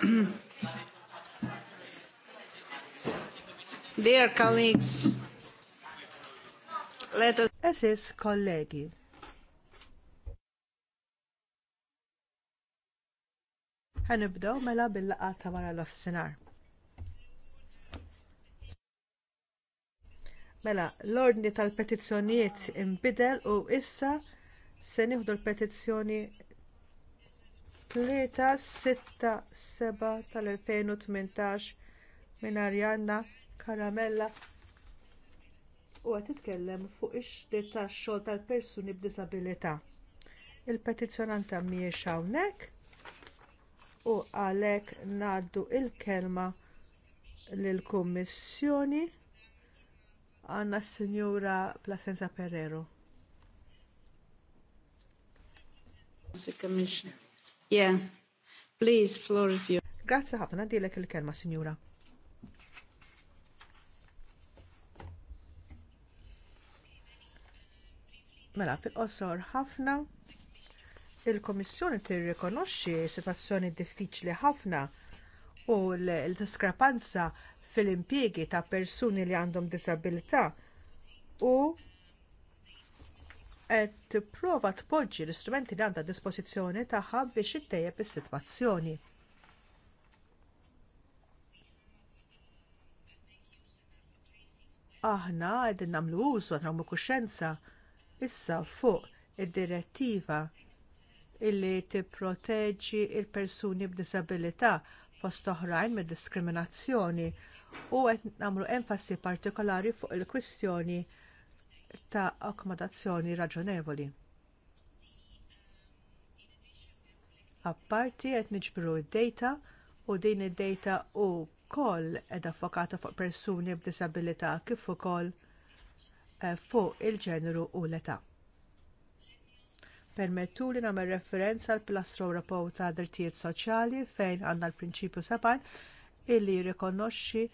Dear colleagues, let us... Esis kollegi. Ħanibdew mela bil-laqgħa ta' wara l-offsinar. Mela, l-ordni tal-petizzjonijiet inbidel u issa se nieħdu l-petizzjoni 3-6-7 tal-2018 minn Arianna Karamella u għat titkellem fuq ix-xdiet tax-xogħol tal-persuni b'disabilità. Il-petizzjonanta mhijiex hawnhekk u għalhekk ngħaddu l kelma lill kummissjoni għandna s-Sinjura Placenza Perero. Yeah, please, floor is yours. Grazzi ħafna dilek il-kelma, Sinjura. Mela, fil-qosor ħafna il-Komissjoni tirrikonoxxi sitwazzjoni diffiċli ħafna u l-diskrepanza fil-impjiegi ta' persuni li għandhom disabilità u qed tipprova tpoġġi l-istrumenti li għandha dispożizzjoni tagħha biex ittejjeb is-sitwazzjoni. Aħna qegħdin nagħmlu użu għandna nagħmlu kuxenza issa fuq id-direttiva illi tipproteġġi l il persuni b'disabilità fost oħrajn mid diskriminazzjoni u qed nagħmlu enfasi partikolari fuq il-kwistjoni ta' akkomodazzjoni raġonevoli. Apparti qed niġbru d-data u din id-data wkoll qiegħda fokata fuq persuni b'disabilità kif ukoll eh, fuq il-ġeneru u l-età. Permettu li nagħmel referenza għal pilastru Ewropew ta' drittijiet soċjali fejn għandna l-prinċipju saban illi jirrikonoxxi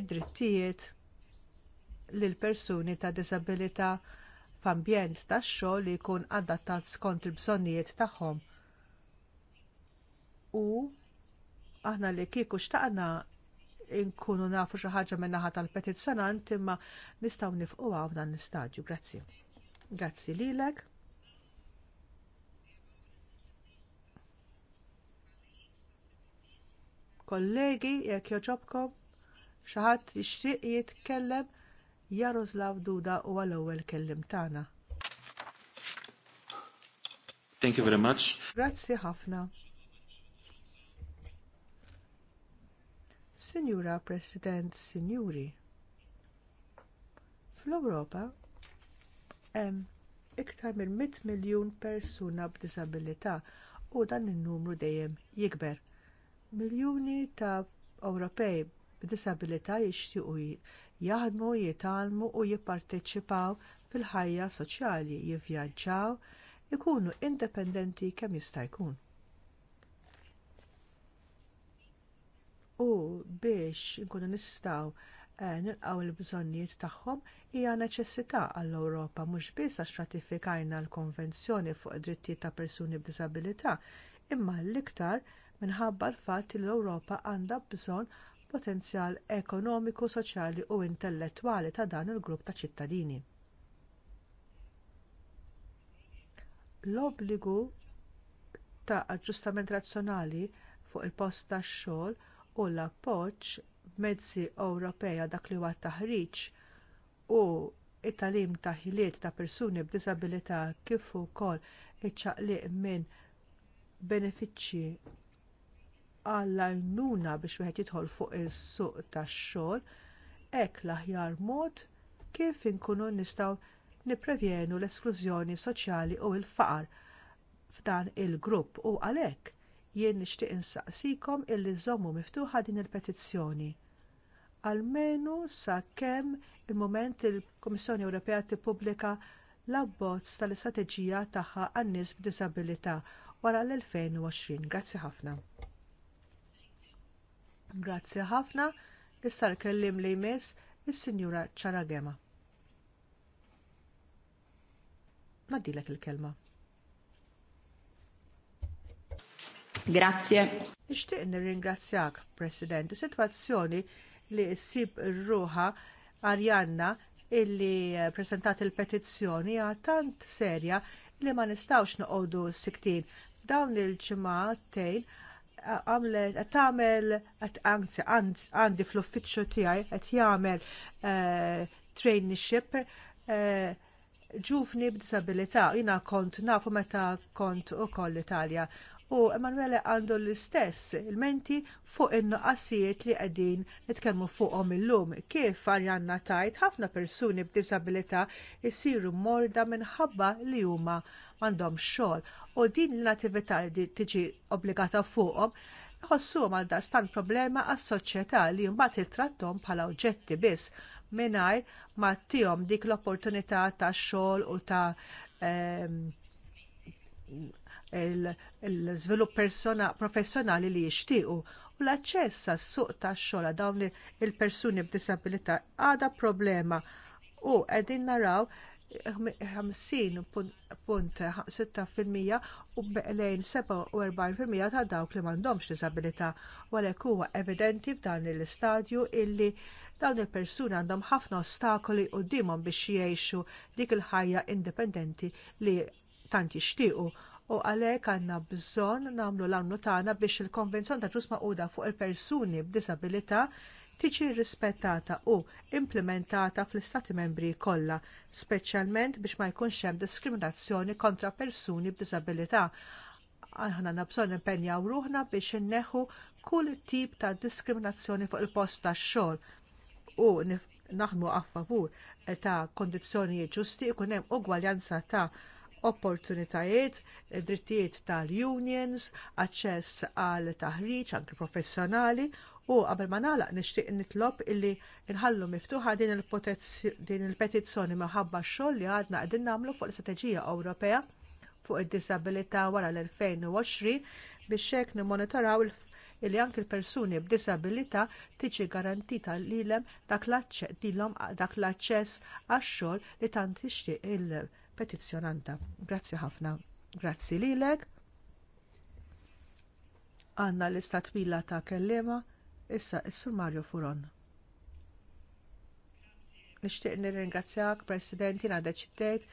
id-drittijiet lil persuni ta' diżabilità f'ambjent tax-xogħol li jkun adattat skont il-bżonnijiet tagħhom. U aħna li kieku xtaqna nkunu nafu xi ħaġa min-naħa tal-petizzjonant imma nistgħu nifqu hawn dan l-istadju. Grazzi. Grazzi lilek. Kollegi, jekk joġobkom xi ħadd jitkellem Jaroslav Duda u għal ewwel kellim tagħna. Thank you very much. Grazzi ħafna. Signora President, Sinjuri, fl-Ewropa hemm iktar minn 100 miljun persuna b'diżabilità u dan in-numru dejjem jikber. Miljuni ta' Ewropej b'diżabilità jixtiequ jaħdmu, jitalmu u jipparteċipaw fil-ħajja soċjali, jivvjaġġaw, ikunu indipendenti kemm jista' jkun. U biex nkunu nistgħu eh, nilqgħu l-bżonnijiet tagħhom hija neċessità għall-Ewropa mhux biss għax ratifikajna l-Konvenzjoni fuq id-drittijiet ta' persuni b'diżabilità, imma l-iktar minħabba l-fatt li l-Ewropa għandha bżonn potenzjal ekonomiku, soċjali u intellettwali ta' dan il-grupp ta' ċittadini. L-obbligu ta' aġġustament razzjonali fuq il-post tax-xogħol u l-appoġġ b'mezzi Ewropea dak li huwa taħriġ u t tagħlim ta' ħiliet ta' persuni b'diżabilità kif ukoll iċċaqliq minn benefiċċji għall-għajnuna biex wieħed jidħol fuq is-suq tax-xogħol, hekk l-aħjar mod kif inkunu nistgħu nipprevenu l-esklużjoni soċjali u l-faqar f'dan il-grupp u għalhekk jien nixtieq insaqsikom illi żommu miftuħa din il-petizzjoni. Almenu sakemm il-mument il-Kummissjoni Ewropea tippubblika l-abbozz tal-istrateġija tagħha għan-nies b'diżabilità wara l-2020. Grazzi ħafna. Grazzi ħafna, issa l-kellim li jmiss is-Sinjura Ċaragema. Nadilek il-kelma. Grazie. Ixtieq nirringrazzjak, President, is-sitwazzjoni li ssib ruħa Arjanna illi presentat il-petizzjoni hija tant serja li ma nistgħux noqogħdu s-siktin. Dawn il tejn għamlet qed tagħmel anzi għandi fl-uffiċċju tiegħi qed jagħmel eh, traineeship eh, ġufni b'disabilità. Jiena kont nafu meta kont ukoll l-Italja. U Emanuele għandu l-istess il-menti fuq in qasijiet li qegħdin nitkellmu fuqhom illum. Kif Arjanna tajt ħafna persuni b'disabilità jsiru morda minħabba li huma għandhom xogħol u din l-attività li tiġi obbligata fuqhom ħossuhom għal dastan problema għas-soċjetà li mbagħad titrattom bħala oġġetti biss mingħajr ma tihom dik l-opportunità ta' xogħol u ta' ehm, l-żvilupp professjonali li jixtiequ u l-aċċess għas-suq tax-xogħol għal dawn il-persuni b'disabilità għadha problema u qegħdin naraw 50.6% u lejn 47% ta' dawk li m'għandhomx diżabilità u għalhekk huwa evidenti f'dan l-istadju illi dawn il-persuni għandhom ħafna ostakoli quddiemhom biex jgħixu dik il-ħajja indipendenti li tant jixtiequ u għalhekk għandna bżonn nagħmlu l-annu tagħna biex il konvenzjon ta' Ġus Maquda fuq il-persuni b'diżabilità tiġi rrispettata u implementata fl-Istati membri kollha, speċjalment biex ma jkunx hemm diskriminazzjoni kontra persuni b'diżabilità. Aħna nabżon impenjaw ruħna biex inneħu kull tip ta' diskriminazzjoni fuq il-post tax-xogħol u naħdmu a favur ta' kondizzjonijiet ġusti ikun hemm ugwaljanza ta' opportunitajiet, drittijiet tal-unions, aċċess għal taħriġ anki professjonali U qabel ma nagħlaq nixtieq nitlob illi nħallu miftuħa din il-petizzjoni minħabba x-xogħol li għadna qegħdin nagħmlu fuq l-Istrateġija Ewropea fuq id-disabilità wara l-2020 biex hekk nimmonitoraw illi anke l-persuni b'disabilità tiġi garantita lilhem dak l-aċċess għax-xogħol li tant tixtieq il-petizzjonanta. Grazzi ħafna. Grazzi lilek. Għandna lista twila ta' kelliema Issa, is-Sur Mario Furon. Nixtieq nirringrazzjak, Presidenti jiena deċidejt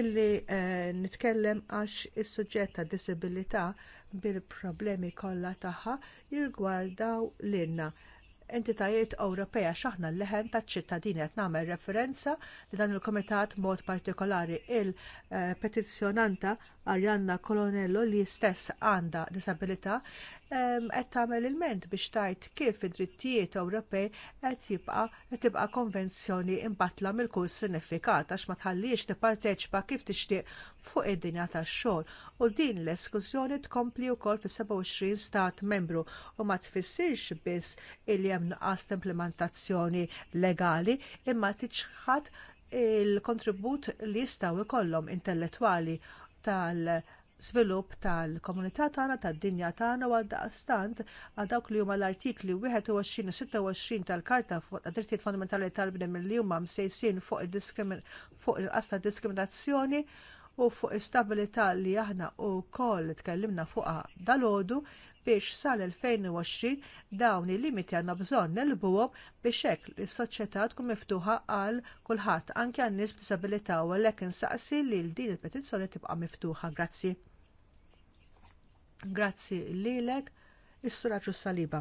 illi eh, nitkellem għax is-suġġett ta' disabilità bil-problemi kollha tagħha jirgwardaw lilna entitajiet Ewropea x'aħna l-leħen taċ ċittadini qed nagħmel referenza li dan il-Kumitat mod partikolari il-petizzjonanta eh, Arianna Colonello li stess għandha disabilità qed tagħmel ilment biex tajt kif id-drittijiet Ewropej qed jibqa' qed tibqa' konvenzjoni imbatla mill-kull sinifikat għax ma tħallix tipparteċipa kif tixtieq fuq id-dinja tax-xogħol u din l-eskużjoni tkompli wkoll fis-27 stat membru u ma tfissirx biss illi hemm nuqqas implementazzjoni legali imma tiċħad il-kontribut li jistgħu jkollhom intellettwali tal- żvilupp tal-komunità tagħna tad-dinja tagħna u għaldaqstant għal dawk li huma l-artikli 21 u 26 tal-Karta fuq id-Drittijiet Fundamentali tal-Bnedmin li huma msejsin fuq il-qas tad diskriminazzjoni u fuq istabilità li aħna wkoll tkellimna fuqha dalgħodu biex sal-2020 dawn il-limiti għandna bżonn nelbuhom biex hekk is-soċjetà tkun miftuħa għal kulħadd anke għan nies b'disabilità u għalhekk insaqsi li din il-petizzjoni tibqa' miftuħa. Grazzi. Grazzi lilek, is-suraċu saliba.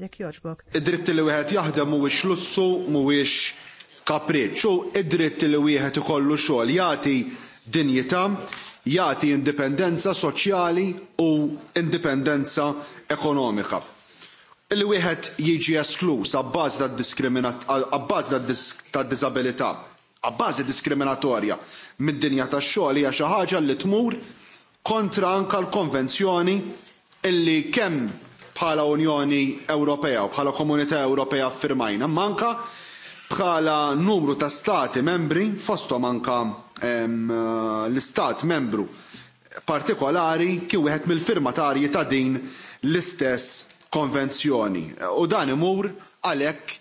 Jek joġbok. id dritti li wieħed jaħdem mhuwiex lussu mhuwiex kapriċċu, id dritti li wieħed ikollu xogħol jagħti dinjità, jagħti indipendenza soċjali u indipendenza ekonomika. Illi wieħed jiġi esklus abbażi tad-diskriminat tad diżabilità abbażi diskriminatorja mid-dinja tax-xogħol hija xi ħaġa li tmur kontra anka l-konvenzjoni illi kemm bħala Unjoni Ewropea u bħala Komunità Ewropea firmajna, manka bħala numru ta' stati membri, fostom anka eh, l-istat membru partikolari kien wieħed mill-firmatarji ta' din l-istess konvenzjoni. U dan imur għalhekk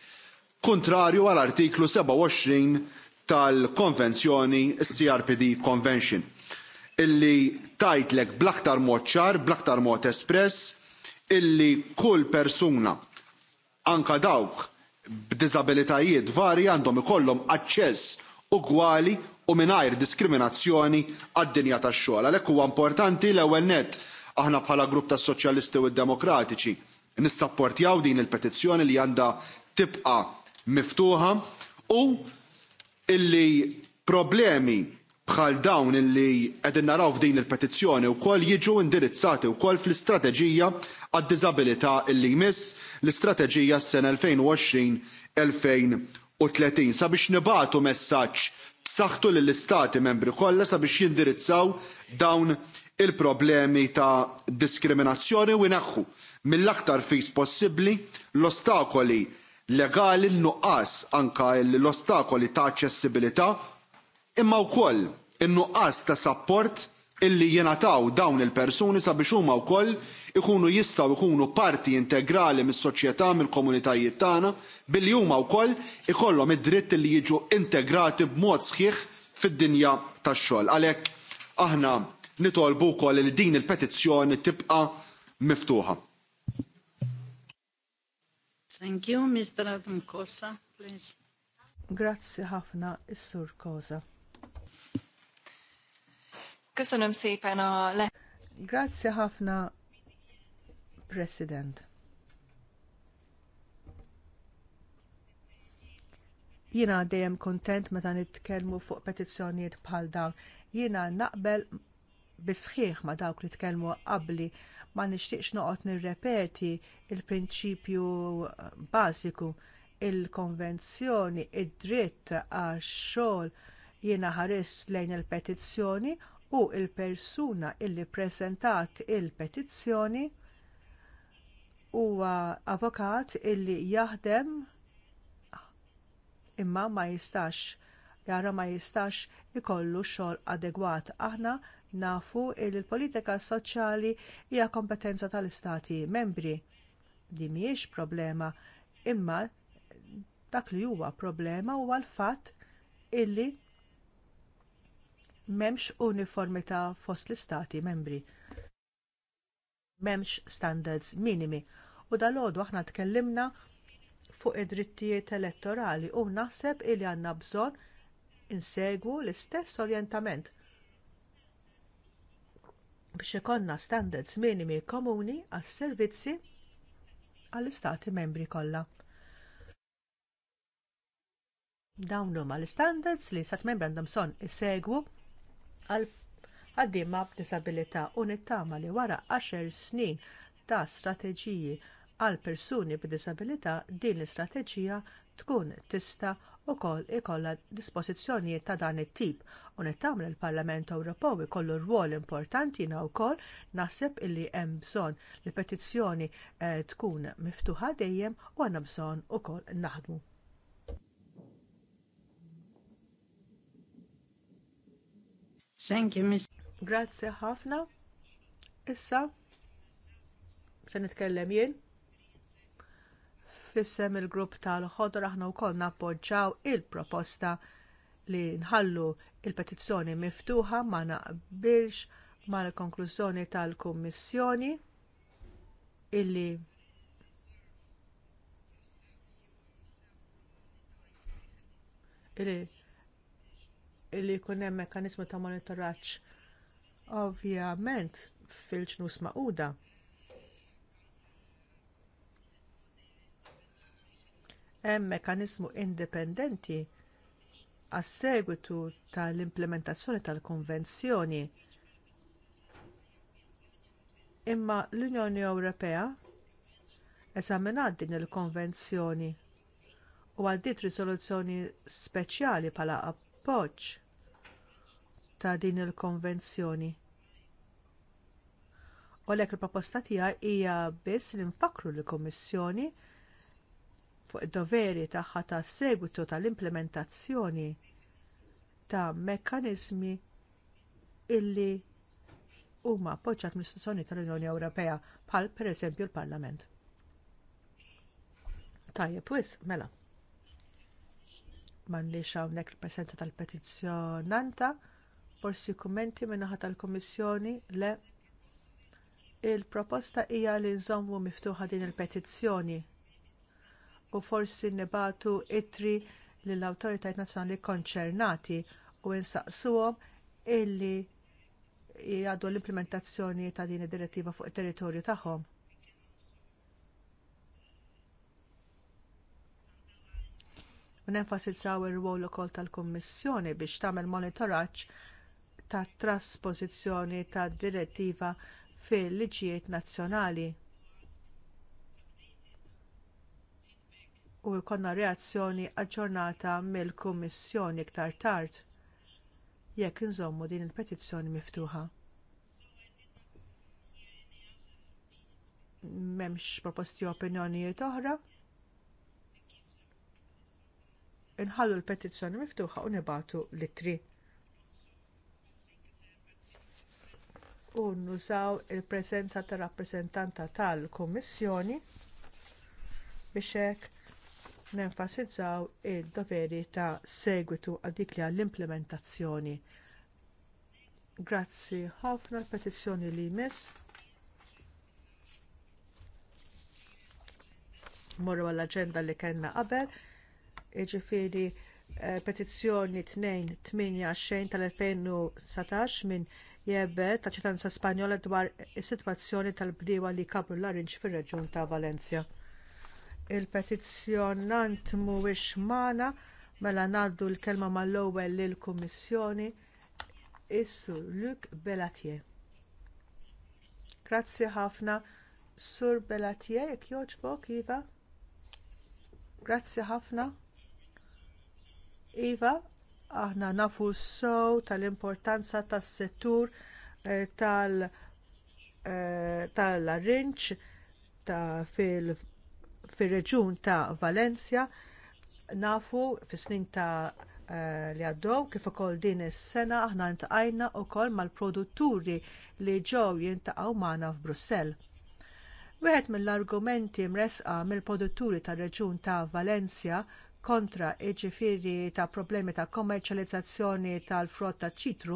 kontrarju għall artiklu 27 tal-konvenzjoni CRPD Convention illi tajtlek blaktar mod ċar, blaktar mod espress, illi kull persuna, anka dawk b'diżabilitajiet varji għandhom ikollhom aċċess ugwali u mingħajr diskriminazzjoni għad-dinja tax-xogħol. Għalhekk huwa importanti l-ewwel nett aħna bħala grupp tas soċjalisti u demokratiċi nissapportjaw din il-petizzjoni li għandha tibqa' miftuħa u illi problemi bħal dawn illi qed naraw f'din il-petizzjoni wkoll jiġu indirizzati wkoll fl-istrateġija għad-diżabilità illi jmiss l-istrateġija s-sena 2020-2030 sabiex nibagħtu messaġġ b'saħħtu lill-istati membri kollha sabiex jindirizzaw dawn il-problemi ta' diskriminazzjoni u jneħħu mill-aktar fis possibbli l-ostakoli legali l nuqqas anke l-ostakoli ta' aċċessibilità imma wkoll in-nuqqas ta' support illi jingħataw dawn il-persuni sabiex huma wkoll ikunu jistgħu jkunu parti integrali mis-soċjetà mill-komunitajiet tagħna billi huma wkoll ikollhom id-dritt li jiġu integrati b'mod sħiħ fid-dinja tax-xogħol. Għalhekk aħna nitolbu wkoll li din il-petizzjoni tibqa' miftuħa. Thank you, Mr. Adam Kosa, please. Grazzi ħafna, is-Sur Kosa. Köszönöm szépen a le... Grazie ħafna, President. Jiena dejjem kuntent meta nitkellmu fuq petizzjonijiet bħal dawn. Jiena naqbel bisħiħ ma dawk li tkellmu qabbli ma nixtieqx noqgħod nirrepeti l prinċipju bażiku il-konvenzjoni id-dritt għax xogħol jiena ħares lejn il-petizzjoni u l persuna illi ppreżentat il-petizzjoni huwa avukat illi jaħdem imma ma jistax jara ma jistax ikollu xogħol adegwat. Aħna nafu li l-politika soċjali hija kompetenza tal-istati membri. Di mhijiex problema, imma dak li huwa problema huwa l-fatt illi m'hemmx uniformità fost l-istati membri. M'hemmx standards minimi u dalgħodu aħna tkellimna fuq id-drittijiet elettorali u naħseb li għandna bżonn insegwu l-istess orjentament biex ikollna standards minimi komuni għas servizzi għall-istati membri kollha. Dawn huma l-standards li sat membri għandhom son isegwu għal ħaddiema b'disabilità u nittama li wara għaxar snin ta' strateġiji għal persuni b'disabilità din l-istrateġija tkun tista' wkoll ikollha dispożizzjonijiet ta' dan it-tip u nittama l parlament Ewropew ikollu rwol importanti na wkoll naħseb illi hemm bżonn li petizzjoni eh, tkun miftuħa dejjem u għandna bżonn ukoll naħdmu. Thank you, Miss. Grazie ħafna. Issa, se nitkellem jien. Fissem il-grupp tal-ħodor aħna wkoll nappoġġaw il-proposta li nħallu il-petizzjoni miftuħa ma naqbilx mal konklużjoni tal-Kummissjoni illi illi li jkun hemm mekkaniżmu ta' monitoraġġ ovvjament fil-ġnus maquda. Hemm mekkaniżmu indipendenti għas segwitu tal-implementazzjoni tal-konvenzjoni. Imma l-Unjoni Ewropea eżaminat din il-konvenzjoni u għaddiet riżoluzzjoni speċjali bħala appoġġ ta' din il-konvenzjoni. U għalhekk il-proposta tiegħi hija biss li nfakru lill kummissjoni fuq id-doveri tagħha ta' segwitu tal-implementazzjoni ta' mekkaniżmi illi huma appoġġjat mill tal-Unjoni Ewropea bħal pereżempju l-Parlament. Tajjeb wis, mela. M'għandniex hawnhekk il-presenza tal-petizzjonanta forsi kummenti min-naħa tal-Kummissjoni le il-proposta hija li nżommu miftuħa din il-petizzjoni u forsi nibatu itri lill awtoritajiet nazzjonali konċernati u nsaqsuhom illi jgħaddu l-implementazzjoni ta' din id-direttiva fuq it territorju tagħhom. nenfasizzaw ir-rwol ukoll tal-Kummissjoni biex tagħmel monitoraġġ ta' trasposizzjoni tad direttiva fil-liġijiet nazzjonali. U jkollna reazzjoni aġġornata mill-Kummissjoni iktar tard jekk inżommu din il-petizzjoni miftuħa. M'hemmx proposti opinjonijiet oħra, inħallu l-petizzjoni miftuħa u nibatu l-tri. u nużaw il-preżenza tar rappreżentanta tal-Kummissjoni biex hekk nenfasizzaw id doveri ta' segwitu għal dik li għall-implementazzjoni. Grazzi ħafna l-petizzjoni li jmiss. Morru għall aġenda li kellna qabel, jiġifieri eh, petizzjoni 2-8 tal-2019 minn jebet ta' ċitanza Spanjola dwar is-sitwazzjoni tal-bdiewa li kabru l arinċ fir-reġjun ta' Valencia. Il-petizzjonant mhuwiex magħna mela ngħaddu l-kelma mal-ewwel lill-Kummissjoni issu Luc Belatier. Grazzi ħafna Sur Belatier, jekk jogħġbok, Iva. Grazzi ħafna. Iva, aħna nafu s-sow tal-importanza tas-settur eh, tal- eh, tal-arrinċ reġjun fil-reġun ta' Valencia nafu fis-snin ta' eh, li għaddew kif ukoll din is-sena aħna ntqajna wkoll mal-produtturi li ġew jintaqgħu magħna f'Brussell. Wieħed mill-argumenti mresqa mill-produtturi tar-Reġjun ta' Valencia kontra ġifiri ta' problemi ta' kommerċjalizzazzjoni tal-frott ta' ċitru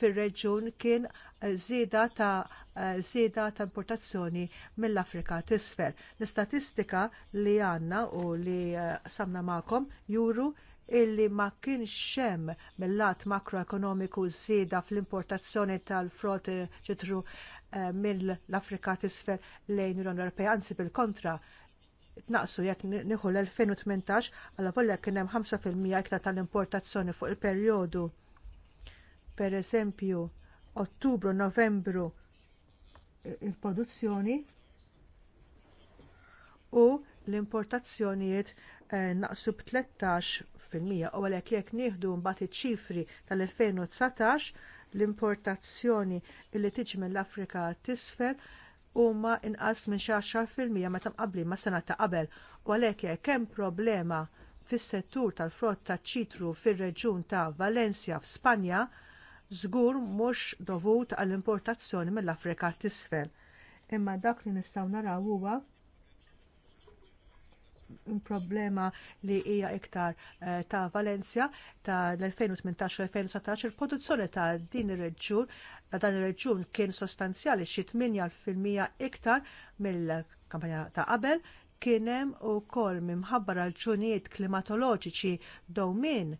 fir-reġjun kien eh, żieda ta' eh, ta' importazzjoni mill-Afrika t'isfel. L-istatistika li għandna u li eh, samna magħkom juru illi ma kienx hemm mill-lat makroekonomiku żieda fl-importazzjoni tal-frott ċitru mill-Afrika t'isfel lejn l-Unjoni Ewropea, anzi bil-kontra, Tnaqqsu jekk nieħu l-2018 għal volja kien hemm 5% iktar tal-importazzjoni fuq il-perjodu. Pereżempju, Ottubru, Novembru il-produzzjoni u l-importazzjonijiet eh, naqsu b-13% u għalhekk jekk nieħdu mbagħad iċ-ċifri tal-2019 l-importazzjoni li tiġi mill-Afrika tisfel huma inqas minn xi fil-mija meta mqabbli mas sena ta' qabel u għalhekk jekk hemm problema fis-settur tal-frott taċ-ċitru fir-reġjun ta' Valencia f'Spanja, żgur mhux dovut għall-importazzjoni mill-Afrika t'isfel. Imma dak li nistgħu naraw huwa problema li hija iktar eh, ta' Valencia ta' l-2018-2019 il-produzzjoni ta' din ir-reġjun ta' dan ir-reġjun kien sostanzjali xi 8% iktar mill-kampanja ta' qabel kien hemm ukoll minħabba raġunijiet klimatoloġiċi dowmin eh,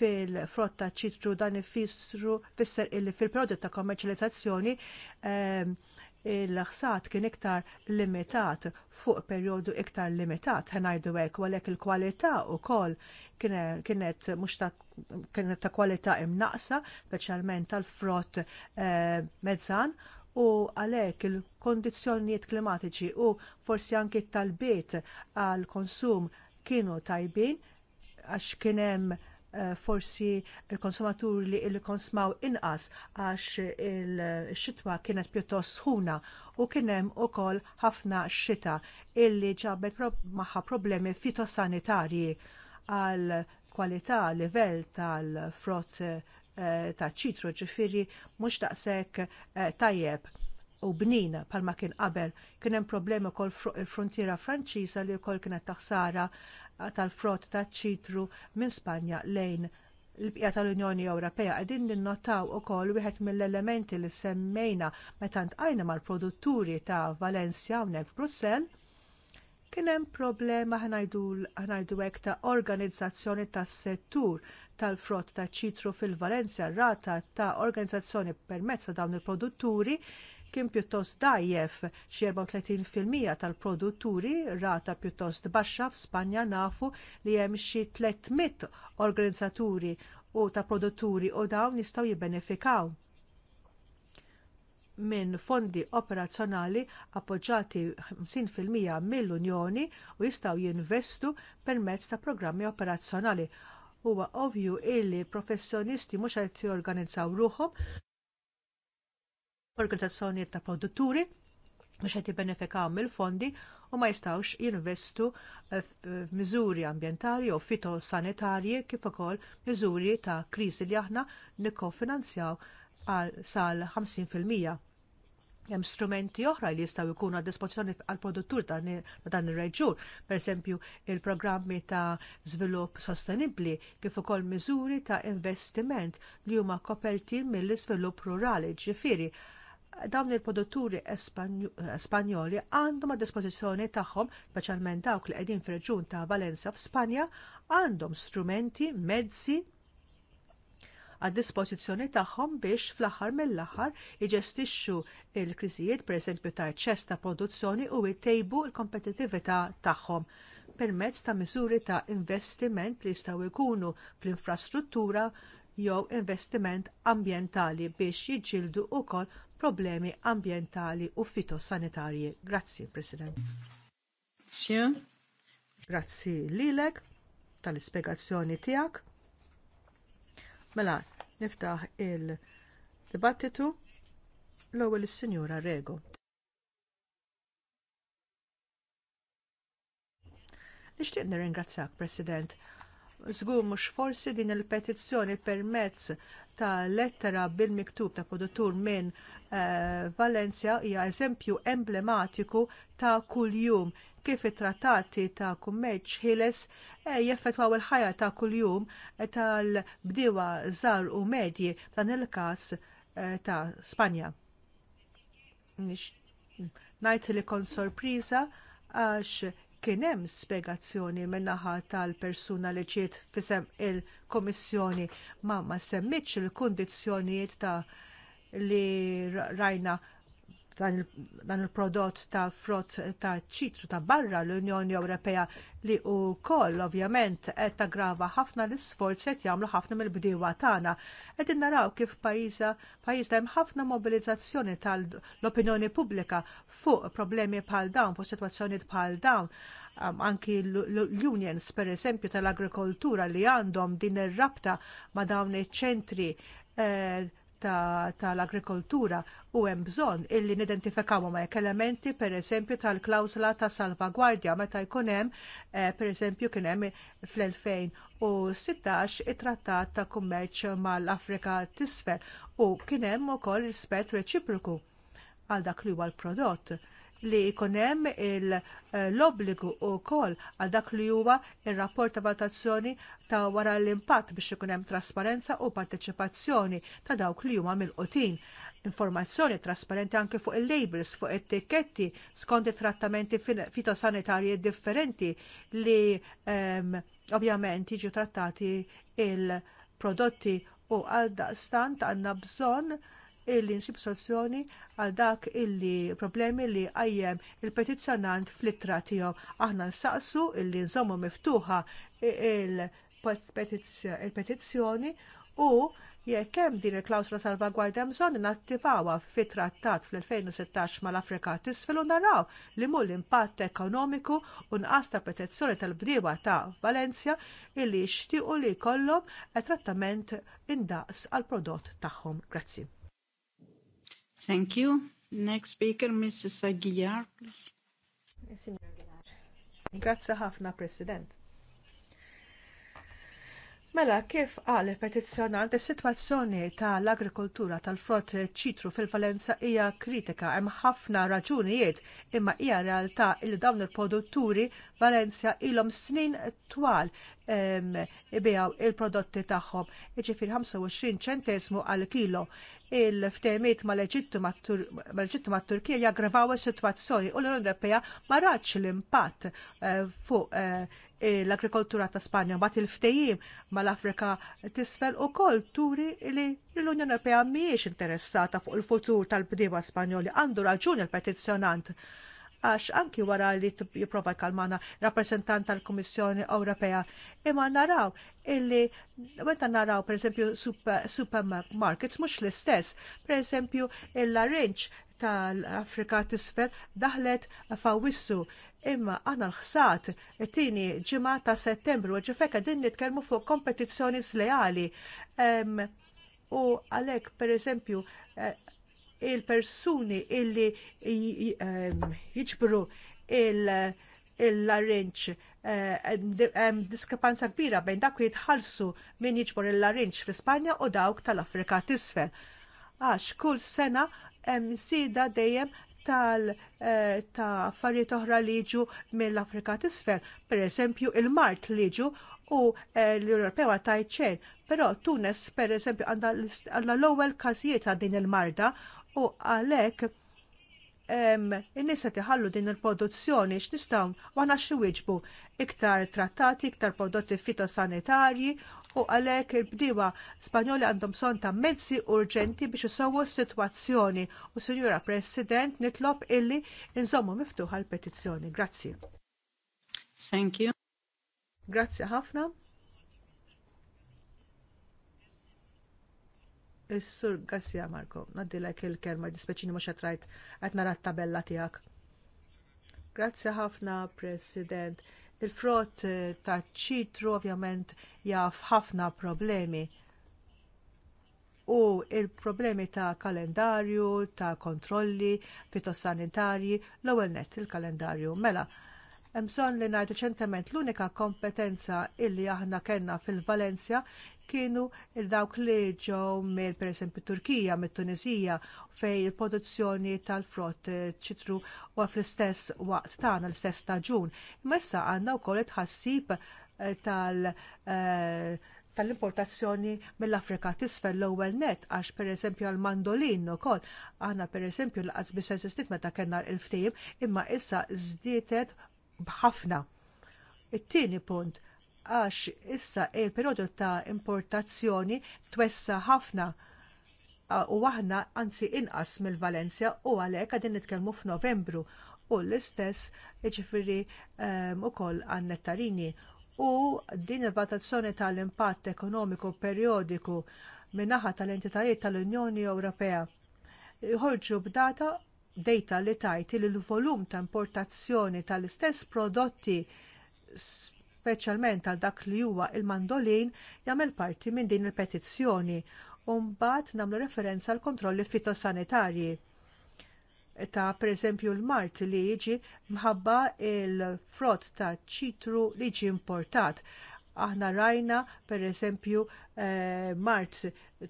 fil-frotta ċitru dan ifissru fisser illi fil prodotta ta' kommerċjalizzazzjoni eh, il-ħsat kien iktar limitat fuq perjodu iktar limitat ħanajdu hekk għalhekk il-kwalità wkoll kienet ta' kienet ta' kwalità imnaqsa, speċjalment tal-frott eh, mezzan u għalhekk il kundizzjonijiet klimatiċi u forsi anki tal-bit għall konsum kienu tajbin għax kien hemm Eh, forsi l konsumatur li il-konsmaw inqas għax il-xitwa kienet pjuttost sħuna u kien hemm ukoll ħafna xita illi ġabet magħha problemi fitosanitarji għal kwalità livell tal-frott eh, taċ ċitru ġifiri mhux daqshekk eh, tajjeb u bnin bħalma kien qabel kien hemm problemi wkoll il-frontiera Franċiża li wkoll kienet taħsara tal-frott taċ ċitru minn Spanja lejn l-bqija tal-Unjoni Ewropea qegħdin ninnotaw ukoll wieħed mill-elementi li semmejna meta ntqajna mal-produtturi ta' Valencia hawnhekk f'Brussell kien hemm problema ħnajdu hekk ta' organizzazzjoni tas-settur tal-frott taċ ċitru fil-Valencia rata ta' organizzazzjoni permezz ta' dawn il-produtturi kien pjuttost dajjef xi 34% tal-produtturi rata pjuttost baxxa f'Spanja nafu li hemm xi 300 organizzaturi u ta' produtturi u dawn jistgħu jibbenefikaw minn fondi operazzjonali appoġġjati 50% mill-Unjoni u jistgħu jinvestu permezz ta' programmi operazzjonali. Huwa ovvju li professjonisti mhux qed jorganizzaw ruhom organizzazzjoni ta' produtturi biex qed jibbenefikaw mill-fondi u ma jistawx jinvestu eh, f'miżuri ambjentali jew fitosanitarji kif ukoll miżuri ta' kriżi li aħna nikkofinanzjaw sal 50%. Hemm strumenti oħra li jistgħu jkunu għad dispozzjoni għall produttur ta' dan ir-reġjun, pereżempju il-programmi ta' żvilupp sostenibbli kif ukoll miżuri ta' investiment li huma koperti mill-iżvilupp rurali ġifieri dawn il-produtturi Spanjoli għandhom għad dispożizzjoni tagħhom, speċjalment dawk li qegħdin fir-reġjun ta' Valenza f'Spanja, għandhom strumenti, mezzi għad dispożizzjoni tagħhom biex fl-aħħar mill-aħħar jġestixxu l-kriżijiet pereżempju ta' eċċess ta' produzzjoni u jtejbu l-kompetittività tagħhom permezz ta' miżuri ta' investiment li jistgħu jkunu fl-infrastruttura jew investiment ambjentali biex jiġġieldu wkoll problemi ambjentali u fitosanitarji. Grazzi, President. Grazzi lilek tal-ispiegazzjoni tiegħek. Mela, niftaħ il-dibattitu l-ewwel is-Sinjura Rego. Nixtieq nirringrazzjak, President, żgur mhux forsi din il-petizzjoni permezz ta' lettera bil-miktub ta' produttur minn uh, Valencia hija eżempju emblematiku ta' kuljum kif it-trattati ta' kummerċ ħieles e jeffettwaw il-ħajja ta' kuljum eh, tal-bdiewa żgħar u medji dan il-każ ta' Spanja. Ngħid li kon sorpriża għax kien hemm spjegazzjoni min-naħa tal-persuna li ġiet fisem il-Komissjoni ma ma semmitx il kundizzjonijiet ta' li rajna dan il-prodott ta' frott ta' ċitru ta' barra l-Unjoni Ewropea li wkoll ovvjament qed grava ħafna l-isforzi qed jagħmlu ħafna mill-bdiewa tagħna. Qegħdin naraw kif pajjiża pajjiżna hemm ħafna mobilizzazzjoni tal-opinjoni pubblika fuq problemi bħal dawn, fuq situazzjoni bħal dawn. anki l-unions pereżempju tal-agrikoltura li għandhom din ir-rabta ma' dawn iċ-ċentri eh, tal-agrikoltura u hemm bżonn illi nidentifikaw ma jekk elementi pereżempju tal-klawsla ta' salvagwardja meta jkun hemm eh, pereżempju kien hemm fl-2016 it-trattat ta' kummerċ mal-Afrika t'isfel u kien hemm ukoll rispett reċiproku għal dak li huwa l-prodott li jkun hemm l-obbligu wkoll għal dak li huwa r rapport ta' valutazzjoni ta' wara l-impatt biex ikun hemm trasparenza u parteċipazzjoni ta' dawk li huma mill-qotin informazzjoni trasparenti anke fuq il-labels, fuq it tikketti skont it-trattamenti fitosanitarji differenti li um, ovvjament jiġu trattati il-prodotti u għal għandna bżonn illi nsib soluzzjoni għal dak illi problemi li għajjem il-petizzjonant fl-ittra tiegħu. Aħna nsaqsu illi nżommu miftuħa il-petizzjoni u jekk hemm din il-klawsula salvagwardja bżonn nattivawha fit-trattat fl-2016 mal-Afrika tisfel u naraw li mhu l-impatt ekonomiku u nqas ta' petizzjoni tal-bdiewa ta' Valencia illi jixtiequ li jkollhom trattament indaqs għall prodott tagħhom. Grazzi. Thank you. Next speaker, Mrs. Aguilar, please. Grazie ħafna, President. Mela, kif qal il-petizzjonant, is-sitwazzjoni tal-agrikoltura tal-frott ċitru fil-Valenza hija kritika hemm ħafna raġunijiet imma hija realtà li dawn il-produtturi Valenza ilhom snin twal ibijaw il-prodotti tagħhom. Jiġifieri 25 ċentesmu għal kilo il-ftehmiet mal-Eġittu mat-Turkija jaggravaw is-sitwazzjoni u l-Unjoni Ewropea ma ratx l-impatt eh, fuq eh, l-agrikoltura ta' Spanja bat il-ftehim mal-Afrika tisfel ukoll turi li l-Unjoni Ewropea mhijiex interessata fuq il-futur tal-bdiewa Spanjoli għandu raġun il-petizzjonant għax anki wara li jipprova jkalmana rappresentant tal-Kummissjoni Ewropea. Imma naraw illi meta naraw pereżempju supermarkets mhux l-istess, pereżempju l-arrange tal-Afrika tisfer daħlet fawissu imma għana l-ħsat tini ġimgħa ta' settembru ġifeka din nitkellmu fuq kompetizzjoni sleali. Um, u għalhekk pereżempju eh, il-persuni illi jiġbru il-larinċ hemm eh, diskrepanza kbira bejn dak li jitħallsu min jiġbor il-larinċ fl-Ispanja u dawk tal-Afrika t'isfel. Għax kull sena hemm sida dejjem tal eh, ta' affarijiet oħra li jiġu mill-Afrika t'isfel, pereżempju il-Mart li jiġu u eh, l-Ewropewa tajċen, però Tunes pereżempju għandha l-ewwel każijiet ta' din il-marda u għalhekk in-nisa tiħallu din il-produzzjoni x'nistgħu xi x'wiġbu iktar trattati, iktar prodotti fitosanitarji u għalhekk il-bdiewa Spanjoli għandhom bżonn ta' mezzi urġenti biex isowu s-sitwazzjoni u Sinjura President nitlob illi nżommu miftuħa l-petizzjoni. Grazzi. Thank you. Grazzi ħafna. Is-sur Garcia Marco, naddilek il-kelma dispeċini mhux qed rajt qed nara t-tabella tiegħek. Grazzi ħafna, President. Il-frott eh, ta' ċitru ovvjament jaf ħafna problemi. U l problemi ta' kalendarju, ta' kontrolli, fitosanitarji, l-ewwel nett il-kalendarju. Mela, Hemm bżonn li ngħidu ċentament l-unika kompetenza illi aħna kellna fil-Valencia kienu dawk li ġew mill pereżempju Turkija, mit Tunisija, fejn il-produzzjoni tal-frott ċitru u fl-istess waqt tagħna l-istess staġun. Imma issa għandna wkoll tħassib eh, tal- eh, tal-importazzjoni mill-Afrika tisfel l-ewwel net għax pereżempju għall mandolin ukoll aħna pereżempju laqas biss meta kellna l-ftehim imma issa żdietet bħafna. It-tieni punt, għax issa il-periodu ta' importazzjoni twessa ħafna u aħna anzi inqas mill-Valencia u għalhekk qegħdin nitkellmu f'Novembru u l-istess jiġifieri ehm, ukoll għan nettarini u din il-valutazzjoni tal-impatt ekonomiku perjodiku min-naħa tal-entitajiet tal-Unjoni Ewropea. Jħorġu b'data data li tajt li l-volum ta' importazzjoni tal-istess prodotti speċjalment għal dak li huwa l mandolin jagħmel parti minn din il-petizzjoni u mbagħad nagħmlu referenza għal kontrolli fitosanitarji ta' pereżempju l-mart li jiġi mħabba l frott ta' ċitru li jiġi importat. Aħna rajna pereżempju eh, mart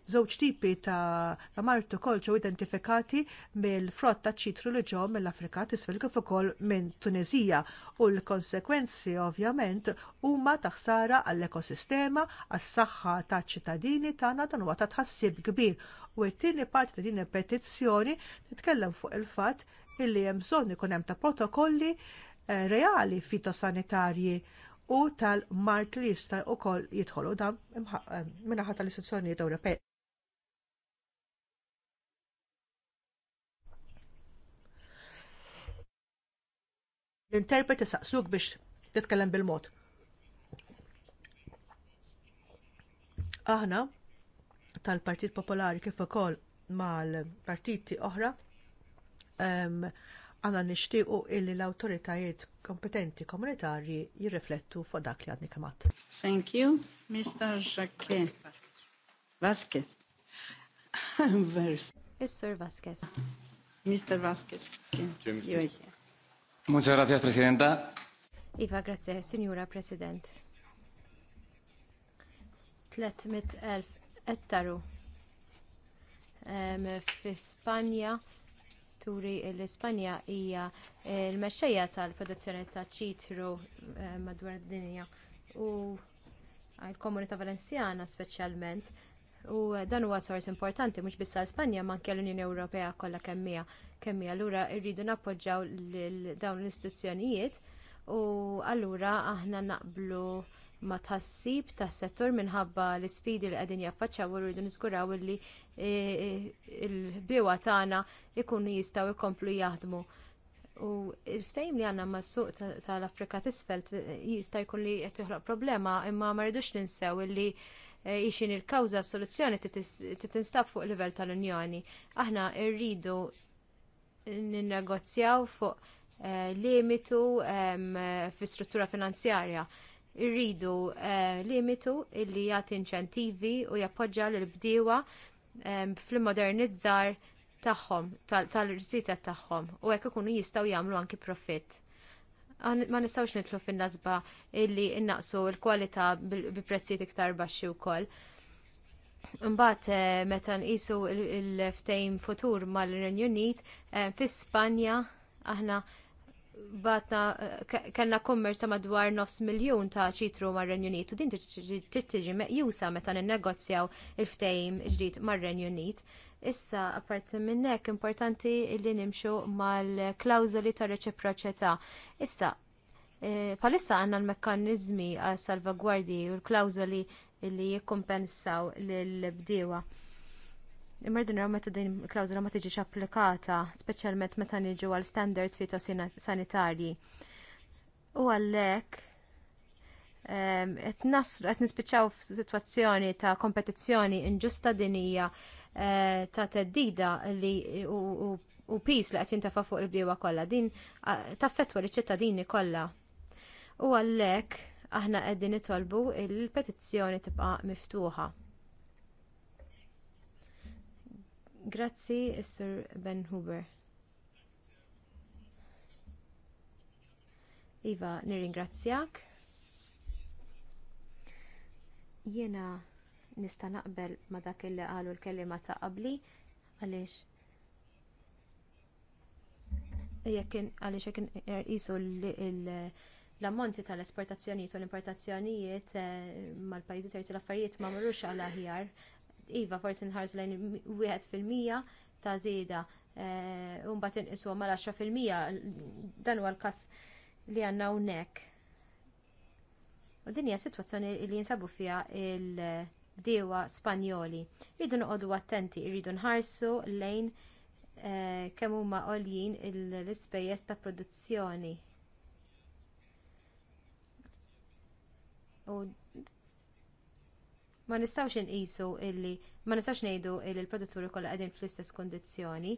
żewġ tipi ta', ta martu kol ġew identifikati mill-frott ta' ċitru li ġew mill-Afrika tisfel kif ukoll minn Tunezija u l-konsekwenzi ovvjament huma ta' ħsara għall-ekosistema, għas-saħħa taċ ċittadini tagħna dan huwa ta' tħassib kbir. U t-tieni parti ta' din il-petizzjoni titkellem fuq il-fatt illi hemm bżonn ikun hemm ta' protokolli eh, reali fitosanitarji u tal-mart li jista' wkoll jidħolu dan eh, minnaħa tal-istituzzjonijiet Ewropej. L-interpreti saqsuk biex titkellem bil-mod. Aħna tal-Partit Popolari kif ukoll mal-partiti oħra għanna nishtiqu illi l-autoritajiet kompetenti komunitarji jirriflettu fuq dak li għadni kamat. Thank you, Mr. Jacquet. Vasquez. Vers. Vasquez. Mr. Vasquez. Muchas gracias, Presidenta. Iva, grazie, Signora President. 300.000 ettaru. Um, fi Spanja turi l-Ispanja hija l-mexxejja tal-produzzjoni ta' ċitru eh, madwar id-dinja u għall-Komunità Valenzjana speċjalment. U dan huwa sors importanti mhux biss l-Ispanja ma anke l-Unjoni Ewropea kollha kemm hija kemm hija allura rridu nappoġġjaw dawn l-istituzzjonijiet u allura aħna naqblu ma tħassib tas settur minħabba l isfidi li qegħdin jaffaċċjaw u rridu niżguraw li e, e, l-bdiewa tagħna jkunu jistgħu jkomplu jaħdmu. U il-ftehim li għandna mas suq tal-Afrika t'isfel jista' jkun li qed joħloq problema imma ma rridux ninsew illi e, ixin il-kawża soluzzjoni t-tinstab fuq livell tal-Unjoni. Aħna rridu ninnegozjaw fuq limitu fi struttura finanzjarja irridu eh, limitu illi jagħti inċentivi u jappoġġa l bdiewa ehm, fil-modernizzar tagħhom tal-rizita tagħhom u hekk ikunu jistgħu jagħmlu anki profitt. Ma nistgħux nitlu fin-nasba illi innaqsu l-kwalità bi prezzijiet iktar baxxi wkoll. Imbagħad eh, meta nqisu l ftejn futur mal-Renju Unit eh, fi Spanja aħna batna eh, kellna kummerċ ta' madwar nofs miljun ta' ċitru mar-Renju Unit u din trid tiġi meqjusa meta ninnegozjaw il-ftehim ġdid mar-Renju Unit. Issa apparti minn hekk importanti li nimxu mal-klawżoli ta' reċiproċità. Issa palissa eh, għandna l-mekkaniżmi għas salvagwardji u l-klawżoli li jikkumpensaw lill bdiewa Imma din meta din klawżola ma tiġix applikata, speċjalment meta niġu għal standards fitosanitarji. U għalhekk qed nispiċċaw f'sitwazzjoni ta' kompetizzjoni inġusta dinija e, ta' teddida li u pis li qed jintafa' fuq il-bdiewa kollha din taffettwa liċ-ċittadini kollha. U għalhekk aħna qegħdin nitolbu il-petizzjoni tibqa' miftuħa. Grazzi, Sir Ben Huber. Iva, nirringrazzjak. Jiena nista naqbel ma dak illi qalu l-kelima ta' qabli għaliex għaliex jekk irqisu er, l-ammonti tal-esportazzjonijiet u l-importazzjonijiet eh, mal-pajjiżi terzi l-affarijiet ma marrux għal aħjar iva forsi nħarsu lejn wieħed fil-mija ta' żieda eh, u mbagħad inqisu mal-10 fil-mija dan huwa l-każ li għandna hawnhekk. U din hija sitwazzjoni li jinsabu fiha il dewa Spanjoli. Rridu noqogħdu attenti, rridu nħarsu lejn eh, kemm huma għoljin l-ispejjeż ta' produzzjoni ma nistawx inqisu illi ma nistawx ngħidu illi l-produtturi kollha qegħdin fl-istess kondizzjoni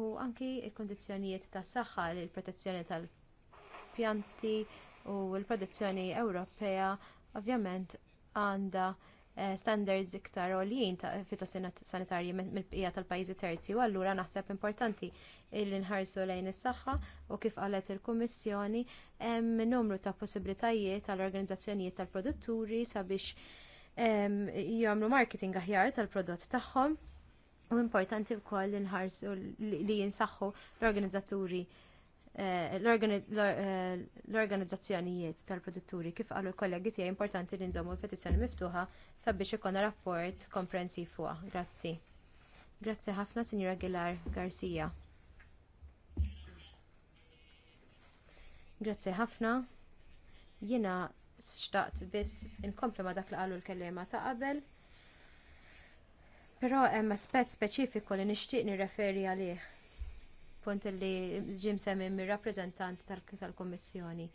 u anki l-kondizzjonijiet tas saħħa l protezzjoni tal-pjanti u l-produzzjoni Ewropea ovvjament għandha eh, standards iktar għoljin ta' fitosanitarji mill-bqija tal-pajjiżi terzi u allura naħseb importanti li nħarsu lejn is-saħħa u kif qalet il-Kummissjoni hemm numru ta' possibbiltajiet tal organizzazzjonijiet tal-produtturi sabiex jgħamlu marketing aħjar tal-prodott tagħhom u importanti wkoll li nħarsu li jinsaħħu l-organizzaturi eh, eh, l-organizzazzjonijiet tal-produtturi kif qalu l-kollegi tiegħi importanti li nżommu l-petizzjoni miftuħa sabiex ikun rapport komprensiv fuqha. Grazzi. Grazzi ħafna, Sinjura Gilar Garcia. Grazzi ħafna. Jiena xtaqt biss inkompli ma dak li qalu l-kellima ta' qabel. Però hemm aspett speċifiku li nixtieq nirreferi għalih. Punt li ġim semmi mir rappreżentant tal-Kummissjoni.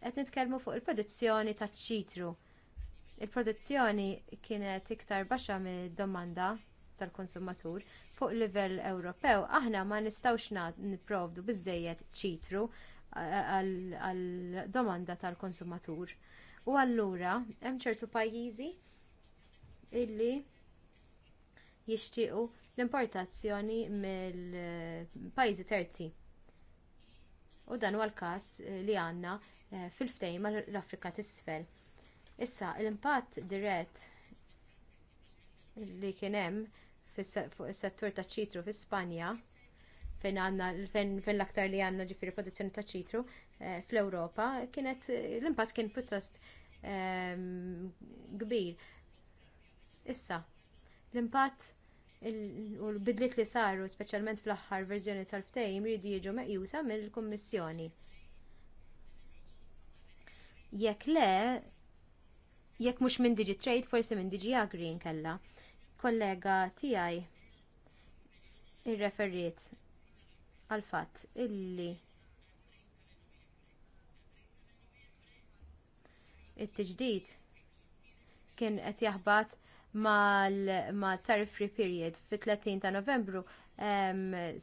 Qed nitkellmu fuq il-produzzjoni taċ ċitru. Il-produzzjoni kienet iktar baxxa mid-domanda tal-konsumatur fuq livell Ewropew aħna ma nistgħux nipprovdu biżżejjed ċitru għal domanda tal-konsumatur. U allura hemm ċertu pajjiżi illi jixtiequ l-importazzjoni mill-pajjiżi terzi. U dan huwa l-każ eh, li għandna eh, fil-ftehim mal-Afrika t'isfel. Issa l-impatt dirett li kien hemm fuq is-settur taċ ċitru fi Spanja fejn għandna fejn l-aktar li għandna ġifieri produzzjoni ta' ċitru Eh, fl-Ewropa kienet l-impatt kien pjuttost ehm, kbir. Issa, l-impatt u l-bidliet li saru, speċjalment fl-aħħar verżjoni tal-ftehim, jridu jiġu meqjusa mill-Kummissjoni. Jekk le, jekk mhux minn Digi Trade, forsi minn Digi Agri nkella. Kollega tiegħi irreferiet għal fatt illi it-tiġdid kien qed jaħbad mal-tariff free period fi 30 ta' Novembru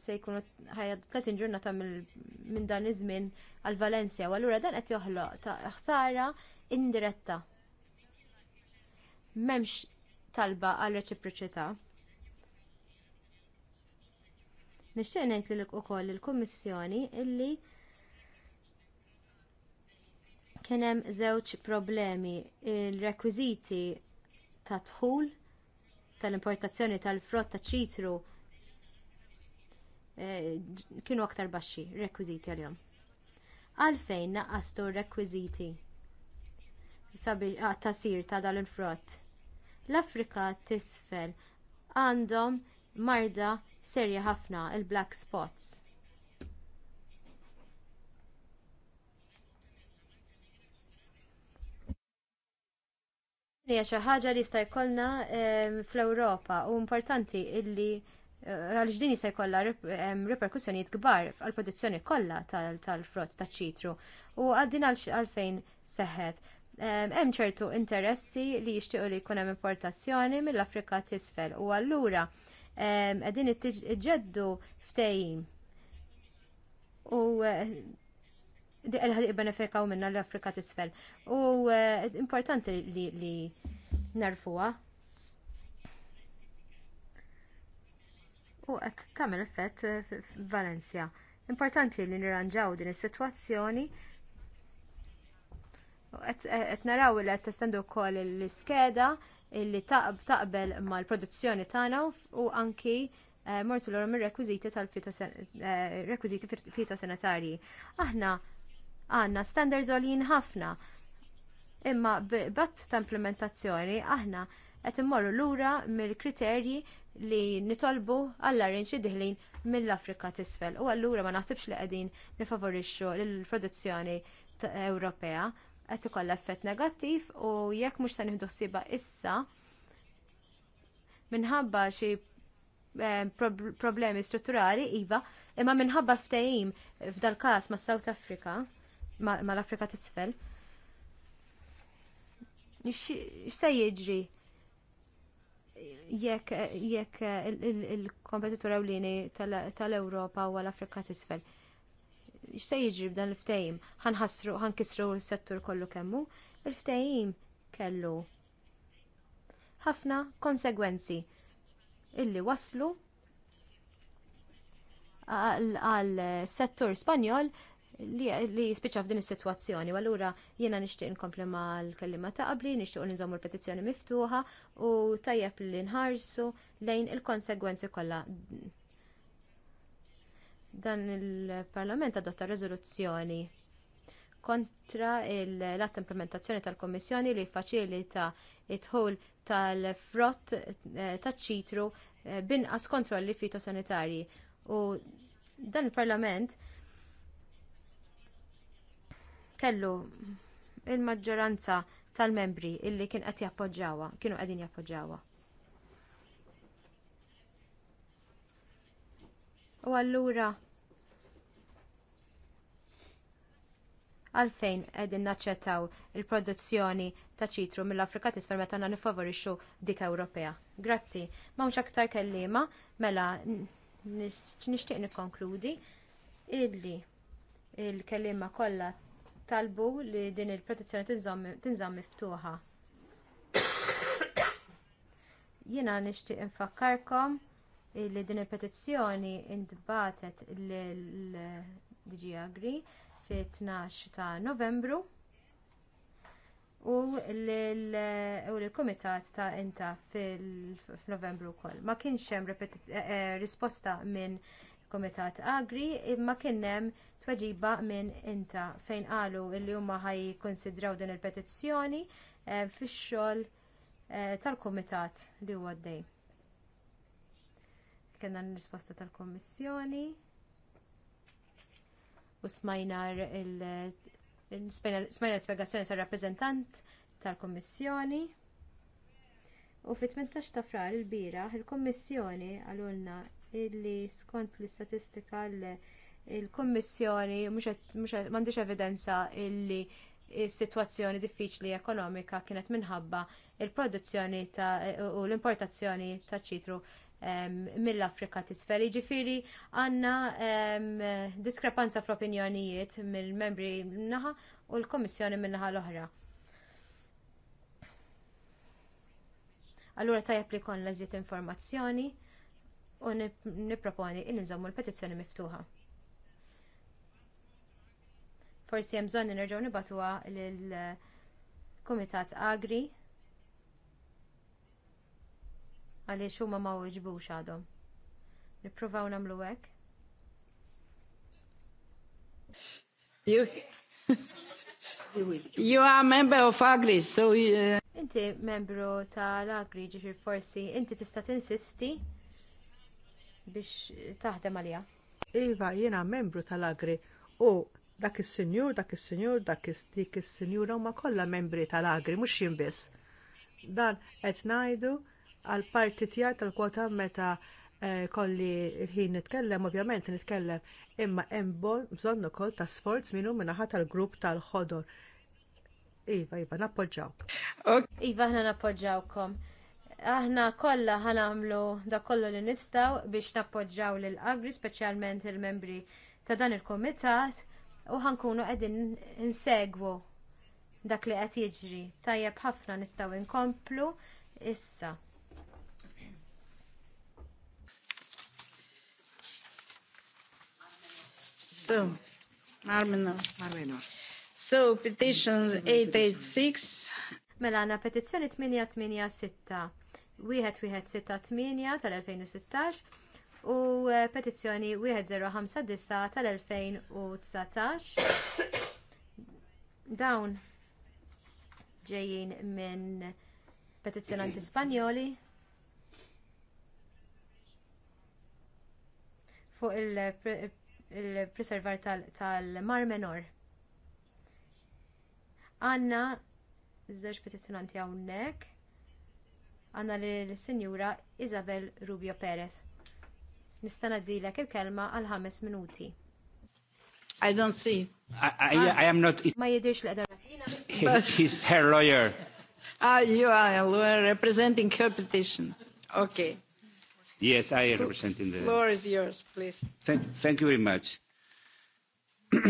se jkunu ħajja 30 ġurnata minn dan iż-żmien għal Valencia u allura dan qed joħloq ta' ħsara indiretta. M'hemmx talba għal reċiproċità. Nixtieq ngħid lil ukoll il-Kummissjoni illi Kien hemm żewġ problemi. Il-rekwiżiti ta' dħul tal-importazzjoni tal-frott ta' ċitru eh, kienu aktar baxxi rekwiżiti għal-jom. Għalfejn naqqastu rekwiżiti ta' sir ta' dan il-frott. L-Afrika tisfel għandhom marda serja ħafna il-black spots hija xi ħaġa li jista' jkollna ehm, fl-Ewropa u importanti illi eh, għaliex din jista' jkollha ehm, reperkussjonijiet kbar għall produzzjoni kollha tal-frott taċ ċitru u għaddin għalfejn seħħet. Ehm, hemm ċertu interessi li jixtiequ li jkun hemm importazzjoni mill-Afrika t'isfel u allura qegħdin iġġeddu ftehim. U eh, di għalħad benefikaw minna l-Afrika t-isfel. U eh, importanti li narfuwa. U qed tagħmel effett eh, f'Valencia. Importanti li nirranġaw din is-sitwazzjoni eh, qed naraw li qed testendu wkoll l-iskeda li taqbel mal-produzzjoni tagħna u anki mortu l-orom il rekwiżiti tal-rekwiżiti fitosanitarji. Aħna għandna standards għolin ħafna. Imma b'batt ta' implementazzjoni aħna qed immorru lura mill-kriterji li nitolbu għall xi diħlin mill-Afrika t'isfel u allura ma naħsibx li qegħdin nifavorixxu l-produzzjoni Ewropea qed ikollha effett negattiv u jekk mhux se nieħdu ħsieba issa minħabba xi eh, problemi strutturali iva, imma minħabba ftehim f'dal każ mas South Africa mal-Afrika tisfel. X'se jiġri jekk il-kompetitur ewlieni tal-Ewropa u l-Afrika tisfel? X'se jiġri b'dan il-ftehim? Ħanħassru, ħankisru l-settur kollu kemmu. Il-ftehim kellu ħafna konsegwenzi illi waslu għal settur Spanjol li jispiċċa f'din is-sitwazzjoni. U allura jiena nixtieq inkompli mal-kelliema ta' qabli, nixtieq nżommu l-petizzjoni miftuħa u tajjeb li nħarsu lejn il-konsegwenzi kollha. Dan il-Parlament adotta riżoluzzjoni kontra l-att implementazzjoni tal kummissjoni li faċilita t dħul tal-frott eh, taċ ċitru eh, binqas kontrolli fitosanitarji. U dan il-Parlament kellu il-maġġoranza tal-membri illi kien qed jappoġġawha, kienu qegħdin jappoġġawha. U allura għalfejn qegħdin naċċettaw il-produzzjoni ta' ċitru mill-Afrika tisfer meta għandna nifavorixxu dik Ewropea. Grazzi, m'hawnx aktar kelliema, mela nixtieq nikkonkludi illi il-kelliema kollha talbu li din il-protezzjoni tinżamm miftuħa. Jiena nixtieq infakkarkom li din il-petizzjoni intbatet l-DG Agri fi 12 ta' Novembru u l-Kumitat ta' Inta fil-Novembru wkoll. Ma kienx hemm eh, eh, risposta minn Komitat Agri imma kien hemm tweġiba minn inta fejn qalu li huma ħajkonsidraw din il-petizzjoni eh, fix-xogħol eh, tal-Kumitat li huwa għaddej. Kenna risposta tal kummissjoni u smajna l-spiegazzjoni tar rappreżentant tal kummissjoni U fit-18 ta' frar il-bira, il kummissjoni għalulna illi skont l-istatistika l-Kommissjoni mandiċ evidenza illi is-sitwazzjoni diffiċli ekonomika kienet minħabba l produzzjoni u l-importazzjoni ta' ċitru ehm, mill-Afrika tisfel. Ġifiri, għandna ehm, diskrepanza fl-opinjonijiet mill-membri naħa u l-Komissjoni naħa l-oħra. Allura tajab li kon lażiet informazzjoni u nipproponi in nżommu l-petizzjoni miftuħa. Forsi hemm bżonn nerġgħu nibatuha lill-Kumitat eh, Agri għaliex huma ma weġbux għadhom. Nippruvaw nagħmlu hekk. You, you are member of Agri, so... Eh, inti membru tal-Agri ġifir forsi, inti tista' tinsisti biex taħdem għaliha. Iva, jiena membru tal-Agri u dak is-sinjur, dak is-sinjur, dak dik is-sinjura huma kollha membri tal-Agri, mhux jien biss. Dan qed ngħidu għal parti tiegħi tal-kwota meta eh, kolli ħin nitkellem, ovvjament nitkellem, imma hemm bżonn ukoll ta' sforz minnu minaħa tal-grupp tal-ħodor. Iva, Iva, nappoġġawk. Iva, ħna nappoġġawkom. Aħna kollha ħanamlu da kollu li nistgħu biex nappoġġaw lil agri speċjalment il-membri ta' dan il-kumitat u ħankunu qegħdin insegwu dak li qed jiġri. Tajjeb ħafna nistgħu inkomplu issa. So, Marminor. Marminor. So, petitions 886. Mela għandna petizzjoni 886 1168 tal-2016 u eh, petizzjoni 1059 tal-2019. Dawn ġejjin minn petizzjonanti Spanjoli fuq il-preservar tal-mar menor. Għanna żewġ petizzjonanti hawnhekk għanna l-senjura Isabel Rubio Perez. Nista' dilek il-kelma għal ħames minuti. I don't see. I, I, I am not. Ma jidirx l qedar. He's her lawyer. Ah, you are a lawyer representing her petition. Okay. Yes, I am representing the... floor is yours, please. Thank, thank you very much.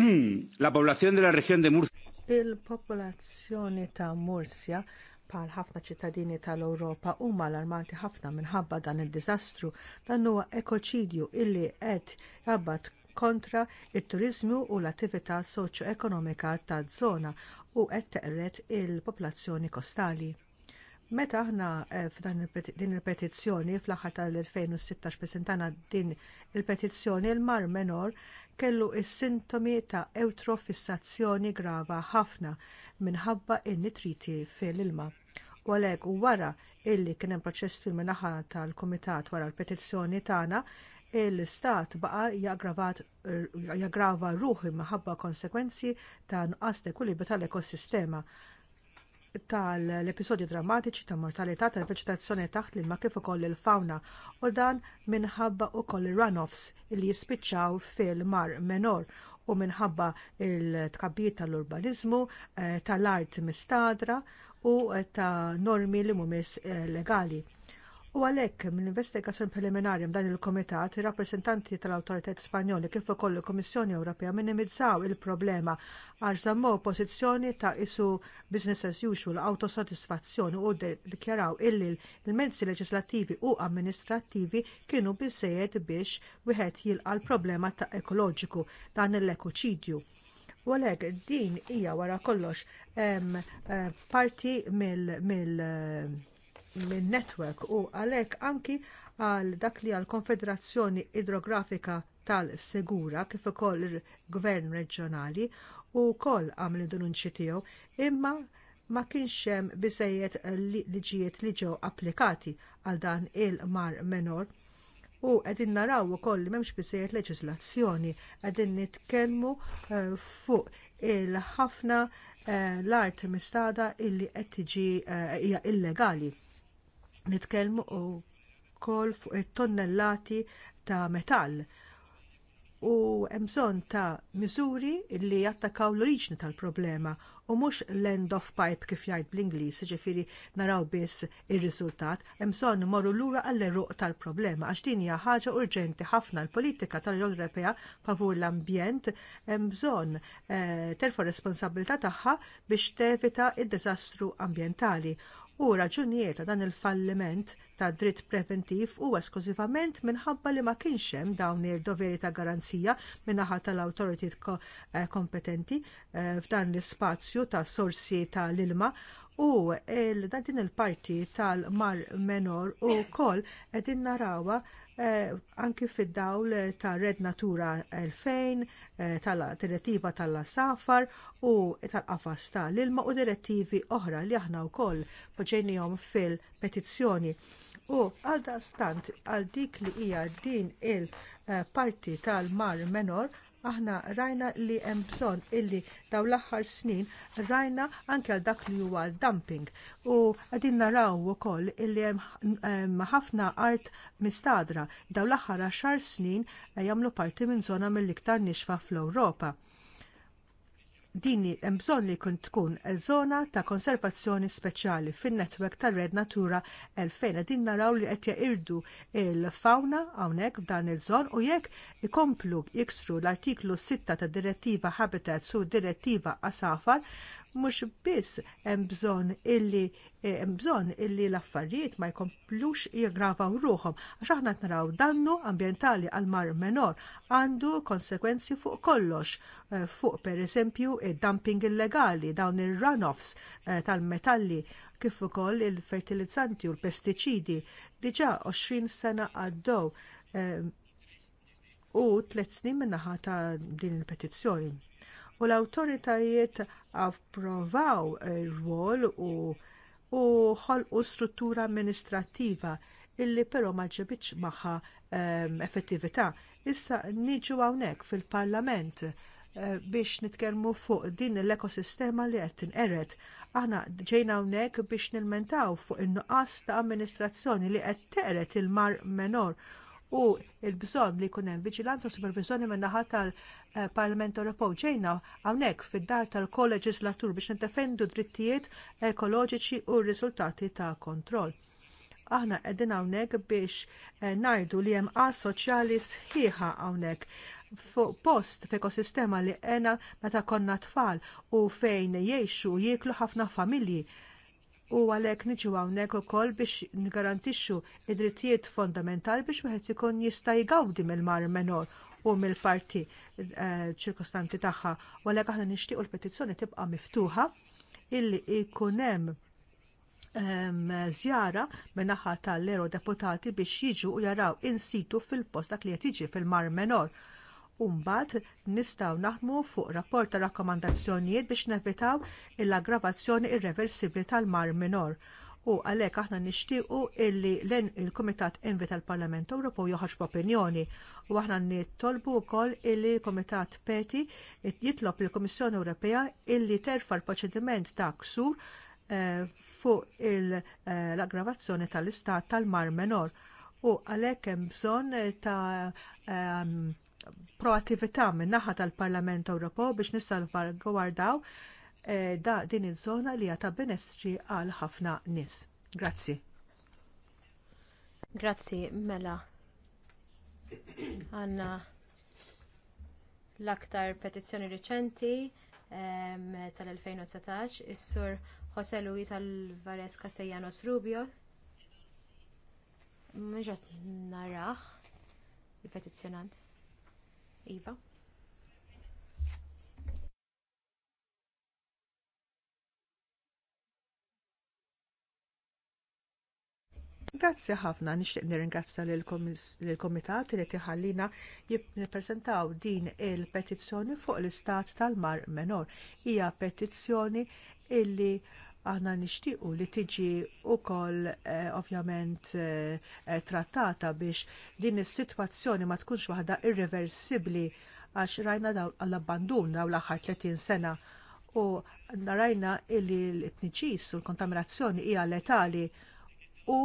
la población de la región de Murcia. Il-popolazzjoni ta' Mursja bħal ħafna ċittadini tal-Ewropa huma l-armati ħafna minħabba dan id-diżastru dan huwa ekoċidju illi qed jabbat kontra t turiżmu u l-attività soċjo-ekonomika taż-żona u qed teqret il-popolazzjoni kostali. Meta aħna eh, f'dan din il-petizzjoni fl-aħħar tal-2016 presentana din il-petizzjoni il-Mar Menor kellu s-sintomi ta' eutrofissazzjoni grava ħafna minħabba in-nitriti fil-ilma. U għalhekk wara illi kien hemm proċess fil-minaħa tal-Kumitat wara l-petizzjoni tagħna, il-stat baqa jaggrava ruħi minħabba konsegwenzi ta' nuqqas ekwilibru tal-ekosistema tal-episodju drammatiċi ta' mortalità tal-veċitazzjoni taħt l-ilma kif ukoll il-fawna u dan minħabba wkoll ir runoffs li jispiċċaw fil-mar menor u minħabba t tkabbijiet tal-urbanizmu, eh, tal-art mistadra u eh, ta' normi li mhumiex eh, legali. U għalhekk mill-investigazzjoni preliminari dan il-Komitat, ir-rappreżentanti tal-Awtoritet Spanjoli kif ukoll il-Kummissjoni Ewropea minimizzaw il-problema għal żammow pożizzjoni ta' isu business as usual autosatisfazzjoni u dikjaraw illi l-mezzi leġislattivi u amministrattivi kienu biżżejjed biex wieħed jilqa' l-problema ta' ekoloġiku dan l-ekoċidju. U għalhekk din hija wara kollox eh, parti mill minn netwerk u għalhekk anki għal dak li għall Konfederazzjoni Idrografika tal-Segura kif ukoll il-Gvern Reġjonali u wkoll għamlu denunċi tiegħu imma ma kienx hemm biżżejjed liġijiet li ġew applikati għal dan il-mar menor u qegħdin naraw ukoll li m'hemmx biżżejjed leġiżlazzjoni qegħdin nitkellmu eh, fuq il-ħafna eh, l-art mistada illi qed tiġi eh, hija illegali. Nitkellmu wkoll fuq it-tonnellati ta' metall u hemm bżonn ta' miżuri li jattakaw l-oriġni tal-problema u mhux l-end of pipe kif jgħid bl inglis ġifiri naraw biss ir-riżultat, hemm bżonn l lura għall-eruq tal-problema għax din hija ħaġa urġenti ħafna l-politika tal-Unjoni Ewropea favur l-ambjent hemm bżonn eh, terfa' responsabilità tagħha biex tevita d-diżastru ambjentali u raġunijiet ta' dan il-falliment ta' dritt preventiv huwa esklużivament minħabba li ma kienx hemm dawn il-doveri ta' garanzija min-naħa tal-awtoritiet eh, kompetenti eh, f'dan l-ispazju ta' sorsi tal-ilma u il din il-parti tal-mar menor u qegħdin narawha Eh, anki fid-dawl ta' Red Natura 2000, eh, tal-direttiva tal-safar u tal-qafas tal-ilma u direttivi oħra li aħna wkoll poġġejnihom fil-petizzjoni. U għal stant għal dik li hija din il-parti eh, tal-mar menor aħna rajna li hemm bżonn illi daw l-aħħar snin rajna anke għal dak li huwa dumping u qegħdin naraw ukoll illi hemm ħafna art mistadra daw l-aħħar għaxar snin jagħmlu parti minn żona mill-iktar nixfa fl-Ewropa Dini hemm bżonn li jkun tkun żona ta' konservazzjoni speċjali fin-netwerk tar-Red Natura 2000 din naraw li qed irdu il-fawna hawnhekk f'dan il-żon u jekk ikomplu jiksru l-artiklu 6 tad direttiva Habitat u direttiva Asafar mhux biss hemm bżonn illi eh, hemm bżonn illi l-affarijiet ma jkomplux jaggravaw ruhom għax aħna naraw dannu ambjentali għal mar menor għandu konsegwenzi fuq kollox eh, fuq pereżempju id-dumping illegali dawn ir-runoffs eh, tal-metalli kif ukoll il-fertilizzanti u l-pestiċidi diġà 20 sena għaddew u tliet snin min-naħa ta' din il-petizzjoni u l-awtoritajiet approvaw il rwol u u ħolqu struttura amministrattiva illi però ma ġibitx magħha ehm, effettività. Issa niġu hawnhekk fil-Parlament eh, biex nitkellmu fuq din l-ekosistema li qed tinqered. Aħna ġejna hawnhekk biex nilmentaw fuq in-nuqqas ta' amministrazzjoni li qed teqret il-mar menor u l-bżonn li jkun hemm viġilanza u supervizjoni min-naħa tal-Parlament Ewropew ġejna hawnhekk fid-dar tal-koleġislatur biex nindefendu drittijiet ekoloġiċi u r-riżultati ta' kontroll. Aħna qegħdin hawnhekk biex eh, ngħidu li hemm qas soċjali sħiħa hawnhekk fuq post f'ekosistema li għena meta konna tfal u fejn jgħixu jieklu ħafna familji u għalhekk niġu hawnhekk ukoll biex n-garantixu id-drittijiet fondamentali biex wieħed ikun jista' jgawdi mill-mar menor u mill-parti eh, ċirkostanti tagħha. U għalhekk aħna nixtiequ l-petizzjoni tibqa' miftuħa illi jkun hemm ehm, żjara min-naħa tal-ero deputati biex jiġu u jaraw in situ fil-post dak li qed jiġi fil-mar menor Umbat nistaw nistgħu naħdmu fuq rapport ta' rakkomandazzjonijiet biex nevitaw l-aggravazzjoni irreversibbli tal-mar minor u għalhekk aħna nixtiequ illi il kumitat invita l parlament Ewropew joħroġ b'opinjoni u aħna nittolbu wkoll illi l-Kumitat Peti jitlob lill kummissjoni Ewropea illi terfa l-proċediment ta' ksur eh, fuq eh, l-aggravazzjoni tal-istat tal-Mar Menor u għalhekk hemm bżonn ta' ehm, proattività min naħa tal-Parlament Ewropew biex nissalvagwardaw eh, da din iż-żona li ta' benestri għal ħafna nies. Grazzi. Grazzi, mela. Għanna l-aktar petizzjoni riċenti um, tal-2019, is-sur Jose Luis Alvarez Castellanos Rubio. Mħiġat narax il-petizjonant. Iva. Grazzi ħafna, nixtieq nirringrazzja lill komitat li tiħallina jippreżentaw din il-petizzjoni fuq l-istat tal-Mar Menor. Hija petizzjoni illi aħna nixtiequ li tiġi wkoll eh, ovvjament eh, eh, trattata biex din is-sitwazzjoni ma tkunx waħda irreversibbli għax rajna dawn għall-abbandun dawn l-aħħar 30 sena u narajna li l-tniċis u l-kontaminazzjoni hija letali u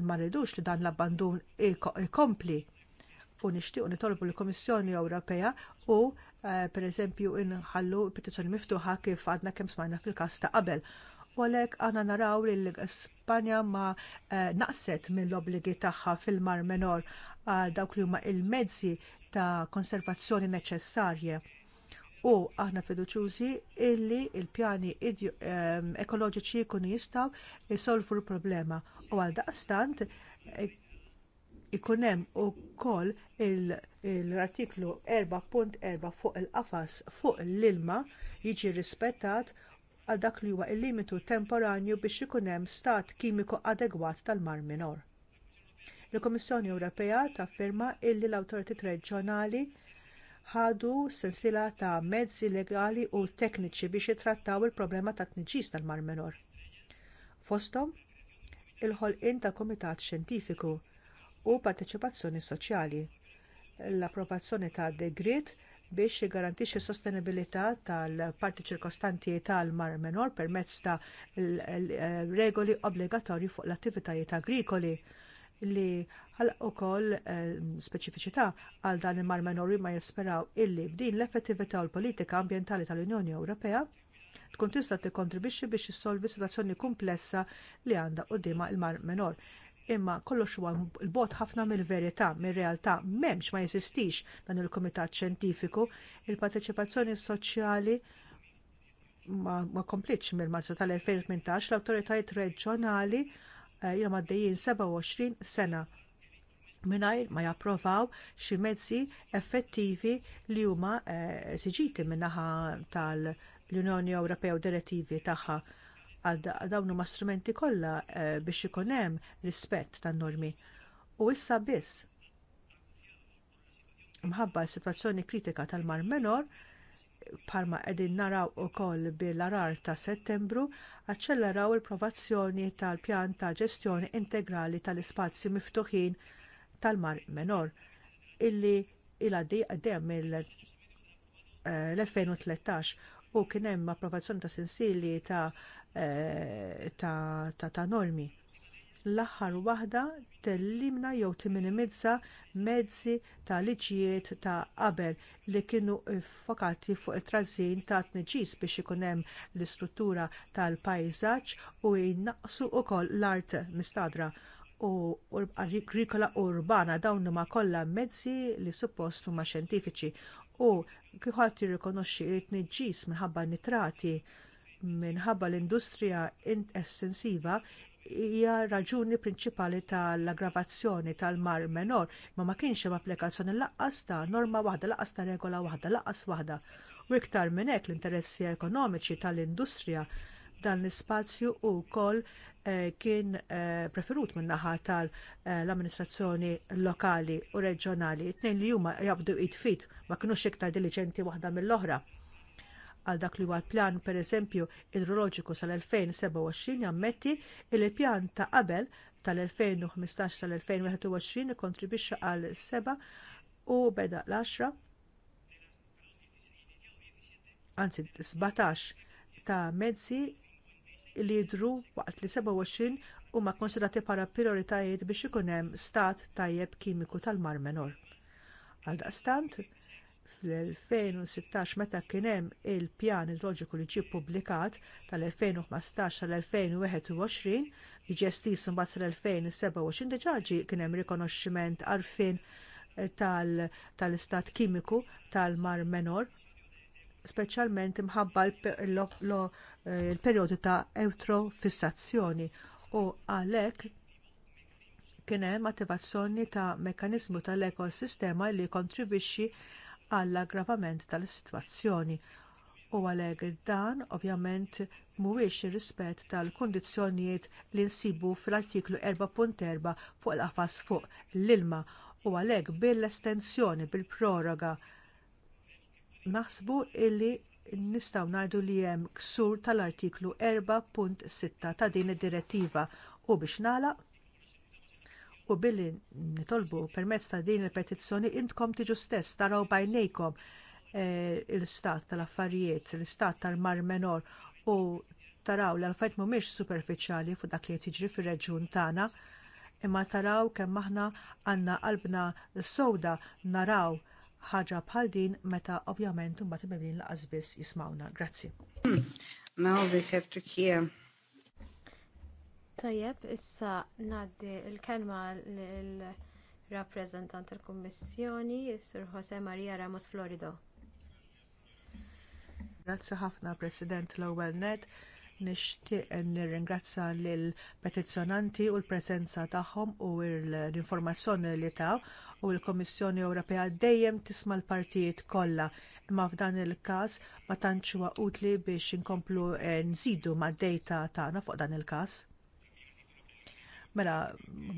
ma rridux li dan l-abbandun ikompli u nixtiequ nitolbu lill komissjoni Ewropea u Eh, pereżempju inħallu petizzjoni miftuħa kif għadna kemm smajna fil-każ ta' qabel. U għalhekk għandna naraw li l-Spanja ma eh, naqset mill obbligi tagħha fil-Mar Menor għal dawk li huma il-mezzi ta' konservazzjoni neċessarje. U aħna fiduċjużi illi l il pjani ehm, ekoloġiċi jkunu jistgħu jsolvu l problema U għaldaqstant ikun hemm ukoll l-artiklu 4.4 fuq il-qafas fuq l-ilma jiġi rispettat għal dak li huwa l limitu temporanju biex ikun hemm stat kimiku adegwat tal-mar minor. Il-Kummissjoni Ewropea taffirma illi l-awtoritajiet reġjonali ħadu sensila ta' mezzi legali u tekniċi biex jitrattaw il-problema tat tniġis tal-mar minor. Fosthom il-ħolqien ta' Kumitat Xjentifiku u parteċipazzjoni soċjali. L-approvazzjoni ta' degrit biex jiggarantixxi s sostenibilità tal-parti ċirkostanti tal-mar menor permezz ta' eh, regoli obbligatorji fuq l-attivitajiet agrikoli li għal ukoll eh, speċifiċità għal dan il-mar menori ma jesperaw illi b'din l-effettività u l-politika ambjentali tal-Unjoni Ewropea tkun tista' tikkontribwixxi biex issolvi sitwazzjoni komplessa li għandha qudiema l mar menor imma kollox huwa l-bot ħafna mill-verità, mir-realtà, m'hemmx ma jeżistix dan il-Kumitat Xjentifiku, il-parteċipazzjoni soċjali ma, ma komplitx mill-Marzu tal-2018 l-awtoritajiet reġjonali eh, jew għaddejjin 27 sena mingħajr ma japprovaw xi mezzi effettivi li huma siġiti eh, min-naħa tal-Unjoni Ewropea u direttivi tagħha għal dawn huma strumenti kollha eh, biex ikun hemm rispett tan-normi. U issa biss mħabba s-sitwazzjoni kritika tal-Mar Menor bħalma qegħdin naraw ukoll bil-arar ta' settembru aċċelleraw il-provazzjoni tal-pjan ta' ġestjoni integrali tal-ispazji miftuħin tal-mar menor illi il għaddejjem mill-2013 eh, u kien hemm approvazzjoni ta' sinsili ta' Eh, ta', ta, ta normi. L-aħħar waħda tellimna jew timinimizza mezzi ta' liġijiet ta' qabel li kienu ffokati fuq it-trażin ta' tniġis biex ikun hemm l-istruttura tal-pajżaġġ u jnaqsu wkoll l-art mistadra u agrikola urbana dawn huma kollha mezzi li suppost huma xjentifiċi u kieħadd jirrikonoxxi t tniġġis minħabba nitrati minħabba l-industrija estensiva hija raġuni prinċipali tal-aggravazzjoni tal-mar menor, ma ma kienx hemm applikazzjoni laqqas ta' norma waħda, laqqas ta' regola waħda, laqqas waħda. U iktar minn hekk l-interessi ekonomiċi tal-industrija dan l-ispazju wkoll eh, kien eh, preferut min naħa tal-amministrazzjoni lokali u reġjonali, tnejn li huma jabdu fit, ma kinux iktar diligenti waħda mill-oħra għal dak li huwa l-pjan pereżempju idroloġiku sal-2027 jammetti li l pjan ta' qabel tal-2015 tal-2021 kontribixxa għal 7 u beda l-10 anzi 17 ta' mezzi li jidhru waqt li 27 huma konsidrati bħala prioritajiet biex ikun hemm stat tajjeb kimiku tal-Mar Menor. Għaldaqstant fl-2016 meta kien hemm il-pjan idroġiku li ġie ppubblikat tal-2015 tal-2021 ġestis mbagħad tal-2027 diġà kien hemm rikonoxximent għarfien eh, tal-istat kimiku tal-mar menor speċjalment imħabba eh, l-perjodu ta' eutrofissazzjoni u għalhekk kien hemm attivazzjoni ta' mekkaniżmu tal-ekosistema li jikkontribwixxi għall-aggravament tal-sitwazzjoni u għalhekk dan ovvjament mhuwiex ir-rispett tal-kundizzjonijiet li nsibu fl-artiklu 4.4 fuq l-qafas fuq l-ilma u għalhekk bil-estensjoni bil-proroga naħsbu li nistgħu ngħidu li hemm ksur tal-artiklu 4.6 ta' din id-direttiva u biex nagħlaq u billi nitolbu permezz ta' din il-petizzjoni intkom tiġu stess taraw bajnejkom eh, l-istat tal-affarijiet, l-istat tal-mar menor u taraw l-affarijiet mhumiex superfiċjali fuq dak li tiġri fir-reġjun tagħna, imma taraw kemm aħna għandna qalbna sowda naraw ħaġa bħal din meta ovvjament imbagħad imedin laqas biss jismawna. Grazzi. Hmm. Now we have to hear Tajjeb, issa ngħaddi l kelma l-rappresentant tal-Kummissjoni, Sir Jose Maria Ramos Florido. Grazzi ħafna, President l-ewwel net. Nixtieq nirringrazza lill petizzjonanti u l-preżenza tagħhom u l-informazzjoni li taw u l kummissjoni Ewropea dejjem tisma' l-partijiet kollha, imma f'dan il-każ ma tantx huwa utli biex inkomplu eh, nżidu mad-dejta tagħna fuq dan il-każ. Mela,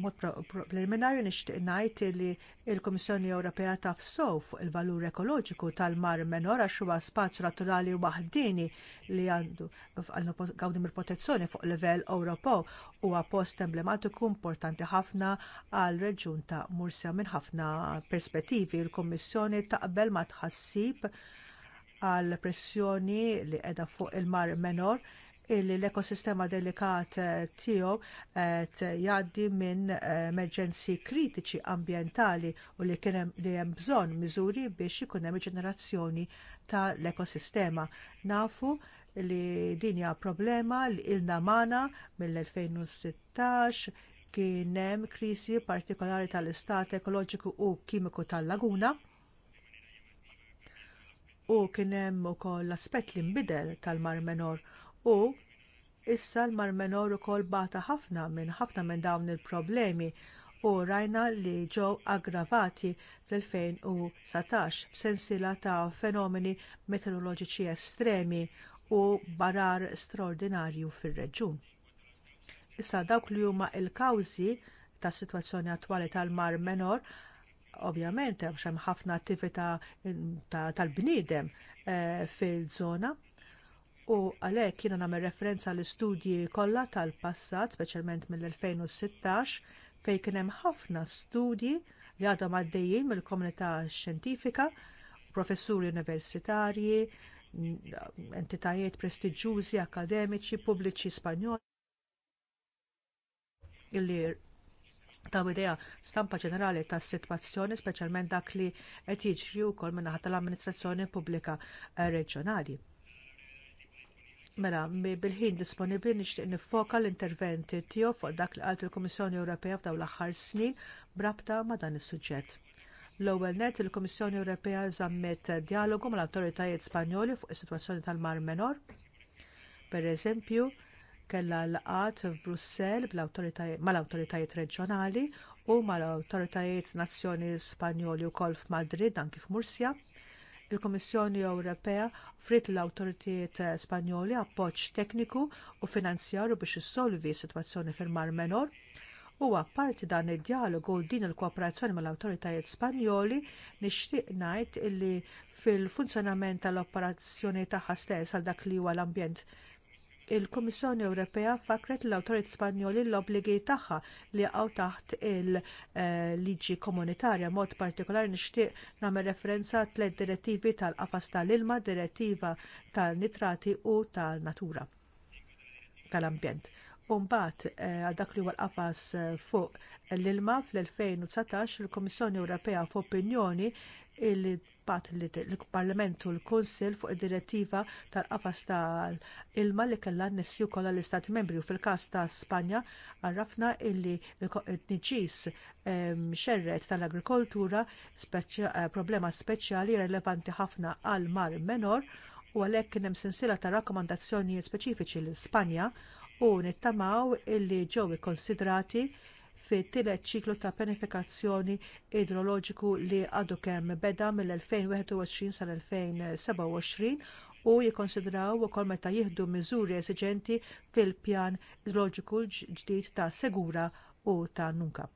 mod preliminarju nixtieq ngħid li l-Kummissjoni Ewropea taf fuq il-valur ekoloġiku tal-mar menor għax huwa spazju naturali waħdini li għandu għawdim il-protezzjoni fuq livell Ewropo huwa post emblematiku importanti ħafna għal reġjun ta' Mursja minn ħafna perspettivi. Il-Kummissjoni taqbel ma tħassib għal pressjoni li qiegħda fuq il-mar menor illi l-ekosistema delikat eh, tiegħu qed eh, jgħaddi minn eh, emerġenzi kritiċi ambjentali u li kien hemm li hemm bżonn miżuri biex ikun hemm ġenerazzjoni tal-ekosistema. Nafu li din hija problema li ilna mana mill-2016 kien hemm krisi partikolari tal-istat ekoloġiku u kimiku tal-laguna u kien hemm ukoll l-aspett li nbidel tal-Mar Menor u issa l-Mar Menor ukoll bata ħafna minn ħafna minn dawn il-problemi u rajna li ġew aggravati fl-2019 b'sensiela ta' fenomeni meteoroloġiċi estremi u barar straordinarju fir-reġjun. Issa dawk li huma l-kawżi tas sitwazzjoni attwali tal-Mar Menor ovvjament hemm ħafna attività tal-bniedem eh, fil-żona U għalhekk jiena nagħmel referenza l istudji kollha tal-passat, speċjalment mill-2016, fejn kien hemm ħafna studji li għadhom għaddejjin mill-komunità xjentifika, professuri universitarji, entitajiet prestiġjużi, akademiċi, pubbliċi Spanjoli illi taw idea stampa ġenerali tas sitwazzjoni speċjalment dak li qed jiġri wkoll min-naħa tal-amministrazzjoni pubblika eh, reġjonali. Mela, bil-ħin disponibbli nixtieq nifoka l-interventi tiegħu fuq dak li qalt il-Kummissjoni Ewropea f'dawn l-aħħar snin brabta ma' dan is-suġġett. L-ewwel nett il-Kummissjoni Ewropea żammet dijalogu mal-awtoritajiet Spanjoli fuq is-sitwazzjoni tal-Mar Menor. Pereżempju, kellha l-qat f'Brussell mal-awtoritajiet reġjonali u mal-awtoritajiet nazzjoni Spanjoli wkoll f'Madrid anki f'Mursja il kummissjoni Ewropea frit l-autoritiet Spanjoli appoġġ tekniku u finanzjaru biex issolvi s-sitwazzjoni fil-Mar Menor u apparti dan id-dialogu u din il-kooperazzjoni mal-awtoritajiet Spanjoli nixtieq ngħid illi fil-funzjonament tal-operazzjoni tagħha stess għal dak li huwa l-ambjent il-Kummissjoni Ewropea fakret l-awtorit Spanjoli l obbligi tagħha li għaw taħt il-liġi komunitarja mod partikolari nixtieq nagħmel referenza tliet direttivi tal-qafas tal-ilma, direttiva tal-nitrati u tal-natura tal-ambjent. U mbagħad eh, għal dak li huwa l-qafas eh, fuq l-ilma fl-2019 il-Kummissjoni Ewropea f'opinjoni li pat li l-Parlament u l kunsill fuq id-direttiva tal-qafas tal-ilma li kellha nessiju kollha l-Istati membri u fil-każ ta' Spanja għarrafna illi n-niġis xerret tal-agrikoltura eh, problema speċjali relevanti ħafna għal mar menor u għalhekk kien hemm sensiela ta' rakkomandazzjonijiet speċifiċi l-Spanja u nittamaw illi ġew ikkonsidrati fit tielet ċiklu ta' pianifikazzjoni idroloġiku li għadu kemm beda mill-2021 sal-2027 u jikkonsidraw ukoll meta jieħdu miżuri esiġenti fil-pjan idroloġiku ġdid ta' Segura u ta' Nunka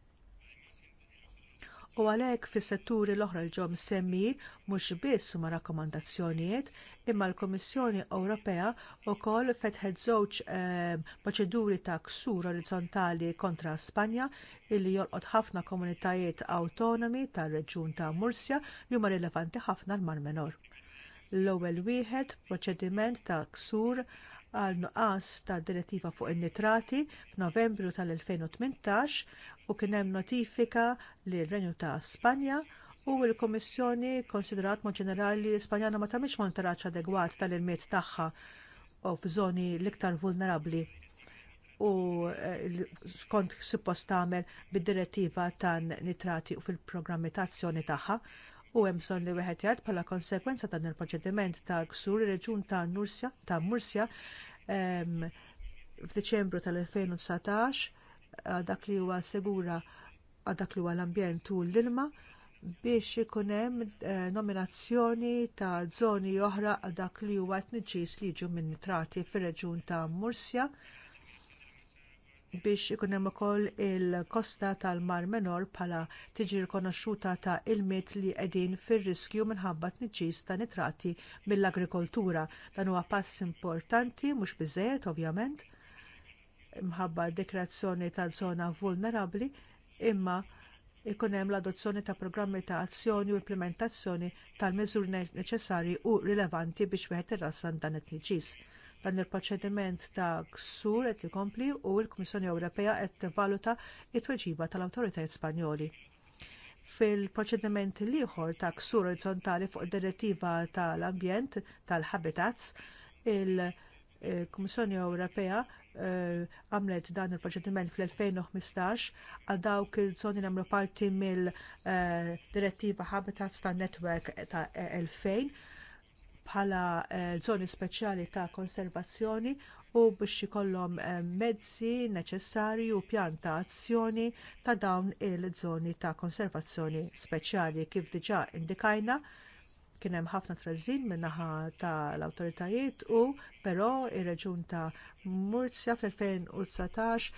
u għalhekk fis-setturi l-oħra l ġom mhux biss huma rakkomandazzjonijiet imma l-Kummissjoni Ewropea wkoll fetħet żewġ ehm, proċeduri ta' ksur orizzontali kontra Spanja illi jolqot ħafna komunitajiet awtonomi tar-reġjun ta' Mursja li huma rilevanti ħafna l-Mar Menor. L-ewwel wieħed proċediment ta' ksur għal nuqqas tad direttiva fuq in-nitrati f'Novembru tal-2018 u kien hemm notifika li r renju ta' Spanja u l-Komissjoni konsiderat mod ġenerali Spanjana ma tagħmilx monitoraġġ adegwat tal-ilmiet tagħha u f'żoni l-iktar vulnerabbli u eh, skont suppost tagħmel bid-direttiva tan nitrati u fil-programmi ta' azzjoni tagħha u hemm bżonn li wieħed jgħid bħala konsegwenza ta' dan il-proċediment tal-ksur ir-reġun ta' ta' Mursja ehm, f'Diċembru tal-2019 dak li huwa sigura dak li huwa l-ambjent u l-ilma biex ikun hemm eh, nominazzjoni ta' żoni oħra dak li huwa tniġis li jiġu minn nitrati fir-reġjun ta' Mursja biex ikun hemm ukoll il-kosta tal-Mar Menor bħala tiġi rikonoxxuta ta' ilmiet li qegħdin fir-riskju minħabba tniġis ta' nitrati mill-agrikoltura. Dan huwa pass importanti mhux biżżejjed ovvjament mħabba dekreazzjoni tal-żona vulnerabbli imma jkun hemm l-adozzjoni ta' programmi ta' azzjoni u implementazzjoni tal-miżuri neċessarji u rilevanti biex wieħed irrassan dan it-tniġis. Dan il-proċediment ta' ksur qed ikompli u l-Kummissjoni Ewropea qed tivvaluta t tweġiba tal-awtoritajiet Spanjoli. Fil-proċediment ieħor ta' ksur orizzontali fuq id direttiva tal-ambjent tal-habitats, il-Kummissjoni Ewropea Eh, għamlet dan il-proċediment fl-2015 għal dawk il-żoni nagħmlu parti mill-direttiva eh, Habitats tan Netwerk ta' 2000 bħala eh, żoni speċjali ta' konservazzjoni u biex ikollhom mezzi neċessarji u pjan ta' azzjoni ta' dawn il-żoni ta' konservazzjoni speċjali kif diġà indikajna Kien hemm ħafna trażin min-naħa tal-awtoritajiet u però ir reġun ta' Murzja fl-2019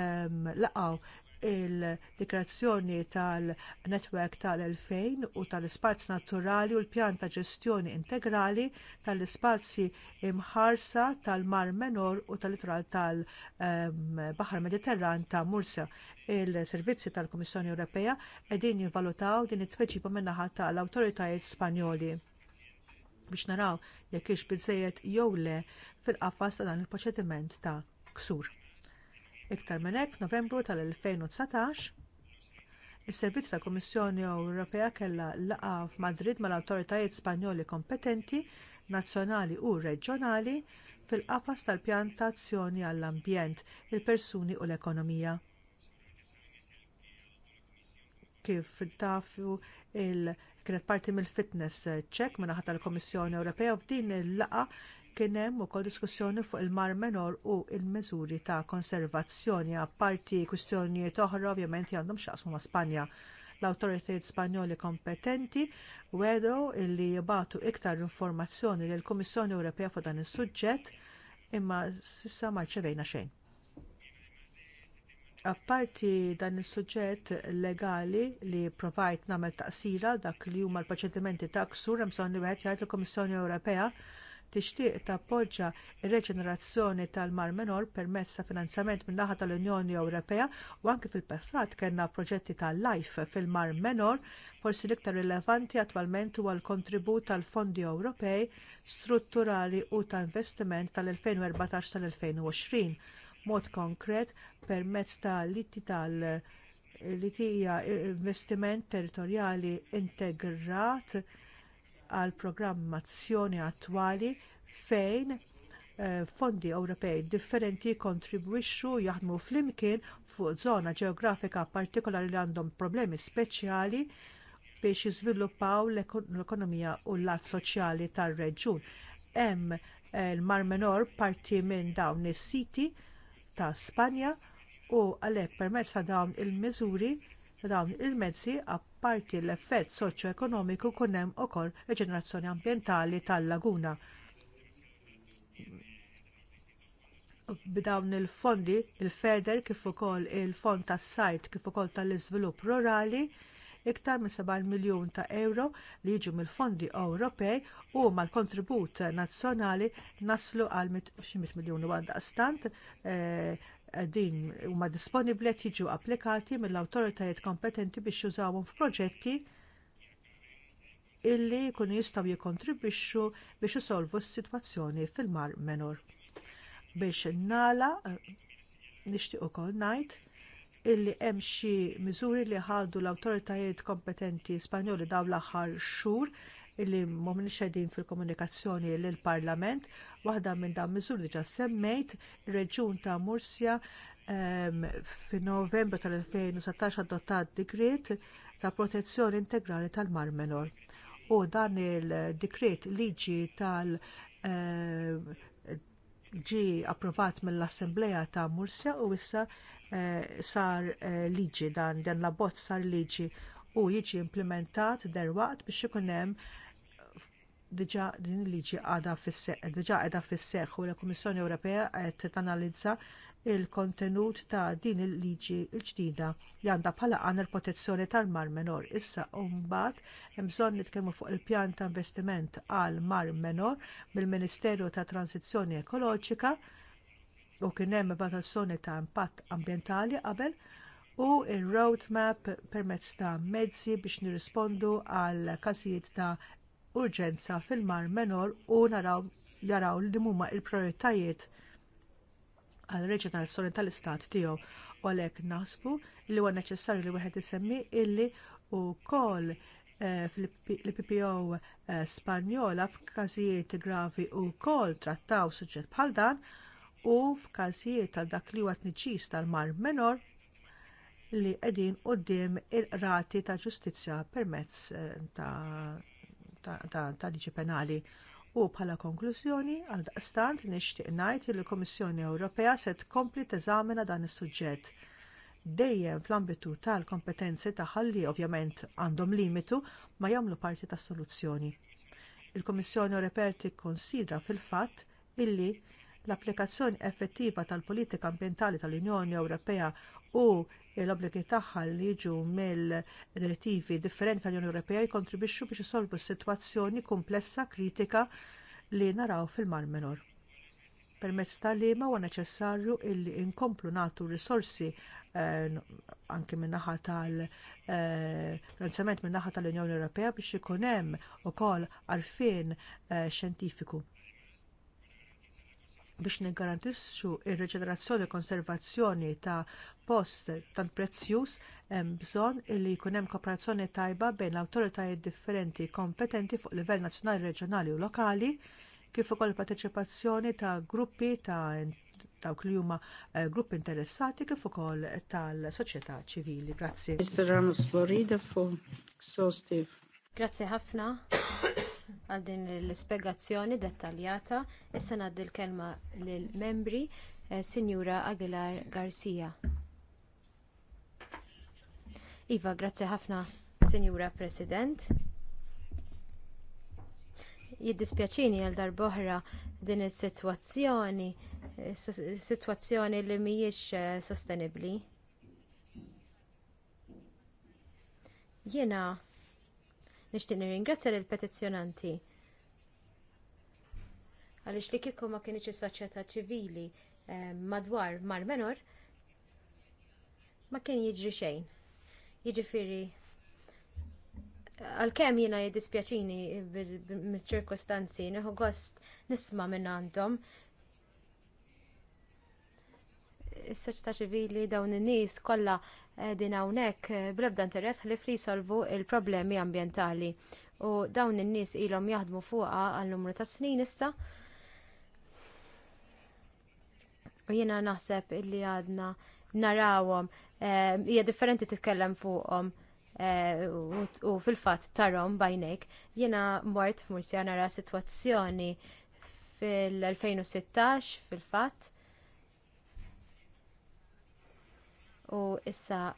ehm, laqgħu il-dikrazzjoni tal-netwerk tal-2000 u tal-ispazz naturali u l-pjan ta' ġestjoni integrali tal-ispazji imħarsa tal-Mar Menor u tal-Litoral tal-Baħar Mediterran ta' Mursa. Il-servizzi tal-Kummissjoni Ewropea qegħdin jivvalutaw din it-tweġiba min-naħa tal-awtoritajiet Spanjoli biex naraw jekk ix biżżejjed jew le fil-qafas ta' dan il-proċediment ta' ksur. Iktar minn hekk f'Novembru tal-2019 Is-Servizz tal Kummissjoni Ewropea kellha laqgħa f'Madrid mal-awtoritajiet Spanjoli kompetenti, nazzjonali u reġjonali fil-qafas tal-pjantazzjoni għall-ambjent, il-persuni u l-ekonomija. Kif tafu il kienet parti mill-fitness check minnaħat tal kummissjoni Ewropea f'din il laqgħa Kien hemm ukoll diskussjoni fuq il-mar menor u l miżuri ta' konservazzjoni apparti kwistjonijiet oħra ovvjament għandhom x'jaqsmu ma' Spanja. L-awtoritajiet Spanjoli kompetenti wedew illi jibatu iktar informazzjoni lill kummissjoni Ewropea fuq dan is-suġġett imma s'issa ma rċevejna xejn. Apparti dan is-suġġett legali li provajt nagħmel taqsira dak li huma l-proċedimenti ta' ksur hemm bżonn li wieħed jgħid il-Kummissjoni Ewropea tixtieq tappoġġja r-reġenerazzjoni tal-Mar Menor permezz ta' finanzjament min-naħa tal-Unjoni Ewropea u anke fil-passat kellna proġetti tal-Life fil-Mar Menor forsi l-iktar rilevanti attwalment huwa l-kontribut tal-Fondi Ewropej strutturali u ta' investiment tal-2014 tal-2020 mod konkret permezz ta' liti tal- li investiment territorjali integrat għall programmazzjoni attwali fejn eh, fondi Ewropej differenti jikkontribwixxu jaħdmu flimkien fuq żona ġeografika partikolari li għandhom problemi speċjali biex jiżviluppaw l-ekonomija u l-lat soċjali tar-reġjun. Hemm eh, l-Mar Menor parti minn dawn is-siti ta' Spanja u għalhekk permezz ta' dawn il-miżuri ta' dawn il-mezzi apparti l-effett soċjo-ekonomiku jkun hemm ukoll reġenerazzjoni ambjentali tal-laguna. B'dawn il-fondi, il-feder kif ukoll il-fond tas-sajt kif ukoll tal-iżvilupp rurali, iktar minn 70 miljun ta' euro li jiġu mill-fondi Ewropej u mal-kontribut nazzjonali naslu għal 100 miljun u għandaqstant eh, din huma disponibbli qed jiġu applikati mill-awtoritajiet kompetenti biex jużawhom f'proġetti illi jkunu jistgħu jikkontribwixxu biex isolvu s-sitwazzjoni fil-mar menor. Biex in-nala nixtieq ukoll ngħid illi hemm xi miżuri li ħadu l-awtoritajiet kompetenti Spanjoli dawn l-aħħar xhur illi momin xedin fil-komunikazzjoni lill parlament waħda minn dawn Mizur diġà semmejt ir-reġjun ta' Mursja ehm, fin-Novembru tal-2016 adottat dekret ta' protezzjoni integrali tal-Mar Menor. U dan il-dekret liġi tal- ehm, ġie approvat mill-Assembleja ta' Mursja u issa eh, sar eh, liġi dan, dan la bozz sar liġi u jiġi implementat derwaqt biex ikun hemm diġà din il-liġi għadha fis-seħħ, fis-seħħ u l-Kummissjoni Ewropea qed tanalizza l kontenut ta' din il-liġi l-ġdida li għandha bħala għan il-protezzjoni tal-mar menor. Issa mbagħad hemm bżonn nitkellmu fuq il-pjan ta' investiment għal mar menor mill-Ministeru ta' Transizzjoni Ekoloġika u kien hemm evalutazzjoni ta' impatt ambjentali qabel u r roadmap permezz ta' mezzi biex nirrispondu għal każijiet ta' urġenza fil-mar menor u naraw jaraw li huma l prioritajiet għal reġjonal tal-istat tiegħu u għalhekk naħsbu li huwa neċessarju li wieħed isemmi illi wkoll eh, fil-PPO eh, Spanjola f'każijiet gravi u wkoll trattaw suġġett bħal dan u f'każijiet tal dak li huwa tniċis tal-mar menor li qegħdin quddiem il-rati ta' ġustizzja permezz eh, ta' ta' ta' liġi penali. U bħala konklużjoni, għal daqstant nixtieq ngħid li l-Kummissjoni Ewropea se tkompli teżamina dan is-suġġett. Dejjem fl-ambitu tal-kompetenzi tagħha li ovvjament għandhom limitu ma jagħmlu parti tas-soluzzjoni. Il-Kummissjoni Ewropea tikkonsidra fil-fatt illi l-applikazzjoni effettiva tal-politika ambjentali tal-Unjoni Ewropea u l-obbligi tagħha li jiġu mill-direttivi differenti tal-Unjoni Ewropea jkontribwixxu biex isolvu s-sitwazzjoni komplessa kritika li naraw fil-Mar Minor. Permezz tal-liema huwa neċessarju li nkomplu nagħtu risorsi eh, anke min-naħa tal-finanzjament eh, min-naħa tal-Unjoni Ewropea biex ikun hemm ukoll għarfien eh, xjentifiku biex niggarantixxu r-reġenerazzjoni u konservazzjoni ta' post tant prezzjuż hemm bżonn li jkun hemm kooperazzjoni tajba bejn l-awtoritajiet differenti kompetenti fuq livell nazzjonali, reġjonali u lokali kif ukoll il-parteċipazzjoni ta' gruppi ta' dawk li huma eh, gruppi interessati kif ukoll tal-soċjetà ċivili. Grazzi. Mr. Ramos Florida for exhaustive. Grazzi ħafna għal din l-ispjegazzjoni dettaljata. Issa ngħaddi l-kelma lill membri eh, Sinjura Aguilar Garcia. Iva, grazzi ħafna, Signora President jiddispjaċini għal darboħra din is-sitwazzjoni, eh, sitwazzjoni li mhijiex eh, sostenibbli. Jiena Nixtieq nirringrazzja lill petizzjonanti għaliex li kieku ma kienx is-soċjetà ċivili eh, madwar mar menor ma kien jiġri xejn. Jiġifieri għalkemm jiena jiddispjaċini mill-ċirkostanzi nieħu gost nisma' minn għandhom is-soċjetà ċivili dawn in-nies kollha din hawnhekk eh, bl-ebda interess ħlif li jsolvu l problemi ambjentali. U dawn in-nies ilhom jaħdmu fuqha għal numru ta' snin issa. U jiena naħseb illi għadna narawhom eh, hija differenti titkellem fuqhom eh, u fil-fatt tarhom bajnejk. Jiena mort f'Mursja nara sitwazzjoni fil-2016 fil-fatt u issa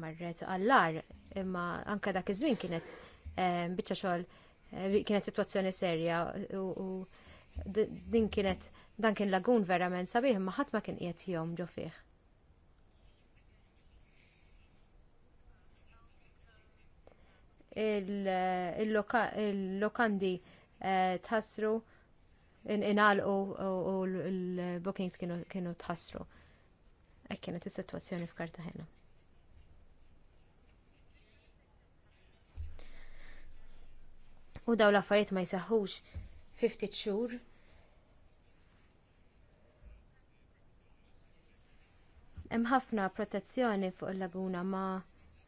marret għallar imma anke dak iż-żmien kienet biċċa xogħol kienet sitwazzjoni serja u din kienet dan kien lagun verament sabiħ imma ħadd ma kien qiegħed jom ġo fih. Il-lokandi eh, tħassru inqalqu u l-bookings kienu tħassru. Hekk kienet is-sitwazzjoni f'Kartaħena. U dawn l-affarijiet ma jsaħħux 50 xhur hemm ħafna protezzjoni fuq il-laguna ma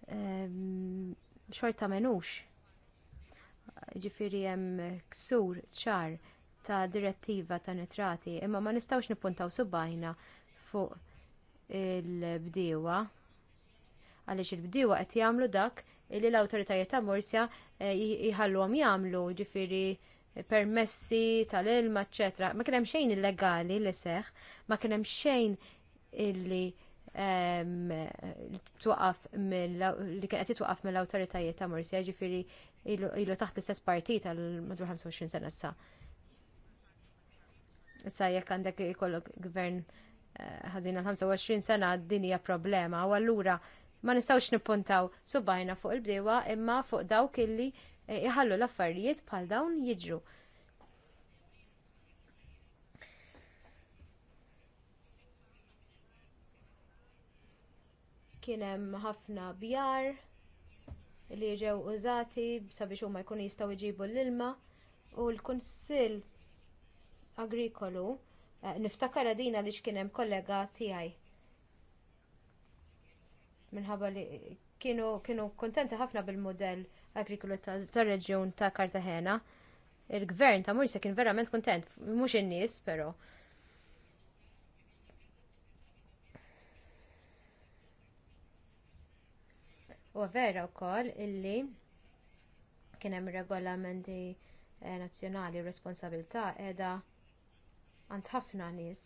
xorta menux. Ġifiri hemm ksur ċar ta' direttiva ta' nitrati, imma ma nistgħux nippuntaw subajna fuq il-bdiewa għaliex il-bdiewa qed jagħmlu dak illi l-awtoritajiet ta' Mursja għam eh, jagħmlu ġifiri permessi tal-ilma, etc. Ma kien hemm xejn illegali li seħħ, ma kien hemm xejn illi ehm, twaqaf li kien qed jitwaqaf mill-awtoritajiet ta' Mursja, ġifiri ilu taħt l-istess partit għal madwar 25 sena issa. Issa jekk għandek ikollok gvern ħadina 25 sena d-dinja problema u allura ma nistawx nippuntaw subajna fuq il-bdewa imma fuq dawk illi eh, iħallu l-affarijiet bħal dawn jiġru. Kien hemm ħafna bjar li ġew użati sabiex huma jkunu jistgħu jġibu l-ilma u l-Kunsill Agrikolu Eh, niftakar għadina li xkienem kollega tijaj. Minħabba li kienu, kienu kontenti ħafna bil-modell agrikolu tal-reġjun ta' Kartagena. Il-gvern ta' Mursa kien verament kontent, mhux in-nies però. U vera wkoll illi kien hemm regolamenti eh, nazzjonali responsabilta responsabilità qiegħda għand ħafna nies.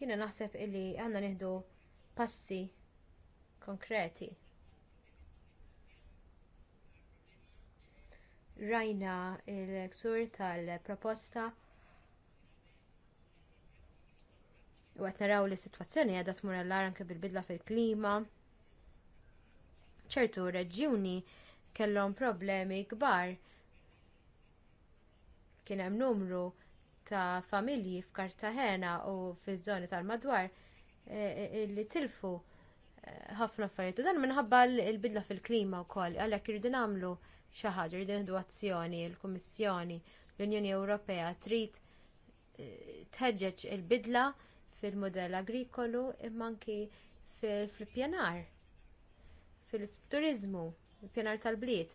Jiena naħseb illi għandna nieħdu passi konkreti. Rajna l ksur tal-proposta u qed naraw li situazzjoni qiegħda tmur l anke bil-bidla fil-klima, ċertu reġjuni kellhom problemi kbar. Kien hemm numru ta' familji f'Kartaħena u fiż-żoni tal-madwar e, e, e, li tilfu ħafna affarijiet. U dan minħabba l-bidla fil-klima wkoll għalhekk irridu nagħmlu xi ħaġa iridu nieħdu azzjoni, l kummissjoni l-Unjoni Ewropea trid tħeġġeġ il-bidla fil-modell agrikolu imma anki fil-pjanar fil-turizmu, il-pjanar tal-bliet.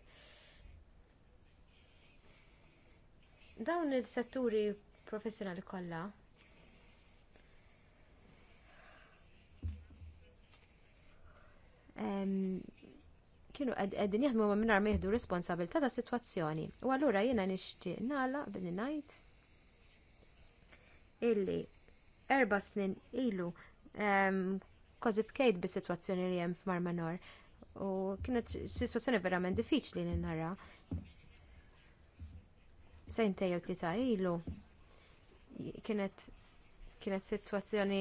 Dawn il-setturi professjonali kollha kienu qegħdin jaħdmu ma minnar meħdu responsabilta ta' situazzjoni. U għallura jena nishti nala billi najt illi erba snin ilu um, kozib kejt bi situazzjoni li jem f'Marmanor u kienet situazzjoni verament diffiċli li nara. Sejntej u tlita ilu kienet kienet situazzjoni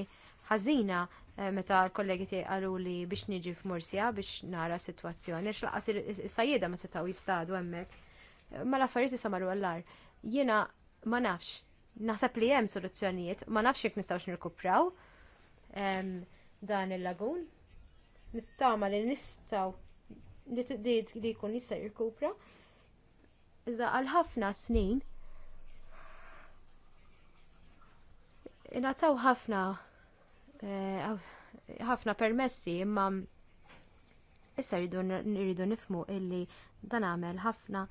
ħażina eh, meta l-kollegi tiegħi qalu li biex niġi f'Mursija biex nara s-sitwazzjoni għax laqas is-sajjieda ma setgħu jistadu hemmhekk. Ma l-affarijiet isa marru għallar. Jiena ma nafx, naħseb li hemm soluzzjonijiet, ma nafx jekk nistgħux nirkupraw ehm, dan il-lagun nittama li nistaw li t li jkun jista' jirkupra. Iżda għal ħafna snin ingħataw ħafna eh, ħafna permessi imma issa rridu nifhmu illi dan għamel ħafna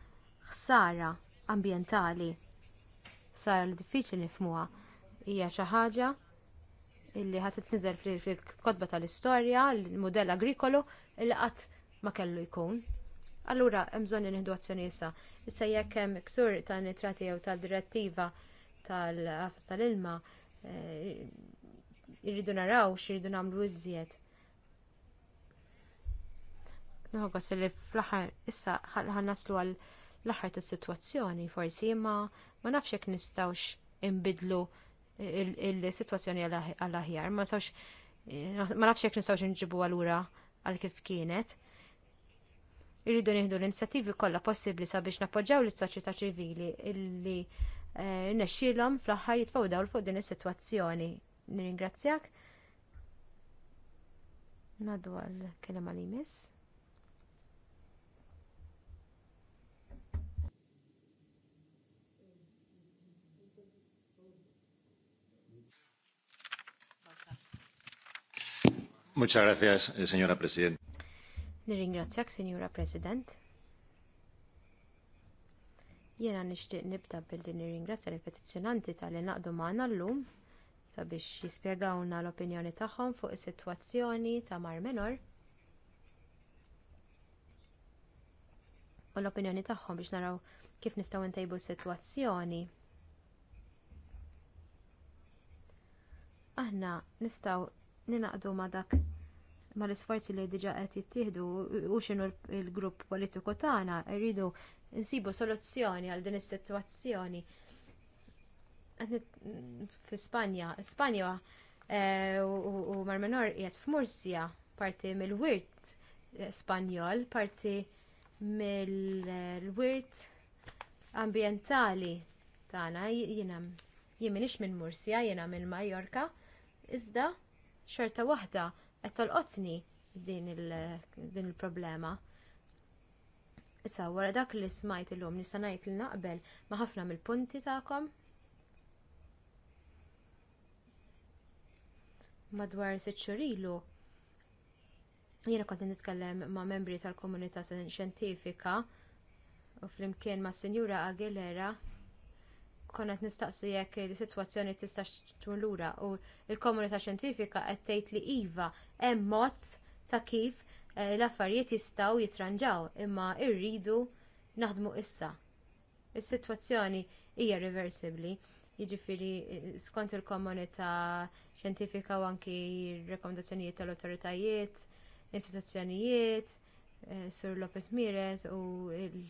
ħsara ambjentali sar diffiċli nifhmuha hija xi ħaġa illi ħat nizzer fil-kodba tal-istorja, l-modell agrikolu, illi qatt ma kellu jkun. Allura, hemm bżonn nieħdu azzjoni issa. Issa jekk hemm ksur ta' nitrati jew ta' direttiva tal-qafas tal-ilma, eh, irridu naraw x'irridu nagħmlu iżjed. Nħoggos li fl-aħħar issa ħannaslu għal l-aħħar tas-sitwazzjoni forsi ma ma nafx imbidlu. nistgħux il-situazzjoni għall-aħjar. Ma sawx, ma nafx jek nistgħux nġibu għalura għal kif kienet. Irridu nieħdu l-inizjattivi kollha possibbli sabiex nappoġġaw lis-soċjetà ċivili illi eh, nexxielhom fl-aħħar jitfgħu fuq din is-sitwazzjoni. Nirringrazzjak. Nadu għal kelema li jmiss. Muchas gracias, eh, signora President. Nirringrazzjak, signora President. Jena nixtieq nibda billi nirringrazzja l-petizzjonanti tal-li naqdu magħna llum sabiex jispjegawna l-opinjoni tagħhom fuq is-sitwazzjoni ta' Mar Menor. U l-opinjoni tagħhom biex naraw kif nistgħu ntejbu s-sitwazzjoni. Aħna nistgħu ninaqdu ma dak ma l-isforzi li diġa qed jittieħdu u x'inhu l-grupp politiku tagħna rridu nsibu soluzzjoni għal din is-sitwazzjoni. Fi Spanja, Spanja eh, u Marmenor qiegħed f'Mursija parti mill-wirt Spanjol, parti mill-wirt ambjentali tagħna jiena jien minn Mursija, jiena minn Majorka, iżda xorta waħda qed tolqotni din il-problema. Issa wara dak li smajt illum nista' ngħid li naqbel ma' ħafna mill-punti tagħkom. Madwar sitt xhur ilu jiena kont nitkellem ma' membri tal-komunità xjentifika u flimkien mas Sinjura Aguilera qed nistaqsu jekk il-sitwazzjoni tistax tkun lura u l komunità xjentifika qed tgħid li iva hemm mod ta' kif eh, l-affarijiet jistgħu jitranġaw imma rridu naħdmu issa. Is-sitwazzjoni hija reversibbli. Jiġifieri eh, skont il-komunità xjentifika u anki r-rekomendazzjonijiet tal-awtoritajiet, istituzzjonijiet, eh, Sur Lopez Mires u l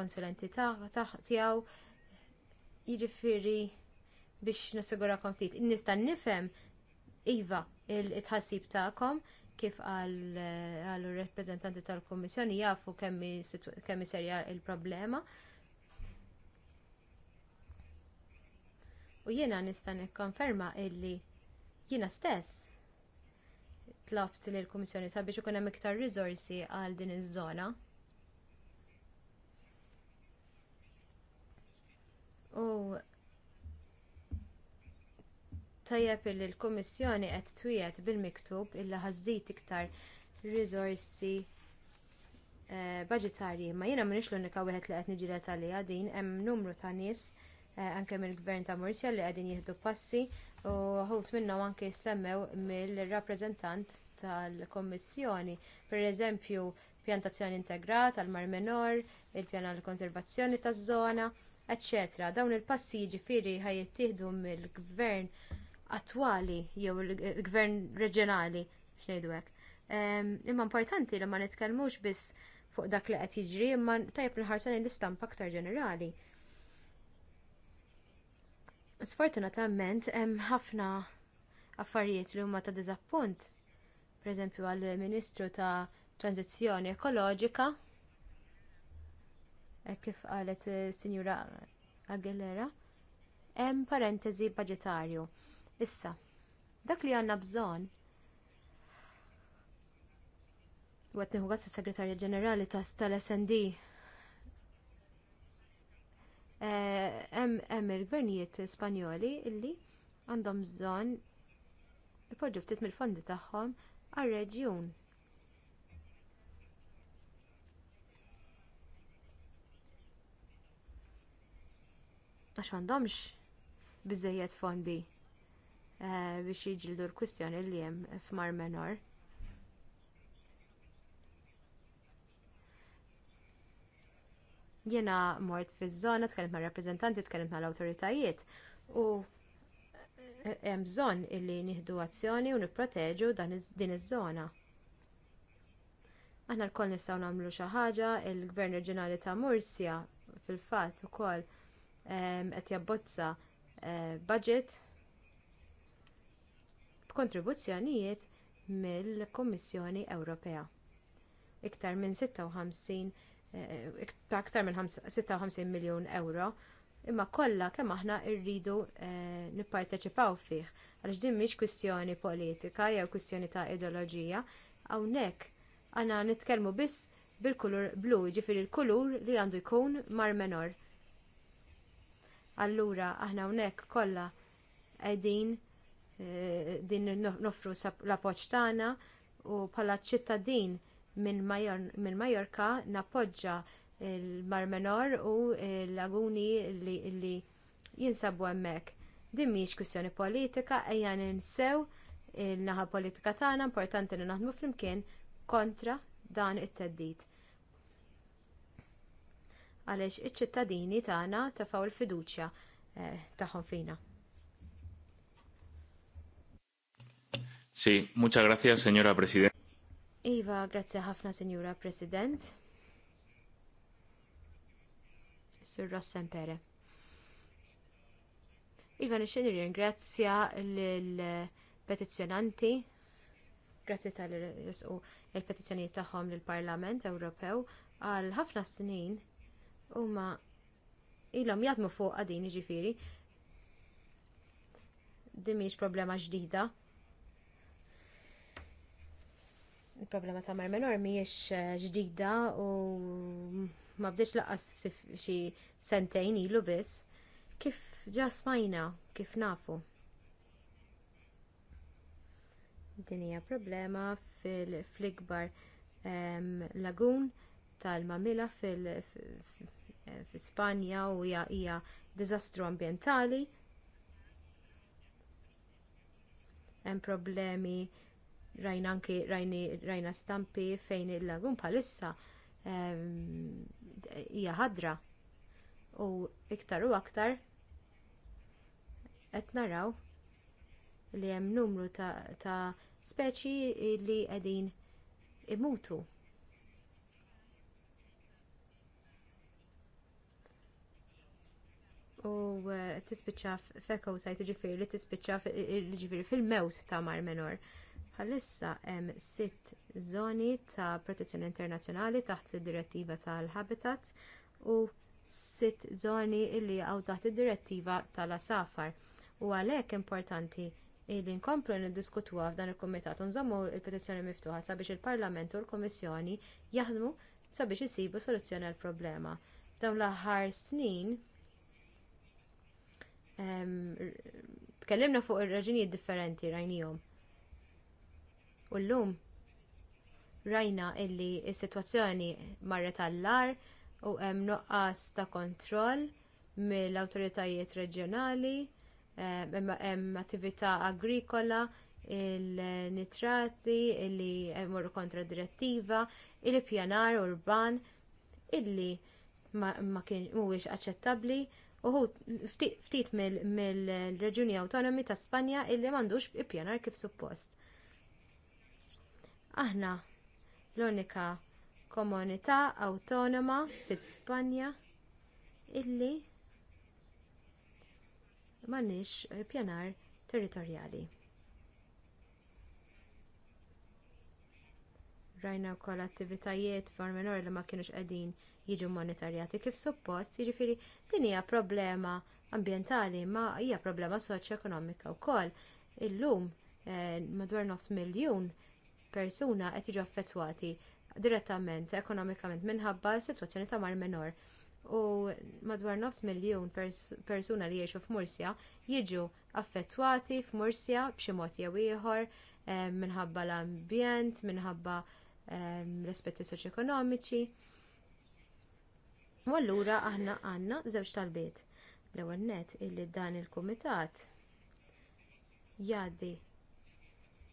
konsulenti tiegħu Jiġifieri biex nassigurakom ftit. Nista' nifhem iva il-tħassib tagħkom kif għal rappresentanti tal-Kommissjoni jafu kemm serja l problema U jiena nista' nikkonferma illi jiena stess tlabt lill-Kummissjoni sabiex ikun hemm iktar riżorsi għal din iż-żona. U tajjeb li l-Kummissjoni qed twiet bil-miktub illa ħażżid iktar risorsi eh, budgetarji. Ma jiena m'iniex l-unika wieħed li qed niġi għalija din hemm numru ta' nies eh, anke mill-Gvern ta' Mursja li qegħdin jieħdu passi u ħut minnhom anke semmew mill-rappreżentant tal-Kommissjoni. pereżempju pjantazzjoni integrat għal Mar Minor, il-pjan għall konservazzjoni taż-żona etc. Dawn il-passi ġifiri ħajittieħdu mill-gvern attwali jew il-gvern reġjonali xnejdu Imma importanti li ma nitkellmux biss fuq dak li qed jiġri imma tajb nħarsu lejn l-istampa aktar ġenerali. Sfortunatament hemm ħafna affarijiet li huma ta' diżappunt. Pereżempju għall ministru ta' Transizzjoni ekoloġika E kif qalet eh, Sinjura Aguilera, hemm parentesi budgetarju. Issa, dak li għandna bżonn u għet nħu għassa segretarja ġenerali tal-SND. Eh, hemm il-gvernijiet Spanjoli illi għandhom bżonn ipoġġu ftit mill-fondi tagħhom għar-reġjun għax m'għandhomx biżżejjed fondi eh, biex jiġildu l-kwistjoni li hemm f'mar menor. Jiena mort fiż-żona, tkellimt ma' rappreżentanti, tkellimt ma' l-awtoritajiet u eh, eh, hemm bżonn illi nieħdu azzjoni u nipproteġu din iż-żona. Aħna lkoll nistgħu nagħmlu xi ħaġa, il-Gvern Reġjonali ta' Mursja fil-fatt ukoll qed jabbozza eh, budget b'kontribuzzjonijiet mill-Kummissjoni Ewropea. Iktar minn 56 eh, ta' aktar minn 56 miljun euro imma kollha kemm aħna rridu eh, nipparteċipaw fih għaliex din mhix kwistjoni politika jew kwistjoni ta' ideoloġija hawnhekk għandna nitkellmu biss bil-kulur blu, jiġifieri l-kulur li għandu jkun mar menor Allura aħna hawnhekk kollha qegħdin eh, din nofru l-appoġġ tagħna u bħala ċittadin minn Majorka nappoġġa il-Mar Menor u l-laguni li jinsabu hemmhekk. Din mhijiex kwistjoni politika, ejja ninsew il-naħa politika tagħna importanti li naħdmu flimkien kontra dan it-teddid għaliex iċ-ċittadini tagħna tefgħu l-fiduċja eh, tagħhom fina. Sì, muchas gracias, señora Presidenta. Iva, grazie ħafna, Signora President. Sur Ross Pere. Iva, nixxin ringrazzja l-petizjonanti, grazzi tal il-petizjoni tagħhom lill parlament Ewropew għal ħafna snin Uma ilhom jadmu fuq din jiġifieri. Din problema ġdida. Il-problema ta' mar menor mhijiex eh, ġdida u ma bdejx laqas xi sentejn ilu biss. Kif ġa smajna, kif nafu. Din hija problema fil-ikbar ehm, lagun tal-mamila fil-Spanja u hija diżastru ambjentali. Hemm problemi rajna anki rajna stampi fejn il-lagun bħalissa ehm, hija ħadra u iktar u aktar qed naraw li hemm numru ta', ta speċi li qegħdin imutu. u eh, tispiċċa feko sajt ġifiri li tispiċċa ġifiri fil-mewt ta' mar menor. Bħalissa hemm sitt żoni ta' protezzjoni internazzjonali taħt id-direttiva tal-habitat u sitt żoni li għaw taħt id-direttiva tal-asafar. U għalhekk importanti li nkomplu niddiskutuha f'dan il-Kumitat u nżommu l petizzjoni miftuħa sabiex il-Parlament u l-Kummissjoni jaħdmu sabiex isibu soluzzjoni għall problema Dawn l-aħħar snin tkellimna fuq ir-raġunijiet differenti rajnijom. U llum rajna illi s-sitwazzjoni marret għall u hemm nuqqas ta' kontroll mill-awtoritajiet reġjonali, hemm attività agrikola, il-nitrati, illi jmorru kontra direttiva, il-pjanar urban, illi ma, ma kien mhuwiex aċċettabbli uħu ftit mill-reġuni autonomi ta' Spanja illi m'għandux ippjanar kif suppost. Aħna l-unika komunità awtonoma fi Spanja illi m'għandniex ippjanar territorjali. Rajna wkoll attivitajiet formenori li ma kienux qegħdin jiġu monitorjati kif suppost, jiġifieri din hija problema ambjentali ma hija problema soċjoekonomika wkoll. Illum eh, madwar nofs miljun persuna qed jiġu affettwati direttament ekonomikament minħabba s-sitwazzjoni ta' mar minor. U madwar nofs miljun pers persuna li jgħixu f'Mursja jiġu affettwati f'Mursja b'xi mod jew ieħor eh, minħabba l-ambjent, minħabba eh, l-aspetti soċjoekonomiċi. U allura aħna għandna żewġ talbiet. L-ewwel nett illi dan il-kumitat jgħaddi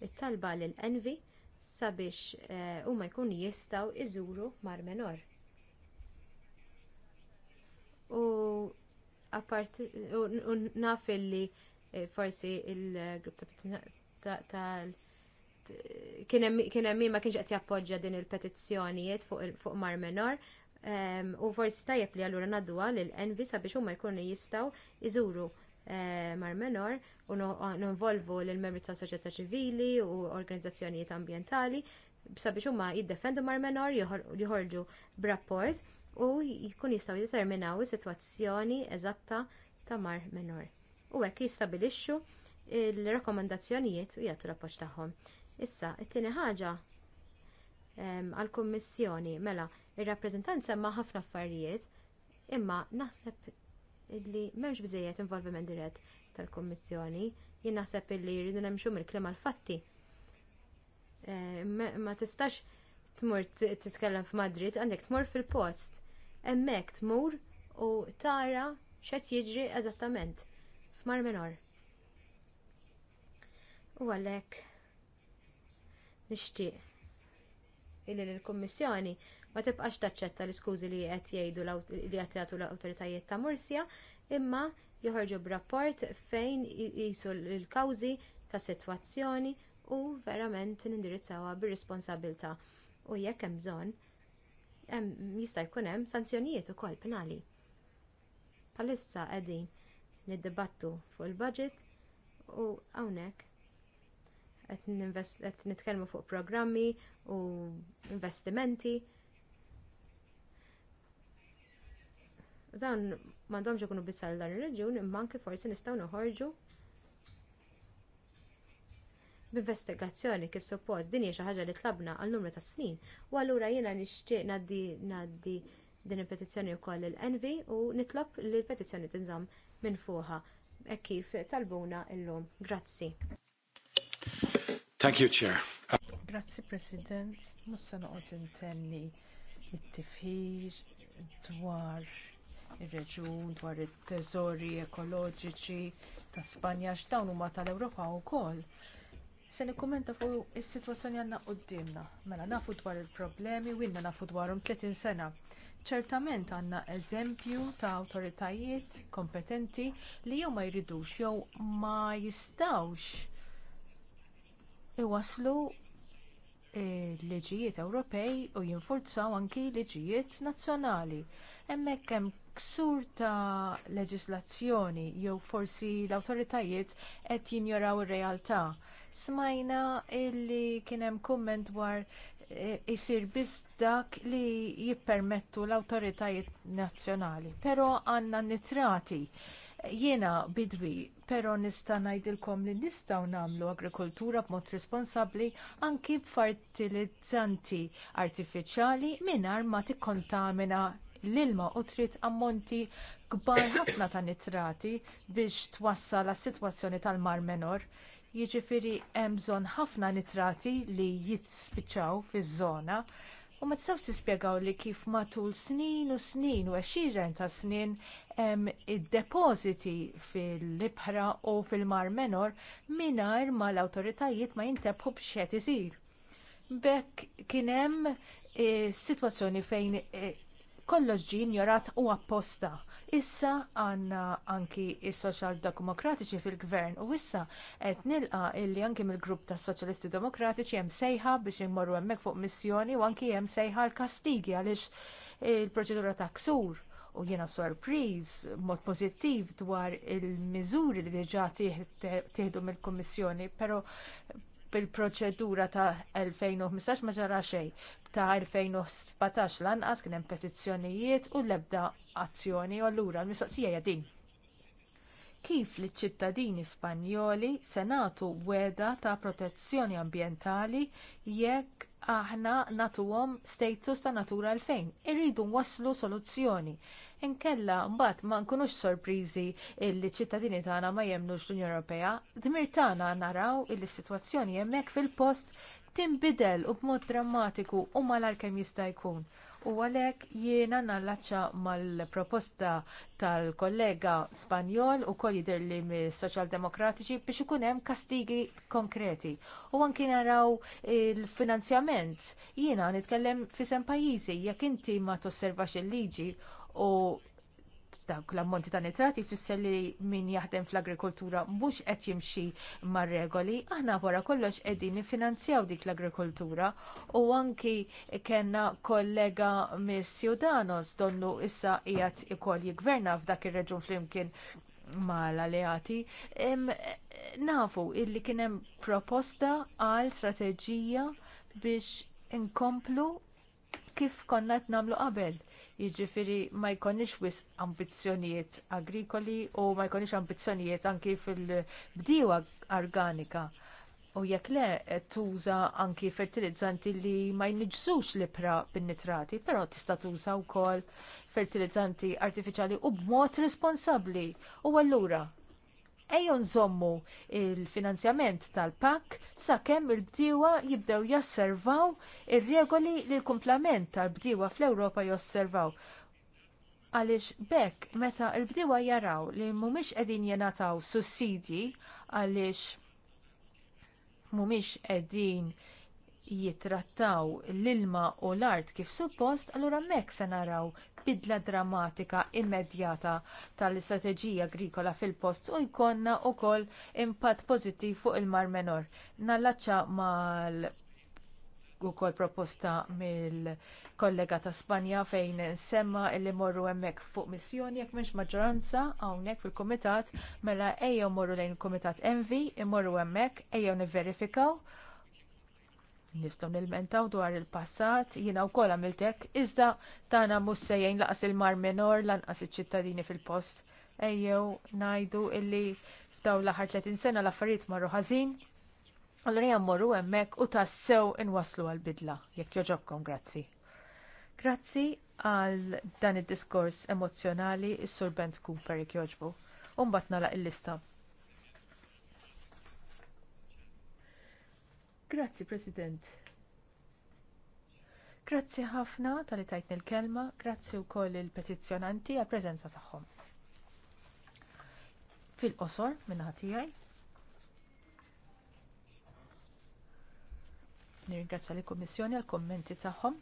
it-talba lil envi sabiex eh, huma jkunu jistgħu iżuru mar menor. U apart u naf illi eh, forsi il-grupp tal kien hemm ma kienx qed jappoġġja din il-petizzjonijiet fuq mar menor u forsi tajjeb li allura nadduha l envi sabiex huma jkunu jistgħu iżuru eh, mar menor u ninvolvu lill membri tas soċjetà ċivili u organizzazzjonijiet ambjentali sabiex huma jiddefendu mar menor joħorġu b'rapport u jkun jistgħu jiddeterminaw is-sitwazzjoni eżatta ta' mar menor. U hekk jistabilixxu l rakkomandazzjonijiet u jagħtu l-appoġġ tagħhom. Issa, it-tieni ħaġa għall kummissjoni mela ir rappreżentanti ma' ħafna affarijiet, imma naħseb li m'hemmx biżżejjed involviment dirett tal kummissjoni jien naħseb li jridu nemxu mill-klima l-fatti. Eh, ma tistax tmur titkellem f'Madrid, għandek tmur fil-post, hemmhekk tmur u tara x'qed jiġri eżattament f'mar minor. U għalhekk nixtieq illi l-Kummissjoni ma tibqax taċċetta l-iskużi li qed jgħidu li qed jagħtu l-awtoritajiet ta' Mursja, imma joħorġu b'rapport fejn jisu l-kawżi ta' sitwazzjoni u verament nindirizzawha bir-responsabilità. U jekk hemm bżonn, jista' jkun hemm sanzjonijiet ukoll penali. Bħalissa qegħdin niddibattu fuq il-budget u hawnhekk qed nitkellmu fuq programmi u investimenti Dan m'għandhomx ikunu bissal dan il reġjun imma anke forsi nistgħu noħorġu b'investigazzjoni kif suppost din hija xi ħaġa li tlabna għal numru ta' snin u allura jiena nixtieq ngħaddi ngħaddi din il-petizzjoni wkoll il-Envi u nitlob li l-petizzjoni tinżamm minn fuqha hekk kif talbuna llum. Grazzi. Thank you, Chair. Grazzi, President. Musa noqgħod intenni it tifir dwar ir-reġun dwar it-teżori ekoloġiċi ta' Spanja x'dawn huma tal-Ewropa wkoll. Se nikkumenta fuq is-sitwazzjoni għandna qudiemna. Mela nafu dwar il-problemi u inna nafu dwarhom 30 sena. Ċertament għandna eżempju ta' awtoritajiet kompetenti li jew ma jridux jew ma jistawx iwaslu liġijiet Ewropej u jinfurzaw anki liġijiet nazzjonali. Hemmhekk hemm ksur ta' leġislazzjoni jew forsi l-awtoritajiet qed jinjoraw ir-realtà. Smajna illi kien hemm kumment dwar e, isir biss dak li jippermettu l-awtoritajiet nazzjonali. Però għandna nitrati. Jiena bidwi, però nista' ngħidilkom li nistgħu nagħmlu agrikoltura b'mod responsabbli anki b'fertilizzanti artifiċjali mingħajr ma tikkontamina l-ilma u trid ammonti kbar ħafna ta' nitrati biex twassal għas sitwazzjoni tal-mar menor. Jiġifieri hemm bżonn ħafna nitrati li jitspiċċaw fiż-żona u ma tistgħux tispjegaw li kif matul snin u snin u għexieren ta' snin hemm id-depożiti fil-ibħra u fil-mar menor mingħajr ma l-awtoritajiet ma jintebħu b'xed isir. B'hekk kien hemm eh, sitwazzjoni fejn eh, kollox ġie injorat u apposta. Issa għandna anki s soċjal demokratiċi fil-gvern u issa qed nilqa illi anki mill-grupp tas soċjalisti demokratiċi hemm sejħa biex immorru hemmhekk fuq missjoni u anki hemm sejħa l-kastigi għaliex il-proċedura ta' ksur u jiena sorpriż mod pożittiv dwar il-miżuri li diġà tieħdu mill-Kummissjoni, bil-proċedura ta' 2015 ma ġara xejn. Ta' 2017 lanqas kien hemm petizzjonijiet u l-ebda azzjoni u allura l-mistoqsija hija din. Kif liċ ċittadini Spanjoli se nagħtu weda ta' protezzjoni ambjentali jekk aħna nagħtuhom status ta' natura għalfejn. Irridu nwasslu soluzzjoni. Inkella mbagħad ma nkunux sorpriżi li ċittadini tagħna ma jemnux l-Unjoni Ewropea. Dmir tagħna naraw s sitwazzjoni hemmhekk fil-post tinbidel u b'mod drammatiku u malar kemm jista' jkun u għalhekk jiena nallaċċa mal-proposta tal-kollega Spanjol u koll jidher mis-Soċjaldemokratiċi biex ikun hemm kastigi konkreti. U anki naraw il-finanzjament jiena nitkellem fisem pajjiżi jekk inti ma tosservax il-liġi u Dawk l-ammonti ta' nitrati jfisser li min jaħdem fl-agrikoltura mhux qed jimxi mar-regoli, aħna wara kollox qegħdin nifinanzjaw dik l-agrikoltura u anki kellna kollega mis Ciudadanos donnu issa qiegħed ikoll jigverna f'dak ir-reġun flimkien mal-alleati, nafu illi kien hemm proposta għal strateġija biex inkomplu kif konna qed nagħmlu qabel jiġifieri ma jkollniex wisq ambizzjonijiet agrikoli u ma jkollniex ambizzjonijiet anki fil-bdiewa organika. U jekk le tuża anki fertilizzanti li ma jniġżux l-ipra bin-nitrati, però tista' tuża wkoll fertilizzanti artifiċjali u b'mod responsabbli. U allura ejjon nżommu il-finanzjament tal-PAK sakemm il-bdiewa jibdew jasservaw ir-regoli li l-kumplament tal-bdiewa fl-Ewropa josservaw. Għaliex bekk meta l-bdiewa jaraw li mhumiex qegħdin jingħataw sussidji għaliex mhumiex qegħdin jitrattaw l-ilma u l-art kif suppost, allura hemmhekk se naraw bidla drammatika immedjata tal-istrateġija agrikola fil-post u jkollna wkoll impatt pożittiv fuq il-mar menor. Nallaċċa mal ukoll proposta mill-kollega ta' Spanja fejn semma li morru hemmhekk fuq missjoni jekk m'hemmx maġġoranza hawnhekk fil-kumitat mela ejjew morru lejn il-kumitat Envi, imorru hemmhekk ejjew nivverifikaw Nistgħu nilmentaw dwar il-passat, jiena wkoll hekk, iżda tagħna mhux sejjejn laqas il-mar minor lanqas iċ-ċittadini fil-post. Ejjew ngħidu illi fdaw l-aħħar 30 sena l-affarijiet marru ħażin. Allura jammorru hemmhekk u tassew inwaslu għall bidla jekk joġobkom grazzi. Grazzi għal dan id-diskors emozjonali is-Sur Bent Cooper jekk joġbu. Umbat nagħlaq il-lista. Grazzi, President. Grazzi ħafna tal-li tajtni l-kelma, grazzi wkoll il-petizzjonanti għall preżenza tagħhom. Fil-qosor minn tiegħi. Nirringrazzja lill kummissjoni għall kummenti tagħhom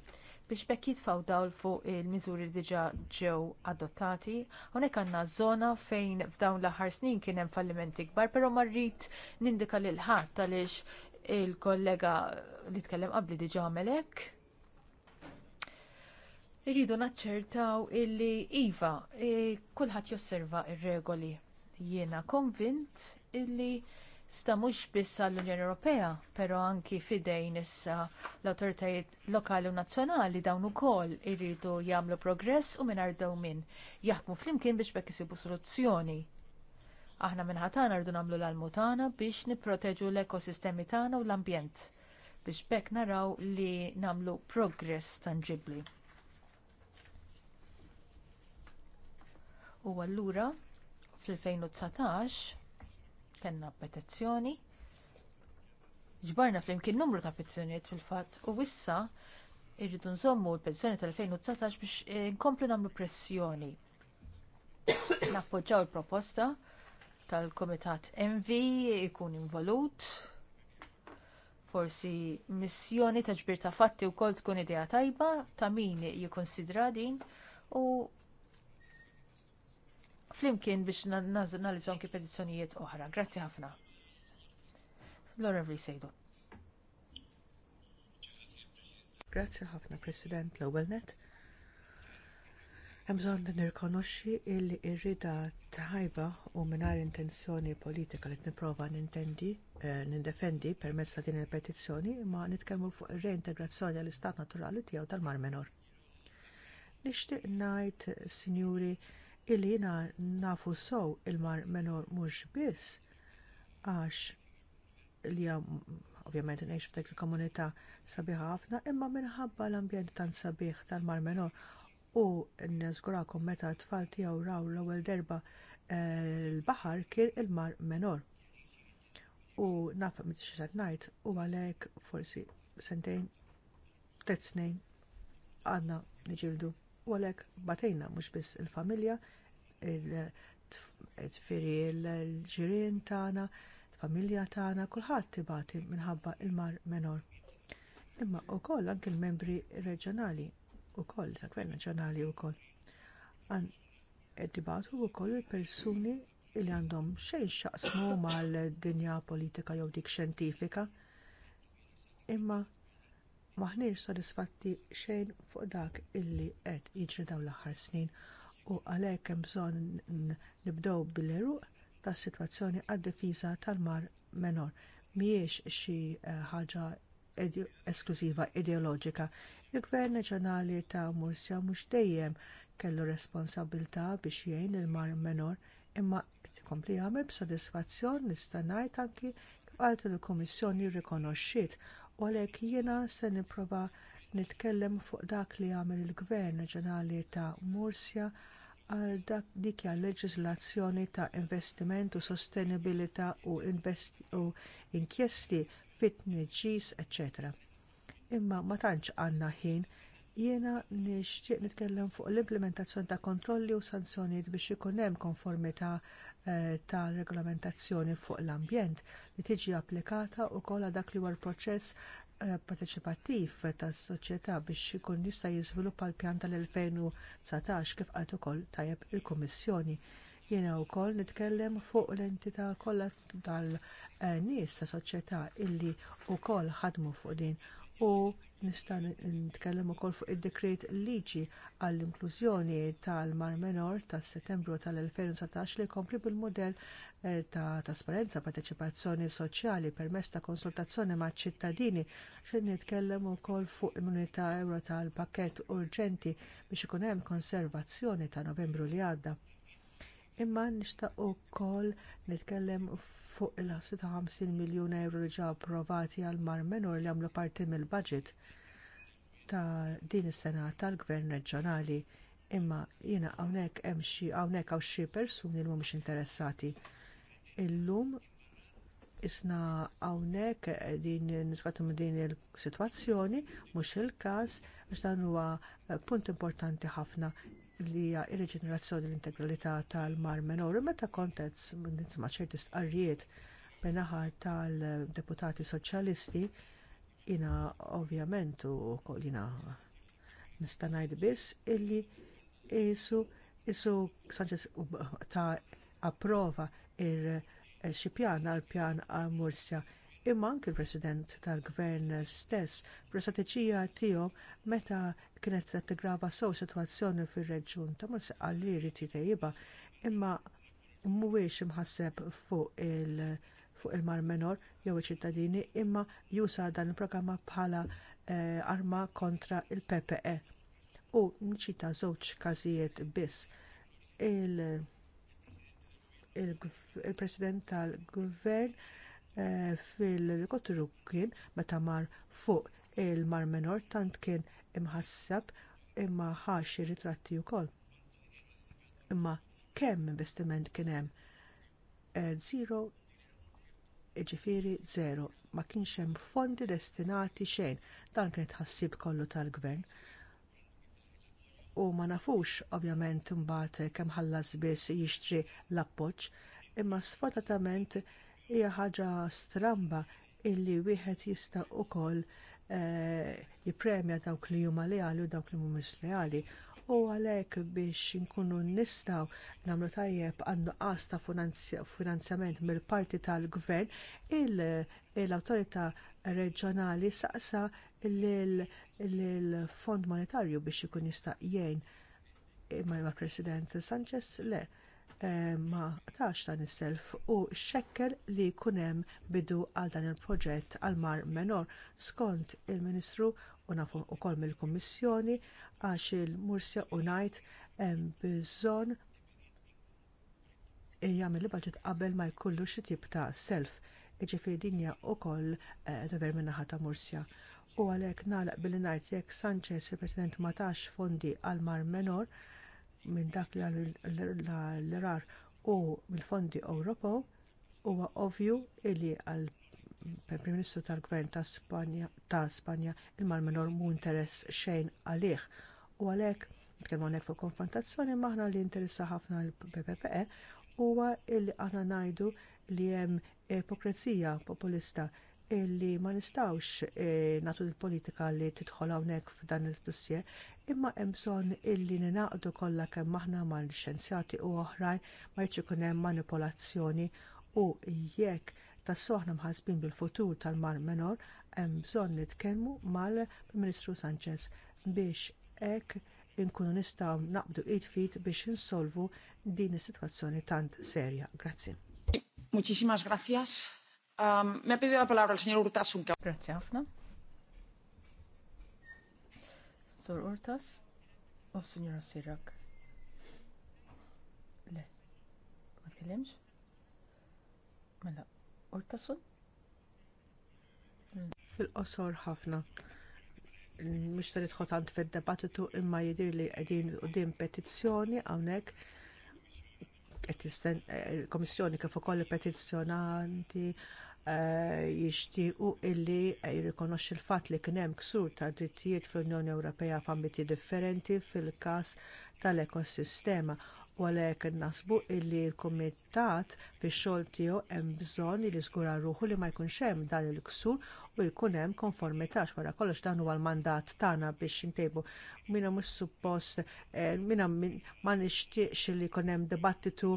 biex bekk jitfaw dawl fuq il-miżuri li diġà ġew adottati. Unek għandna żona fejn f'dawn l-aħħar snin kien hemm fallimenti kbar, però marrit nindika lil ħadd għaliex il-kollega li tkellem qabli diġa għamelek. Irridu naċċertaw illi Iva, e, kulħadd josserva r regoli Jiena konvint illi sta mhux biss għall-Unjoni Ewropea, però anki fidejn issa l-awtoritajiet lokali u nazzjonali dawn ukoll iridu jagħmlu progress u mingħajr minn jaħdmu flimkien biex bekk isibu soluzzjoni Aħna minħatana rridu nagħmlu l-almutana biex nipproteġu l-ekosistemi tagħna u l-ambjent biex bekk naraw li nagħmlu progress tangibbli. U allura fl-2019 kellna petizzjoni ġbarna flimkien numru ta' petizzjonijiet fil-fatt u issa irridu nżommu l-petizzjoni tal-2019 biex eh, nkomplu nagħmlu pressjoni nappoġġaw il-proposta tal kumitat Envi ikun involut. Forsi missjoni ta' ġbir ta' fatti wkoll tkun idea tajba ta' min jikkonsidra din u flimkien biex nazzjonalizzon ki petizzjonijiet oħra. Grazzi ħafna. L-Onorevoli Sejdu. Grazzi ħafna, President, l net. Hemm bżonn nirkonoxxi li r-rida tajba u mingħajr intenzjoni politika li nipprova nintendi eh, nindefendi permezz ta' din il-petizzjoni ma nitkellmu fuq ir-reintegrazzjoni għall-istat naturali tiegħu tal-Mar Menor. Nixtieq ngħid, Sinjuri, illi jiena nafu sew il-Mar Menor mhux biss għax li ovvjament ngħix f'dik il-komunità sabiħa ħafna, imma minħabba l-ambjent tan sabiħ tal-Mar Menor u nżgurakom meta t-tfal tiegħu raw l-ewwel derba eh, l-baħar kien il-mar menor. U naf mit xisat ngħid u għalhekk forsi sentejn tliet snin għadna niġieldu. U għalhekk batejna mhux biss il-familja, il-tfiri l-ġirien tagħna, il-familja tagħna, kulħadd tibati minħabba il-mar menor. Imma wkoll anke l-membri reġjonali koll, ta' ġanali u koll. Għan id-dibatu koll il-persuni li għandhom xejn xaqsmu mal-dinja politika jew dik xjentifika, imma maħniex sodisfatti xejn fuq dak illi qed jiġri dawn l-aħħar snin u għalhekk hemm bżonn nibdew bil-eruq tas-sitwazzjoni għad-difiża tal-mar menor mhijiex xi eh, ħaġa eskluziva ideoloġika Il-Gvern Nazzjonali ta' Mursja mhux dejjem kellu responsabilità biex jgħin il-mar menor imma tkompli jagħmel b'sodisfazzjon nista' ngħid anki kif qalt il-Kummissjoni rrikonoxxiet u għalhekk jiena se nipprova nitkellem fuq dak li jagħmel il-Gvern Nazzjonali ta' Mursja għal dak dik leġiżlazzjoni ta' investiment u sostenibilità u, u inkjesti fit-tniġġis, eccetera imma ma tantx għandna ħin jiena nixtieq nitkellem fuq l-implementazzjoni ta' kontrolli u sanzjonijiet biex ikun hemm konformità eh, ta' regolamentazzjoni fuq l-ambjent li tiġi applikata wkoll għal dak li huwa proċess eh, parteċipattiv tas-soċjetà biex ikun jista' jiżviluppa l-pjan tal-2019 kif qalt ukoll tajjeb il-Kummissjoni. Jiena wkoll nitkellem fuq l-entità kollha tal-nies eh, ta' soċjetà illi wkoll ħadmu fuq din u nista' nitkellem ukoll fuq id-dekret liġi għall-inklużjoni tal-Mar Menor tas settembru tal-2019 li jkompli bil-modell eh, ta' trasparenza parteċipazzjoni soċjali permezz ta' konsultazzjoni maċ ċittadini xejn nitkellem ukoll fuq immunità ewro tal-pakkett urġenti biex ikun hemm konservazzjoni ta' Novembru li għadda imma nixtaq ukoll nitkellem fuq il-50 miljun euro li ġa approvati għal mar menor li għamlu parti mill-budget ta' din is-sena tal-Gvern Reġjonali imma jiena hawnhekk hemm xi hawnhekk hawn xi persuni li mhumiex interessati. Illum isna hawnhekk din nisqatum din il sitwazzjoni mhux il każ għax dan huwa punt importanti ħafna li hija ir-reġenerazzjoni l-integralità tal-mar menor meta kontez nisma' ċerti stqarrijiet min-naħa tal-deputati soċjalisti jiena ovvjament ukoll jiena nista' ngħid biss illi isu isu Sanchez ta' approva ir xi pjan għall pjan għal Mursja imma anki l-President tal-Gvern stess fl-istrateġija tiegħu meta kienet tigrava sew sitwazzjoni fir-reġjun ta' mhux li jrid jitejjiba imma mhuwiex imħasseb fuq il- fuq il-Mar Menor jew iċ-ċittadini imma jusa dan il-programma bħala eh, arma kontra l ppe U nċita żewġ każijiet biss. Il-President il il tal-Gvern Eh, fil-kottru kien meta mar fuq il-mar menor tant kien imħassab imma ħax ritratti wkoll. Imma kemm investiment kien hemm? Eh, zero, ġifiri zero. Ma kienx hemm fondi destinati xejn. Dan kien tħassib kollu tal-gvern. U ma nafux ovvjament imbagħad kemm ħallas biss jixtri l-appoġġ, imma sfortunatament hija ħaġa stramba illi wieħed jista' wkoll eh, jippremja dawk li huma leali u dawk li mhumiex leali u għalhekk biex inkunu nistgħu nagħmlu tajjeb għan-nuqqas ta' finanzjament mill-parti tal-gvern l-awtorità reġjonali saqsa lill-Fond Monetarju biex ikun jista' jgħin imma President Sanchez le Eh, ma tax ta' self u xekkel li jkun hemm bidu għal dan il-proġett għal mar menor skont il-Ministru u nafu wkoll mill kummissjoni għax il-Mursja Unajt hemm bżonn jagħmel il-budget qabel ma jkollu xi tip ta' self jiġifieri din hija wkoll eh, dover min-naħa ta' Mursja. U għalhekk nagħlaq billi ngħid jekk Sanchez il-President ma tax fondi għal mar menor minn dak li l-erar u mill-fondi Ewropew huwa ovvju li għal prim Ministru tal-Gvern ta' Spanja ta' Spanja il-mal minor mu interess xejn għalih u għalhekk nitkellmu hawnhekk fuq konfrontazzjoni maħna li interessa ħafna l-PPPE huwa li aħna ngħidu li hemm ipokrezija populista illi ma nistawx eh, nagħtu il-politika li tidħol hawnhekk f'dan il-dossier, imma hemm bżonn illi ninaqdu kollha kemm aħna mal xenzjati u oħrajn ma jiġu ikun hemm manipolazzjoni u jekk tassu aħna mħassbin bil-futur tal-Mar Menor hemm bżonn nitkellmu mal-Prim-Ministru Sanchez biex hekk inkunu nistgħu naqbdu id fit biex insolvu din is-sitwazzjoni tant serja. Grazzi. Muchísimas gracias. Um, me ha pedido la palabra el señor Urtasun. Grazie, Afna. Sor Urtas o signora Sirak? Le, ma tkellimx? Mela, Urtasun? Fil-qosor ħafna. Mux tarit ħotant fil-debattitu imma jidir li għedin u din petizzjoni għawnek eh, komissjoni kif ukoll il-petizzjonanti Eh, jixtiequ illi jirrikonoxxi l fatt li kien hemm ksur ta' drittijiet fl-Unjoni Ewropea f'ambiti differenti fil-każ tal-ekosistema u għalhekk nasbu illi l-Kumitat fix-xogħol tiegħu hemm bżonn li żgura ruħu li ma jkunx hemm dan il-ksur u jkun hemm konformità wara kollox dan huwa l-mandat tagħna biex intejbu. Mina mhux suppost eh, mina ma nixtieqx li jkun hemm dibattitu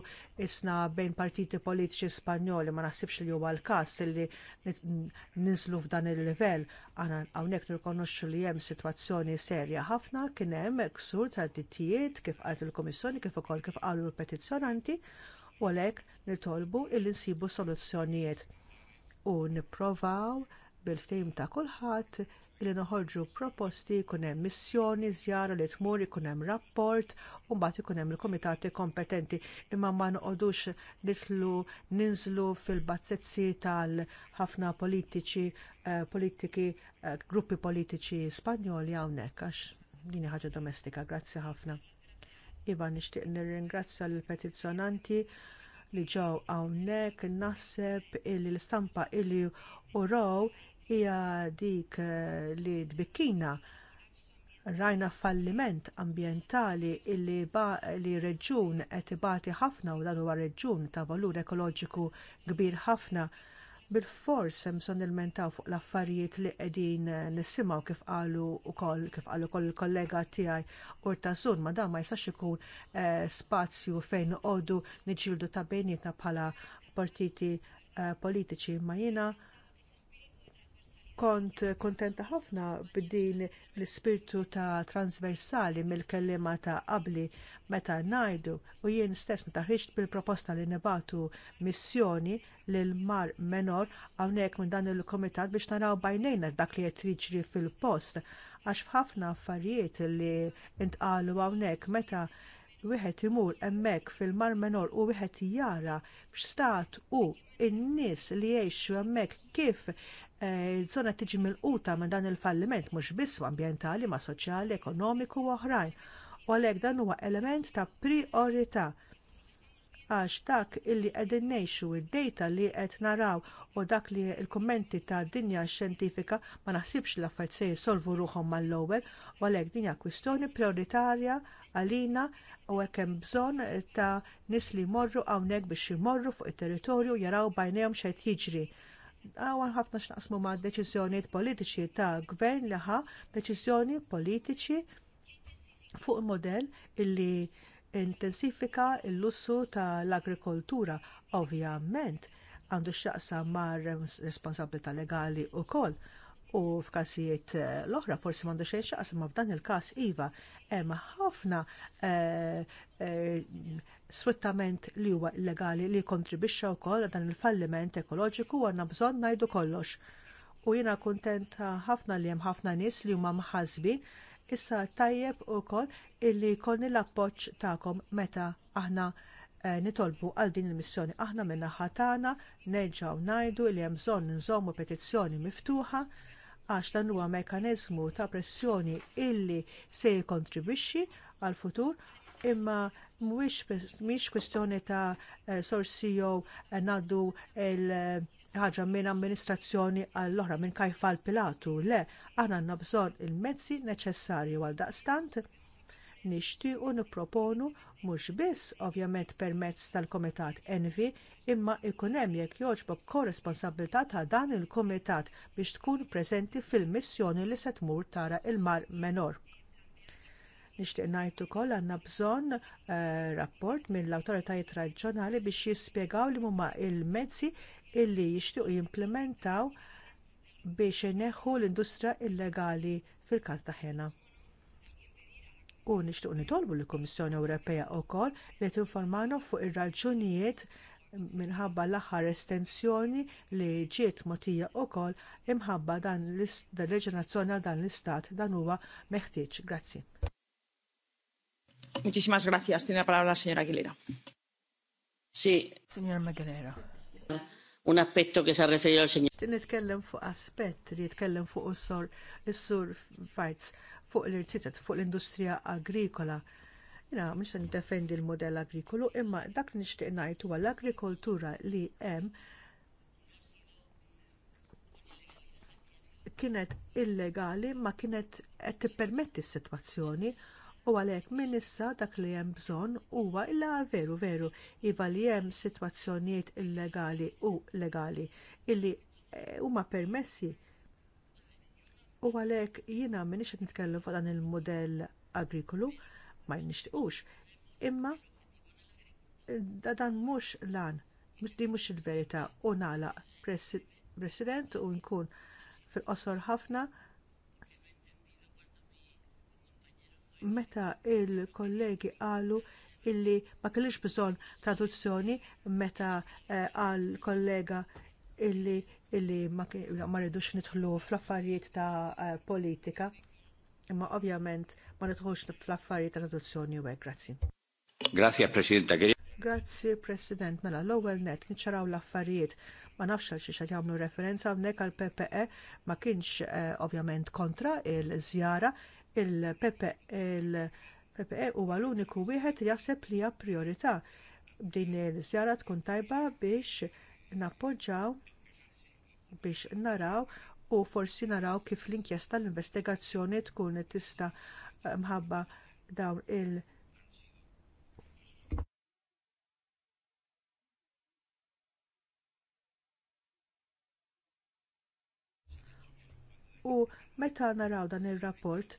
isna bejn partiti politiċi Spanjoli ma naħsibx li huwa l-każ li ninslu f'dan il-livell għana hawnhekk nirkonoxxu li hemm sitwazzjoni serja ħafna kien hemm ksur tradittijiet kif qalt il-Kummissjoni kif ukoll kif qalu l-petizzjonanti u għalhekk nitolbu il nsibu soluzzjonijiet u nipprovaw bil-ftejm ta' kulħadd li noħorġu proposti jkun hemm missjoni, żjara li tmur ikun hemm rapport u mbagħad ikun hemm il-kumitati kompetenti imma ma noqogħdux nitlu ninżlu fil-bazzezzi tal ħafna politiċi eh, politiki eh, gruppi politiċi Spanjoli hawnhekk għax din ħaġa domestika. Grazzi ħafna. Iva nixtieq nirringrazzja lill petizzjonanti li ġew hawnhekk naħseb illi l-istampa illi uraw hija dik eh, li tbikkina rajna falliment ambjentali li, li reġjun qed ibati ħafna u dan huwa reġjun ta' valur ekoloġiku kbir ħafna bil-fors hemm bżonn ilmentaw fuq l-affarijiet li qegħdin eh, nisimgħu kif qalu wkoll kif qalu wkoll il-kollega tiegħi Urtasun ma dan ma jistax ikun eh, spazju fejn noqogħdu niġġieldu ta' bejnietna bħala partiti politiċi ma jiena kont kuntenta ħafna b'din l-ispirtu ta' transversali mill kelliema ta' qabli meta ngħidu u jien stess meta ħriġt bil-proposta li nibatu missjoni lil mar menor hawnhekk minn dan il kumitat biex naraw bajnejna dak li qed jiġri fil-post għax f'ħafna affarijiet li intqalu hawnhekk meta wieħed imur hemmhekk fil-mar menor u wieħed jara f'stat u n-nies li jgħixu hemmhekk kif Eh, il-żona tiġi milquta minn dan il-falliment mhux biss ambjentali ma' soċjali, ekonomiku u oħrajn. U għalhekk dan huwa element ta' priorità għax dak illi qegħdin ngħixu id-dejta li qed naraw u dak li l-kummenti tad dinja xjentifika ma naħsibx l-affarijiet se jissolvu ruhom mal-ewwel u għalhekk din hija kwistjoni prioritarja għalina u hekk hemm bżonn ta' nies li jmorru hawnhekk biex imorru fuq it-territorju jaraw bajnejhom xejn jiġri għawan ħafna x'naqsmu ma' deċiżjonijiet politiċi ta' gvern li ħa deċiżjoni politiċi fuq modell illi intensifika l lussu tal-agrikoltura. Ovvjament, għandu x'jaqsam ma' responsabilità legali wkoll u f'każijiet eh, l-oħra forsi m'għandu xejn xaqsam ma f'dan il-każ iva hemm ħafna eh, eh, sfruttament li huwa illegali li jikkontribwixxa wkoll dan il-falliment ekoloġiku għandna bżonn ngħidu kollox. U jiena kuntenta ħafna li hemm ħafna nies li huma mħasbin issa tajjeb ukoll illi jkollni l-appoġġ tagħkom meta aħna nitolbu għal din il-missjoni aħna minna ħatana nerġgħu ngħidu li hemm bżonn nżommu petizzjoni miftuħa għax dan huwa mekkaniżmu ta' pressjoni illi se jikkontribwixxi għall futur imma mhuwiex kwistjoni ta' eh, sorsi jew eh, ngħaddu l ħaġa minn amministrazzjoni għall-oħra minn kajfa l-Pilatu, le, aħna għandna bżonn il-mezzi neċessarji għal daqstant nixtiequ nipproponu mhux biss ovvjament permezz tal-Kumitat Envi imma jkun hemm jekk jogħġbok korresponsabilità ta' dan il-Kumitat biex tkun preżenti fil-missjoni li se tmur tara il-mar menor. Nixtieq ngħid ukoll għandna bżonn uh, rapport mill-awtoritajiet raġjonali biex jispjegaw li huma l mezzi illi jixtiequ jimplementaw biex ineħħu l-industrija illegali fil-Kartaħena u nixtieq nitolbu lill kummissjoni Ewropea wkoll li tinformana fuq ir-raġunijiet minħabba l-aħħar estensjoni li ġiet mogħtija wkoll imħabba dan l-reġenazzjoni għal dan l-istat dan huwa meħtieġ. Grazzi. Muchísimas gracias. Tiene la palabra la señora Aguilera. Sí. Señora Magalera. Un aspetto che ha referido al señor. Nitkellem fuq aspett li jitkellem fuq is-sur is-sur Fajts fuq l-irtizet fuq l-industrija agrikola. Jina, mux defendi l-modell agrikolu, imma dak li nixtieq ngħid huwa l-agrikoltura li hemm kienet illegali ma kienet qed tippermetti s-sitwazzjoni u għalhekk minn issa dak li hemm bżonn huwa illa veru veru iva li hemm sitwazzjonijiet illegali u legali illi eh, huma permessi U għalhekk jiena m'iniex qed nitkellem fuq dan il-modell agrikolu ma nixtiqux. Imma eh, dan mhux lan, di mhux il-verità u nagħlaq president u nkun fil-qosor ħafna meta l kollegi qalu illi ma kellix bżonn traduzzjoni meta eh, qal kollega illi illi ma rridux nidħlu fl-affarijiet ta' eh, politika, imma ovvjament ma nidħlux fl-affarijiet ta' traduzzjoni u grazzi. Grazie, Presidenta. Grazzi, President. Mela, l-ewwel net niċċaraw l-affarijiet ma nafx għal xiex jagħmlu referenza hawnhekk għal PPE ma kienx eh, ovvjament kontra il-żjara il-PPE il PPE huwa l-uniku wieħed jaħseb li hija priorità. Din il zjara tkun tajba biex nappoġġaw biex naraw u forsi naraw kif l-inkjesta l-investigazzjoni tkun tista mħabba dawn il- U meta naraw dan ir rapport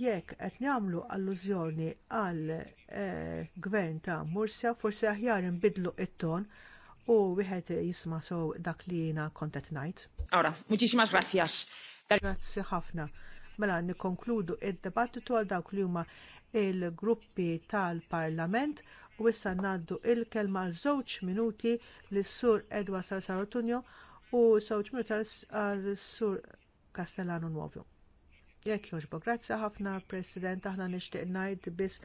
jekk qed nagħmlu allużjoni għal eh, gvern ta' Mursja, forsi aħjar inbidlu t ton u wieħed jisma' sow dak li jiena kont qed ngħid. Ora, muċiximas grazzjas. Grazzi ħafna. Mela nikkonkludu id debattitu għal dawk li huma il-gruppi tal-Parlament u issa ngħaddu l kelma għal żewġ minuti lis sur Edward Sarsarotunjo u żewġ minuti għal sur Castellano Nuovo. Jekk jogħġbok, grazzi ħafna President, aħna nixtieq ngħid biss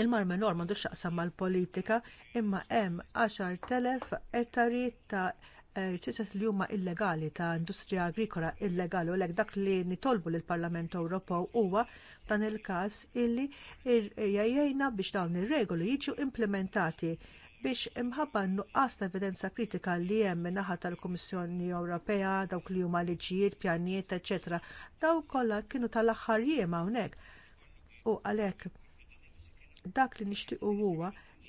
Il-marmenor m'għandux xaqsam mal-politika imma hemm 10,000 ettari ta' eh, riċiset li huma illegali ta' industrija agrikola illegali u lek dak li nitolbu lill parlament Ewropew huwa dan il-każ illi jajjejna biex dawn ir-regoli jiġu implementati biex imħabba nuqqas ta' evidenza kritika li hemm min-naħa tal-Kummissjoni Ewropea dawk li huma liġijiet, pjanijiet, eċetera. Daw kollha kienu tal-aħħar jiem hawnhekk. U għalhekk dak li nixtiequ huwa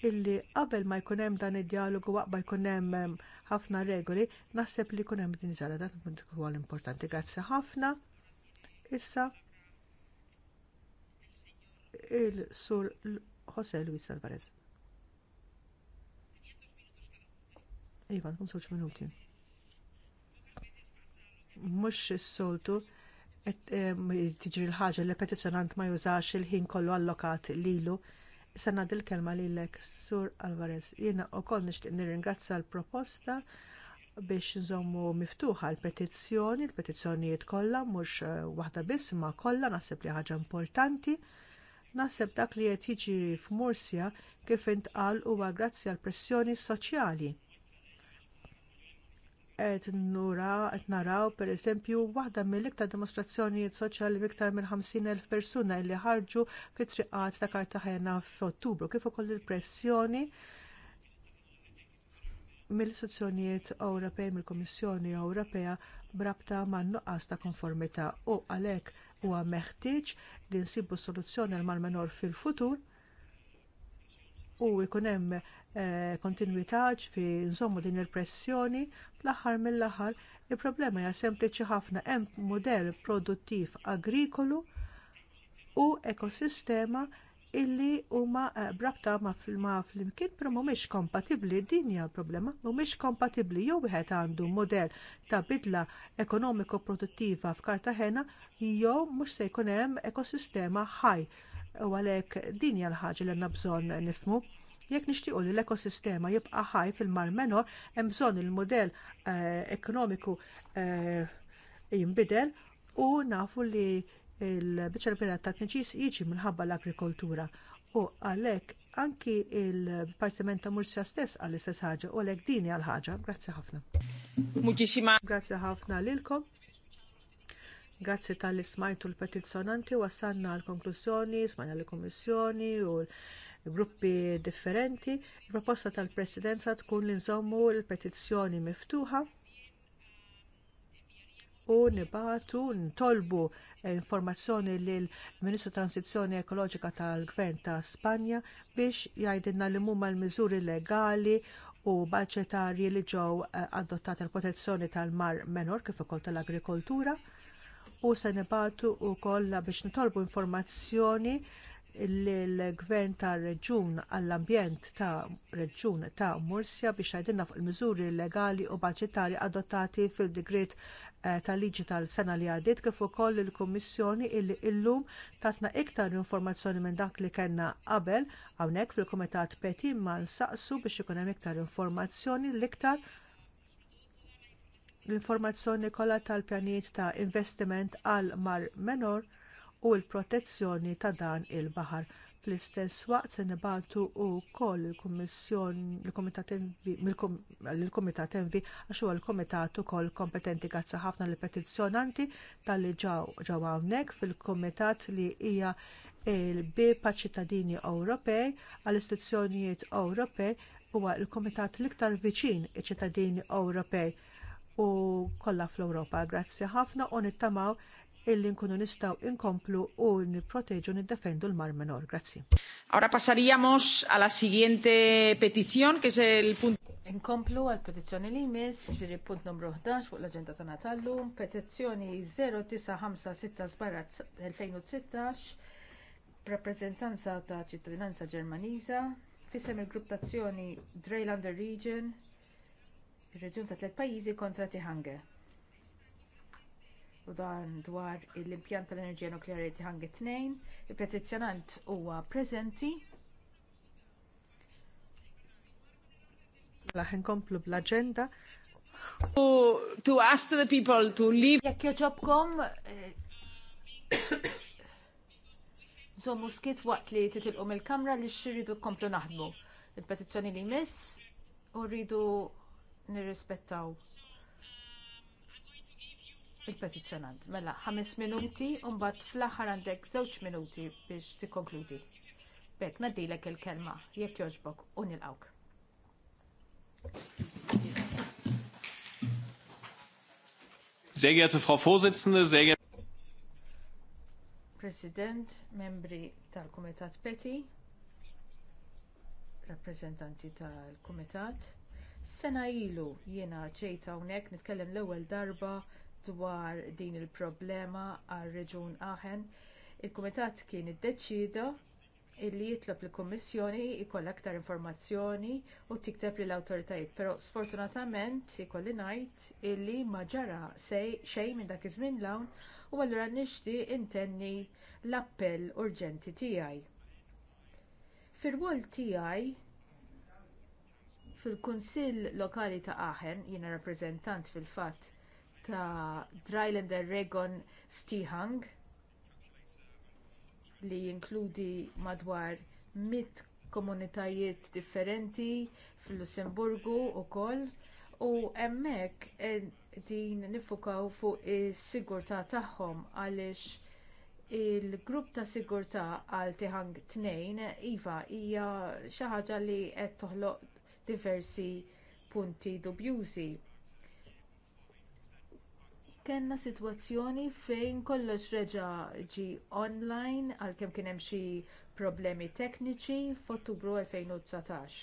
illi qabel ma jkun hemm dan id-dialogu waqba jkun hemm ħafna regoli, naħseb li jkun hemm din iżara dak huwa l-importanti. Grazzi ħafna. Issa il-sur José Luis Alvarez. Ivan, kum soċ minuti. Mux soltu tiġri l-ħagġa li petizzjonant ma jużax il-ħin kollu allokat lilu. Sena ngħaddi l kelma lilek Sur Alvarez. Jiena wkoll nixtieq nirringrazzja l-proposta biex nżommu miftuħa l-petizzjoni, l-petizzjonijiet kollha mhux eh, waħda biss ma kollha naħseb li ħaġa importanti. Naħseb dak li qed jiġi f'Mursja kif intqal huwa grazzi għall pressjoni soċjali qed nura qed naraw pereżempju waħda mill-iktar dimostrazzjonijiet soċjali biktar minn 50,000 persuna li ħarġu fit-triqat ta' Kartaħena f'Ottubru kif ukoll il-pressjoni mill-istituzzjonijiet Ewropej mill-Kummissjoni Ewropea brabta man nuqqas ta' konformità u għalhekk huwa meħtieġ li nsibu soluzzjoni għal mal-menor fil-futur u jkun hemm Eh, kontinwità fi nżommu din il-pressjoni fl-aħħar mill-aħħar il-problema hija sempliċi ħafna hemm mudell produttiv agrikolu u ekosistema illi huma eh, brabta ma flimkien, imkien però mhumiex kompatibbli din hija l-problema mhumiex kompatibbli jew wieħed għandu mudell ta' bidla ekonomiko produttiva f'Kartaħena jew mhux se jkun hemm ekosistema ħaj u għalhekk din hija l-ħaġa li għandna bżonn nifhmu. Jekk nixtiequ li l-ekosistema jibqa' ħaj fil-mar menor, hemm bżonn il-modell eh, ekonomiku eh, jinbidel u nafu li il-biċċa l ta' tniċis jiġi minħabba l-agrikoltura. U għalhekk anki il-Dipartiment ta' Mursja stess għall istess ħaġa u għalhekk dini għal ħaġa. Grazzi ħafna. Muġiċima. Grazzi ħafna lilkom. Grazzi tal ismajtu l-petizzjonanti wasanna l konklużjoni smajna l-Komissjoni u l gruppi differenti. Il-proposta tal-Presidenza tkun li nżommu l-petizzjoni miftuħa u nibatu ntolbu informazzjoni lill ministru Transizzjoni Ekoloġika tal-Gvern ta' Spanja biex jgħidilna li huma l-miżuri legali u budġetarji li ġew eh, adottati għall protezzjoni tal-mar menor kif ukoll tal-agrikoltura u se nibatu wkoll biex nitolbu informazzjoni l-gvern tar reġun għall-ambjent ta' reġun ta' Mursja biex għajdinna fuq il-miżuri legali u baġitarji adottati fil-degret eh, tal-liġi tal-sena li għaddiet kif ukoll il-Kummissjoni illi illum tatna iktar informazzjoni minn dak li kellna qabel hawnhekk fil-Kumitat Peti ma nsaqsu biex ikun hemm iktar informazzjoni l-iktar l-informazzjoni kollha tal-pjanijiet ta' investiment għal mar menor u l-protezzjoni ta' dan il-baħar. Fl-istess waqt se nibatu wkoll il-Kumitat Envi għax huwa l-Kumitat ukoll kompetenti grazzi ħafna lill petizzjonanti tal-li ġew hawnhekk fil-Kumitat li hija l-bib ċittadini Ewropej għall-istituzzjonijiet Ewropej huwa l-Kumitat l-iktar viċin iċ-ċittadini Ewropej u kollha fl-Ewropa. Grazzi ħafna u nittamaw illi nkunu nistgħu inkomplu u nipproteġu niddefendu l-mar menor. Grazzi. Ora pasaríamos a la siguiente petición, que es el punto. Inkomplu għal petizzjoni li jmiss, ġiri punt numru 11 fuq l-agenda ta' Natallum, petizzjoni 0956 barra 2016, rappresentanza ta' ċittadinanza ġermaniza, fissem il-grupp tazzjoni Drejlander Region, ir reġjun ta' tliet pajjiżi kontra Tihange u dan dwar l-impjant tal-enerġija nukleari tiħangi tnejn Il-petizzjonant huwa preżenti. Laħ inkomplu bl-aġenda. To, ask the people to leave. Jekk joġobkom, zomu eh, skit waqt li titilqom il-kamra li xirridu komplu naħdmu. Il-petizzjoni li jmiss u rridu nirrispettaw il-petizzjonant. Mela, ħames minuti, u mbagħad fl aħħar għandek żewġ minuti biex tikkonkludi. B'hekk nadilek il-kelma, jekk jogħġbok u nilqawk. Sehr geehrte Frau Vorsitzende, sehr geehrte President, membri tal-Kumitat Peti, rappresentanti tal-Kumitat, sena ilu jiena ġejta hawnhekk nitkellem l-ewwel darba dwar din il-problema għal reġun Aħen, il-Kumitat kien iddeċida illi jitlob lill kummissjoni jkollha aktar informazzjoni u tikteb lill awtoritajiet però sfortunatament ikolli ngħid illi ma ġara xejn minn dak iż-żmien l-hawn u allura nixtieq intenni l-appell urġenti tiegħi. fir wol tiegħi fil-Kunsill Lokali ta' Aħen, jiena rappreżentant fil-fatt ta' Drylander Regon Ftihang li jinkludi madwar mit komunitajiet differenti fil-Lussemburgu wkoll u hemmhekk din nifukaw fuq is-sigurtà tagħhom għaliex il-grupp ta' sigurtà għal tiħang tnejn iva hija xi ħaġa li qed toħloq diversi punti dubjużi Kenna sitwazzjoni fejn kollox reġa ġi online għalkemm kien hemm xi problemi tekniċi f'Ottubru 2019.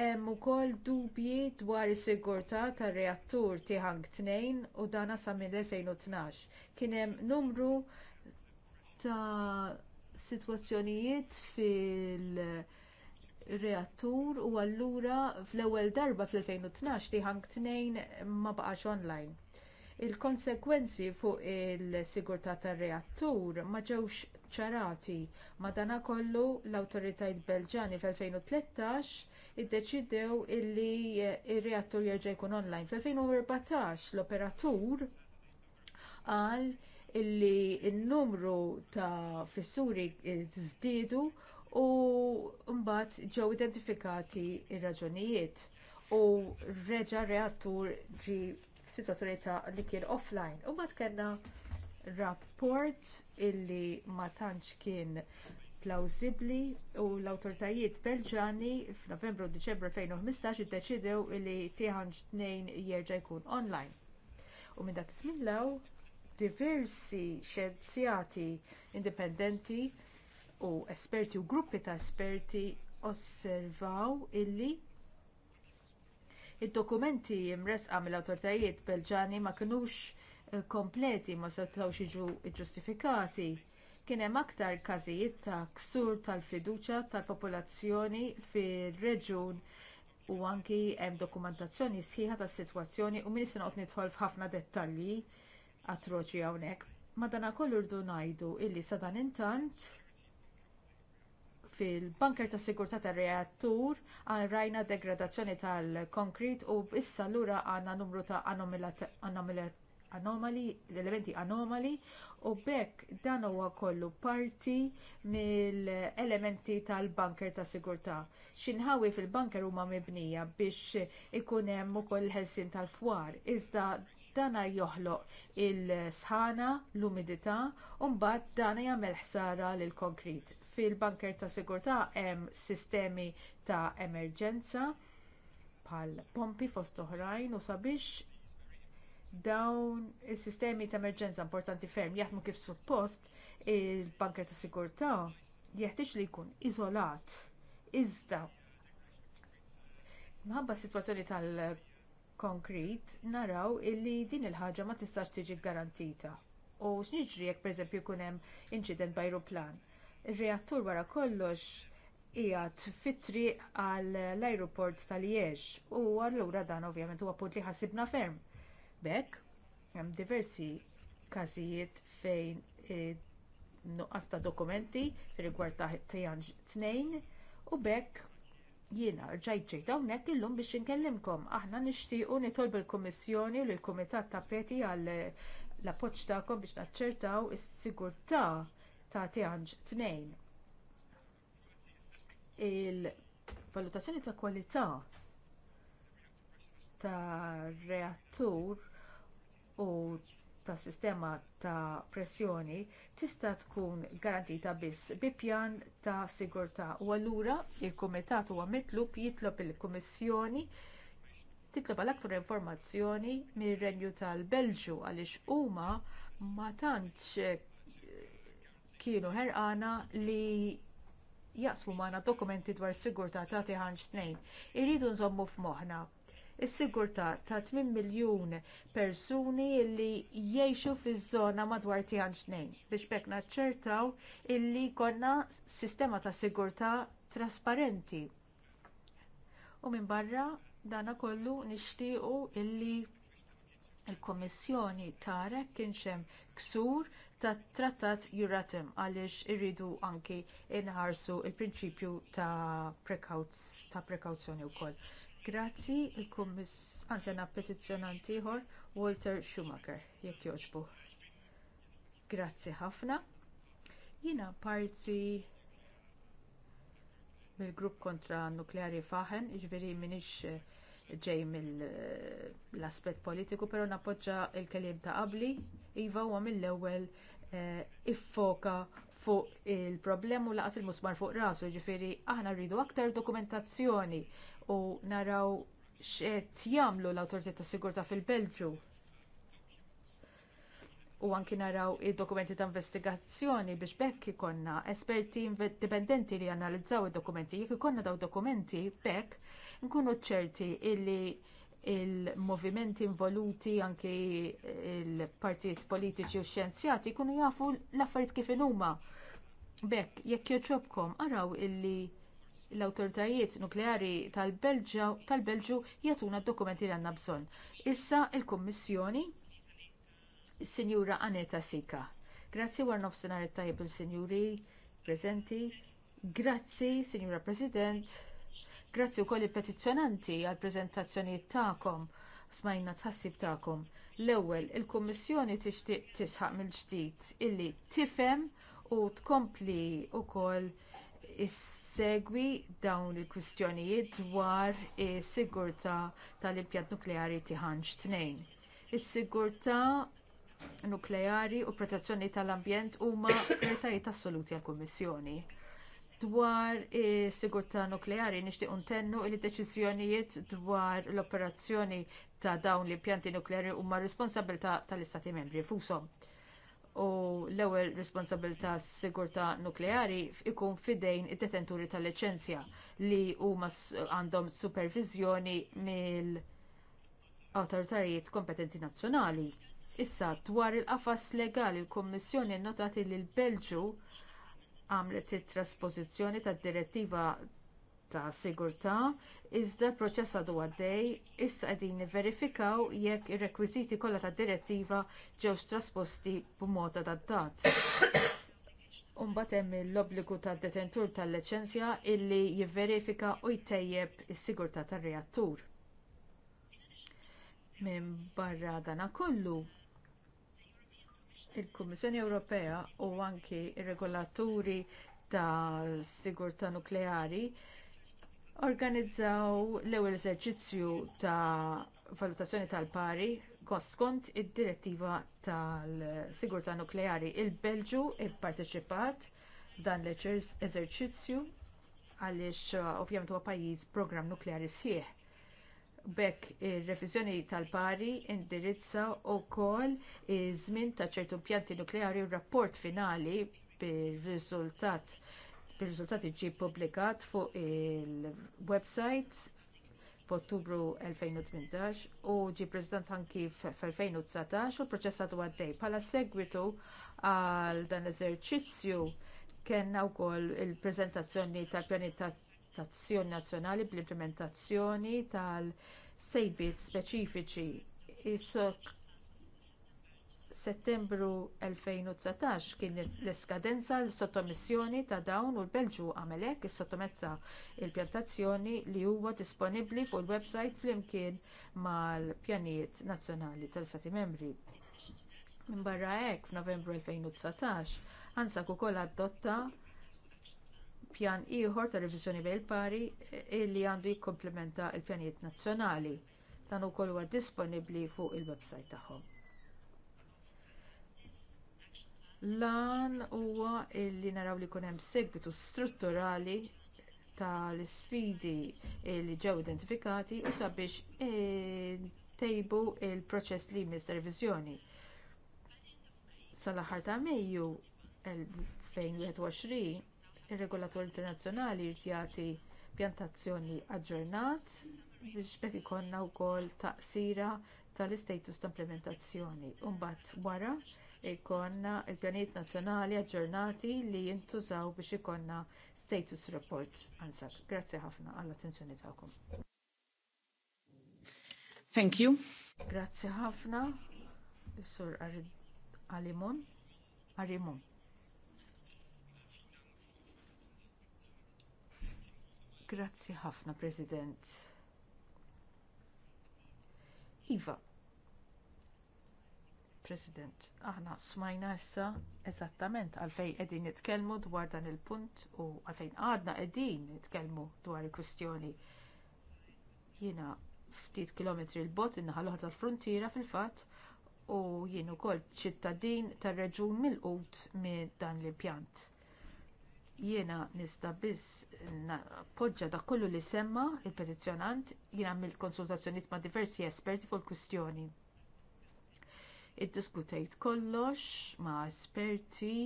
Hemm ukoll dubji dwar is-sigurtà tar-reattur Tihang 2 u dana sa mill-2012. Kien hemm numru ta' sitwazzjonijiet fil-reattur u allura fl-ewwel darba fl-2012 tiħang 2 ma baqax online il-konsekwenzi fuq il-sigurtà tar-reattur ma ġewx ċarati. Madankollu l-awtoritajiet Belġani fl-2013 iddeċidew illi r reattur jerġa' jkun online. Fl-2014 l-operatur qal illi n-numru ta' fissuri żdiedu u mbagħad ġew identifikati r raġunijiet u reġa' reattur ġie situazzjoni ta' li kien offline. U mbagħad kellna rapport illi ma tantx kien plawsibbli u l-awtoritajiet Belġani f'Novembru u Diċembru 2015 iddeċidew illi tieħanġ tnejn jerġa' jkun online. U minn dak iż-żmien law diversi xjenzjati indipendenti u esperti u gruppi ta' esperti osservaw illi Id-dokumenti mresqa mill-awtoritajiet Belġani ma kinux eh, kompleti ma setgħux jiġu ġustifikati. Kien hemm aktar każijiet ta' ksur tal-fiduċja tal-popolazzjoni fir-reġjun u anki hemm dokumentazzjoni sħiħa tas-sitwazzjoni u min se noqgħod nidħol f'ħafna dettalji atroċi hawnhekk. Madankollu kollu rdu ngħidu illi sa dan intant fil-banker ta' sigurtà tar reattur rajna degradazzjoni tal-konkrit u issa lura għandna numru ta' anomali, elementi anomali u bekk dan huwa kollu parti mill-elementi tal-banker ta' sigurtà. Xinħawi fil bunker huma mibnija biex ikun hemm ukoll ħelsien tal-fwar iżda dana joħloq il-sħana, l-umidità, u mbagħad dana jagħmel ħsara lill konkrit fil-banker ta' sigurtà hemm sistemi ta' emerġenza bħal pompi fost oħrajn u sabiex dawn is-sistemi ta' emerġenza importanti ferm jaħdmu kif suppost il-banker ta' sigurtà jeħtieġ li jkun iżolat iżda minħabba s-sitwazzjoni tal-konkrit naraw illi din il-ħaġa ma tistax tiġi garantita u x'niġri jekk pereżempju jkun hemm inċident b'ajruplan ir-reattur wara kollox qiegħed fit-triq għall ajruport tal-Liex u allura dan ovvjament huwa punt li ħassibna ferm. B'hekk hemm diversi każijiet fejn e, nuqqas ta' dokumenti rigward ta' Tianj tnejn u b'hekk jiena rġajt ġejt hawnhekk illum biex inkellimkom. Aħna nixtiequ nitolbu l-Kummissjoni u l-Kumitat ta' Preti għall appoġġ tagħkom biex naċċertaw is-sigurtà ta' tianġ tnejn. Il-valutazzjoni ta' kwalità ta' reattur u ta' sistema ta' pressjoni tista' tkun garantita biss bi pjan ta' sigurtà u allura il-Kumitat huwa mitlub jitlob il-Kummissjoni titlob għal aktar informazzjoni mir-Renju tal-Belġu għaliex huma ma tantx kienu ħerqana li jaqsmu magħna dokumenti dwar sigurtà ta' tiħanġ tnejn. Irridu nżommu f'moħħna. Is-sigurtà ta' 8 miljun persuni li jgħixu fiż-żona madwar tiħanġ tnejn biex bekk naċċertaw illi konna sistema ta' sigurtà trasparenti. U minn barra dana kollu nixtiequ illi il kummissjoni tara kien xem ksur tat trattat Juratem għaliex irridu anki inħarsu l prinċipju ta' prekawzjoni wkoll. Grazzi il-Kummissjoni, anzi għanna petizjonant ieħor Walter Schumacher, jekk jogħġbu. Grazzi ħafna. Jiena parti mill-grupp kontra nukleari faħen, ġveri minix ġej mill-aspet politiku, pero napoġġa il-kelim ta' qabli, Iva huwa mill-ewwel eh, iffoka fuq il-problemu laqat il-musmar fuq rasu, ġifiri aħna rridu aktar dokumentazzjoni u naraw x'qed jagħmlu l-Awtorità tas Sigurtà fil-Belġu. U anki naraw id-dokumenti ta' investigazzjoni biex bekk ikonna esperti indipendenti li analizzaw id-dokumenti. Jekk ikonna daw dokumenti bekk nkunu ċerti illi il-movimenti involuti anki il-partijiet politiċi u xjenzjati jkunu jafu l-affarijiet kif huma. Bekk, jekk joċobkom, araw illi l awtoritajiet nukleari tal-Belġu jagħtuna d-dokumenti li għandna bżonn. Issa l kummissjoni Sinjura Aneta Sika. Grazzi warnof nofsinhar it tajib il-Sinjuri prezenti, Grazzi, Sinjura President. Grazzi wkoll il-petizzjonanti għall preżentazzjonijiet tagħkom smajna tħassib tagħkom. L-ewwel il-Kummissjoni tixtieq tisħaq mill-ġdid illi tifhem u tkompli wkoll issegwi dawn il-kwistjonijiet dwar is-sigurtà tal-impjant nukleari tiħanġ tnejn. Is-sigurtà nukleari u protezzjoni tal-ambjent huma prijoritajiet assoluti għall-Kummissjoni. Dwar is-sigurtà nukleari nixtieq intennu li deċiżjonijiet dwar l-operazzjoni ta' dawn l-impjanti nukleari huma r-responsabbiltà tal-Istati membri fushom. U l-ewwel responsabilità s-sigurtà nukleari ikun fidejn id-detenturi tal-liċenzja li huma għandhom superviżjoni mill awtoritajiet kompetenti nazzjonali. Issa dwar il-qafas legali l-Kummissjoni nnotat li l-Belġu għamlet it-traspożizzjoni tad-direttiva ta' sigurtà iżda l-proċess għaddej, issa qegħdin nivverifikaw jekk ir-rekwiżiti kollha tad-direttiva ġewx trasposti b'mod adattat. Imbagħad hemm l-obbligu tad-detentur tal-liċenzja illi jivverifika u jtejjeb is-sigurtà tar-reattur. Minn barra dana kollu, il-Kummissjoni Ewropea u anki r regolaturi ta' sigurtà nukleari organizzaw l-ewwel eżerċizzju ta' valutazzjoni tal-pari skont id-direttiva tal-sigurtà nukleari. Il-Belġu pparteċipat f'dan l-eżerċizzju għaliex uh, ovvjament huwa pajjiż programm nukleari sħiħ. B'hekk ir reviżjoni tal-pari indirizza wkoll iż-żmien ta' ċertu impjanti nukleari u rapport finali bir-riżultat bir-riżultat iġi publikat fuq il-website f'Ottubru 2018 u ġie preżident anki f'2019 u proċess għadu għaddej. Bħala segwitu għal dan l-eżerċizzju kellna wkoll il-preżentazzjoni tal-pjani tazzjoni nazzjonali bl-implementazzjoni tal-sejbiet speċifiċi. Isok settembru 2019 kien l iskadenza l-sottomissjoni ta' dawn u l-Belġu għamelek is-sottomezza l pjantazzjoni li huwa disponibbli fuq il-website flimkien mal-pjanijiet nazzjonali tal sati membri. Minbarra hekk f'Novembru 2019 Ansak ukoll adotta pjan ieħor ta' reviżjoni bejn pari eh, illi għandu jikkomplementa l pjanijiet nazzjonali dan ukoll huwa disponibbli fuq il-website tagħhom. Lan huwa li naraw li jkun hemm segbitu strutturali tal-isfidi li ġew identifikati u sabiex eh, tejbu l proċess li jmiss revizjoni. Sal-aħħar ta' Mejju 2021 Il-regolatur internazzjonali jagħti pjantazzjoni aġġornat biex bekk ikonna wkoll taqsira tal-istatus ta' implementazzjoni. mbagħad wara ikonna l pjanijiet nazzjonali aġġornati li jintużaw biex ikonna status report ansak. Grazzi ħafna għall-attenzjoni tagħkom. Thank you. Grazzi ħafna. Is-sur Arimon. Arimon. Grazzi ħafna, President. Iva, President, aħna smajna issa eżattament għalfejn qegħdin nitkellmu dwar dan il-punt u għalfejn għadna qegħdin nitkellmu dwar il-kwistjoni. Jiena ftit kilometri l-bot in l-oħra tal-frontiera fil-fatt u jien ukoll ċittadin tar-reġun mill minn dan l-impjant. Jiena nista biss poġġa dak kollu li semma il-petizzjonant jiena għamilt konsultazzjonijiet ma' diversi esperti fuq il-kwistjoni. Iddiskutejt kollox ma' esperti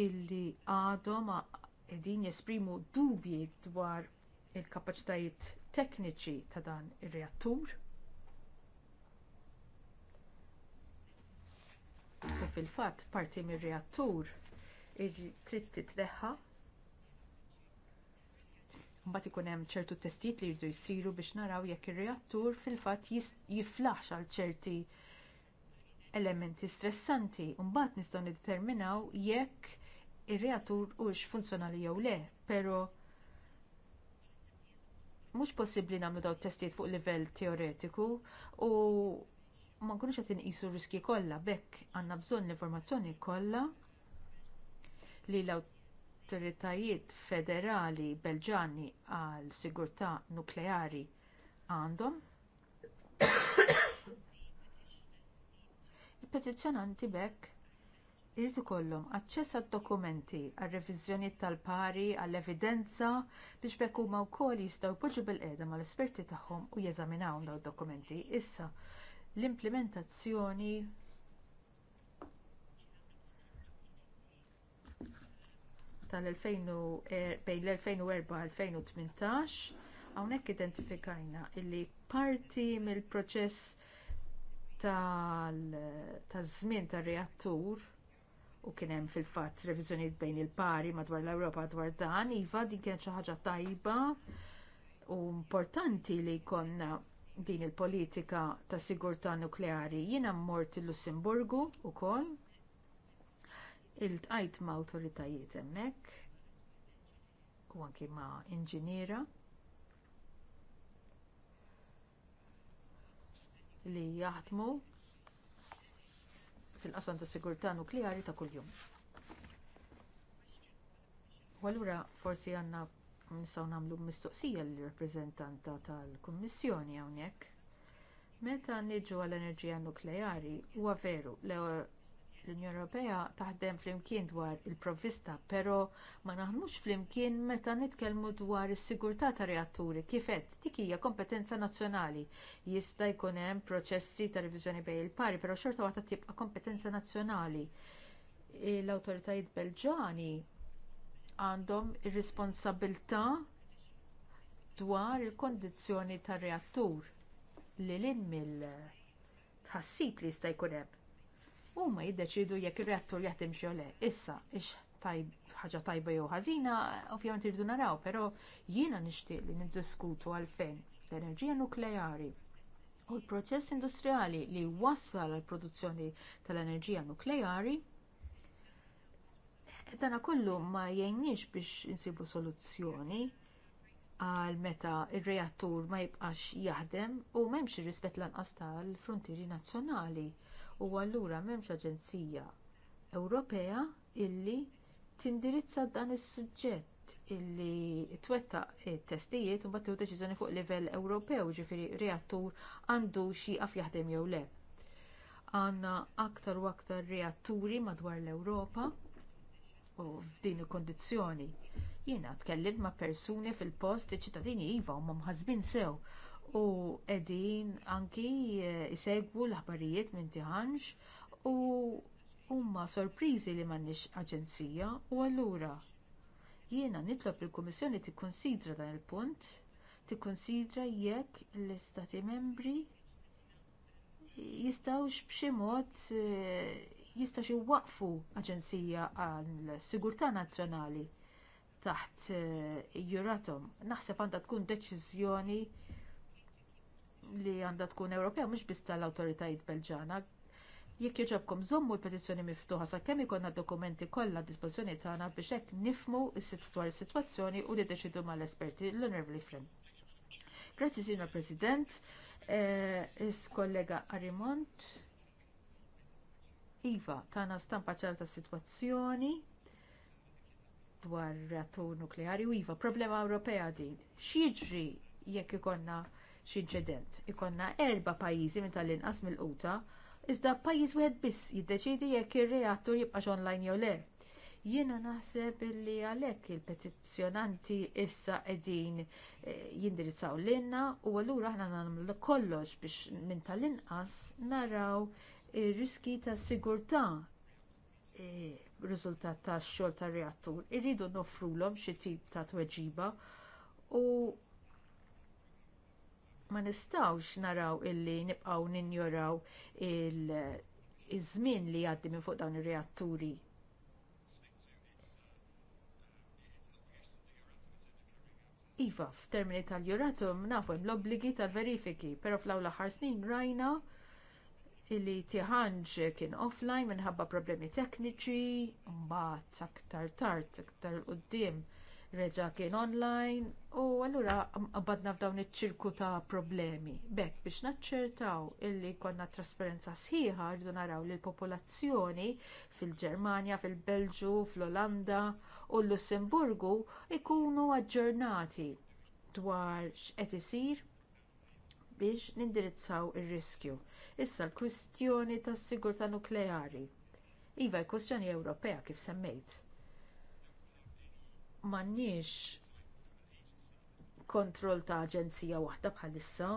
illi għadhom qegħdin jesprimu dubji dwar il-kapaċitajiet tekniċi ta' dan ir-reattur. U fil-fatt parti mir-reattur trid titreħħa. Mbagħad ikun hemm ċertu testijiet li jridu jsiru biex naraw jekk ir-reattur fil-fatt jiflaħx għal ċerti elementi stressanti. Mbagħad nistgħu niddeterminaw jekk ir-reattur hux funzjonali jew le, però mhux possibbli nagħmlu dawn testijiet fuq livell teoretiku u ma nkunux qed inqisu r riskji kollha b'hekk għandna bżonn l-informazzjoni kollha li l-awtoritajiet federali Belġani għal sigurtà nukleari għandhom. Il-petizzjonanti bekk jrid ikollhom aċċess għad-dokumenti, għar-reviżjonijiet tal-pari, għall-evidenza biex bekk huma wkoll jistgħu jpoġġu bil-qiegħda mal-esperti tagħhom u jeżaminaw dawn id-dokumenti. Issa l-implementazzjoni tal l l-2004-2018 hawnhekk identifikajna illi parti mill-proċess taż-żmien tar reattur u kien hemm fil-fatt reviżjonijiet bejn il-pari madwar l-Ewropa dwar dan, iva din kienet xi ħaġa tajba u importanti li jkollna din il-politika ta' sigurtà nukleari. Jiena mmort il-Lussemburgu wkoll il-tqajt ma' autoritajiet hemmhekk u anki ma' inġiniera li jaħdmu fil-qasam tas sigurtà nukleari ta' kuljum. U allura forsi għandna nistgħu nagħmlu mistoqsija l rappreżentanta tal-Kummissjoni hawnhekk. Meta niġu għall-enerġija nukleari huwa veru l-Unjoni Ewropea taħdem flimkien dwar il-provvista, però ma naħdmux flimkien meta nitkellmu dwar is-sigurtà ta' reatturi kif qed dik hija kompetenza nazzjonali. Jista' jkun hemm proċessi ta' reviżjoni bejn il-pari, però xorta waħda tibqa' kompetenza nazzjonali. L-awtoritajiet Belġani għandhom ir-responsabilità dwar il-kondizzjoni tar reattur li l-in ħassib li jista' jkun hemm huma jiddeċidu jekk ir-reattur jaħdem xi le. Issa ix ħaġa tajba jew ħażina, ovvjament irdu naraw, però jiena nixtieq li niddiskutu għalfejn l-enerġija nukleari u l-proċess industrijali li wassal għall produzzjoni tal-enerġija nukleari dana kollu ma jgħinniex biex insibu soluzzjoni għal meta r reattur ma jibqax jaħdem u m'hemmx ir-rispett lanqas tal-frontieri nazzjonali u allura m'hemmx aġenzija Ewropea illi tindirizza dan is-suġġett illi twettaq it-testijiet u battu deċiżjoni fuq livell Ewropew jiġifieri reattur għandu xi qaf jaħdem jew le. Għandna aktar u aktar reatturi madwar l-Ewropa u f'din il kundizzjoni Jiena tkellimt ma' persuni fil-post ċittadini iva huma mħasbin sew u qegħdin anki jsegwu eh, l-aħbarijiet minn tiħanx u huma sorpriżi li m'għandniex aġenzija u allura jiena nitlob il-Kummissjoni tikkunsidra dan il-punt, tikkunsidra jekk l-Istati membri jistawx b'xi mod eh, jistax iwaqfu aġenzija għal sigurtà nazzjonali taħt juratom. Eh, Naħseb għandha tkun deċiżjoni li għandha tkun Ewropea mhux biss tal-awtoritajiet Belġana. Jekk jogħġobkom żommu l-petizzjoni miftuħa sakemm ikollna dokumenti kollha dispożizzjoni tagħna biex hekk nifmu dwar is-sitwazzjoni u li deċidu mal-esperti l-Onorevoli Frim. Grazzi, Signor President. Eh, Is-kollega Arimont. Iva, tagħna stampa ċarta s-sitwazzjoni dwar reattur nukleari Iva, problema Ewropea din. X'jiġri jekk ikonna x'inċident. Ikonna erba' pajjiżi minn tal-inqas mill-quta, iżda pajjiż wieħed biss jiddeċiedi jekk ir-reattur jibqax online jew le. Jiena naħseb li għalhekk il-petizzjonanti issa qegħdin eh, jindirizzaw lilna u allura aħna nagħmlu kollox biex minn tal-inqas naraw ir-riski tas sigurtà eh, riżultat tax xogħol tar reattur irridu nofrulhom xi tip ta' tweġiba u ma nistawx naraw illi nibqaw ninjoraw il-żmien li għaddi minn fuq dawn ir-reatturi. Iva, f'termini tal-juratum nafu hemm l-obbligi tal-verifiki, però fl ewwel aħħar snin rajna illi tiħanġ kien offline minħabba problemi tekniċi, mbagħad aktar tard, aktar quddiem reġa kien online u allura abbadna f'dawn iċ-ċirku ta' problemi. B'hekk biex naċċertaw illi konna trasparenza sħiħa rridu naraw li l-popolazzjoni fil-Ġermanja, fil-Belġu, fl-Olanda u l-Lussemburgu ikunu aġġornati dwar x'qed isir biex nindirizzaw ir-riskju. Issa l-kwistjoni tas-sigurtà nukleari. Iva, kwistjoni Ewropea kif semmejt m'għandniex kontroll ta' aġenzija waħda bħalissa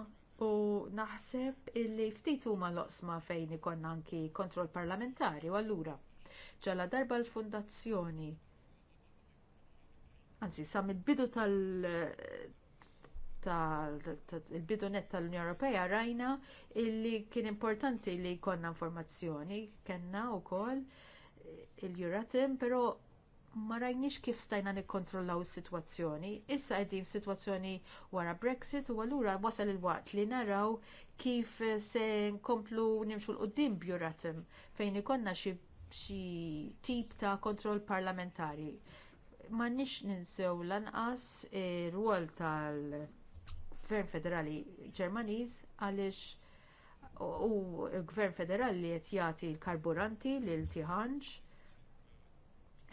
u naħseb illi ftit huma loqsma fejn ikonna anki kontroll parlamentari u allura ġala darba l-fundazzjoni anzi sa mill-bidu tal- tal-bidu net tal unjoni Ewropea rajna illi kien importanti li jkollna informazzjoni kellna wkoll il-Juratim, però ma rajniex kif stajna nikkontrollaw is-sitwazzjoni. Issa qegħdin f'sitwazzjoni wara Brexit u allura wasal il-waqt li naraw kif se nkomplu nimxu l-qoddim bjuratim fejn ikonna xi tip ta' kontroll parlamentari. Ma nix ninsew lanqas ir-rwol tal-Gvern Federali Ġermaniż għaliex u l-Gvern Federali qed jagħti l-karburanti lil Tiħanġ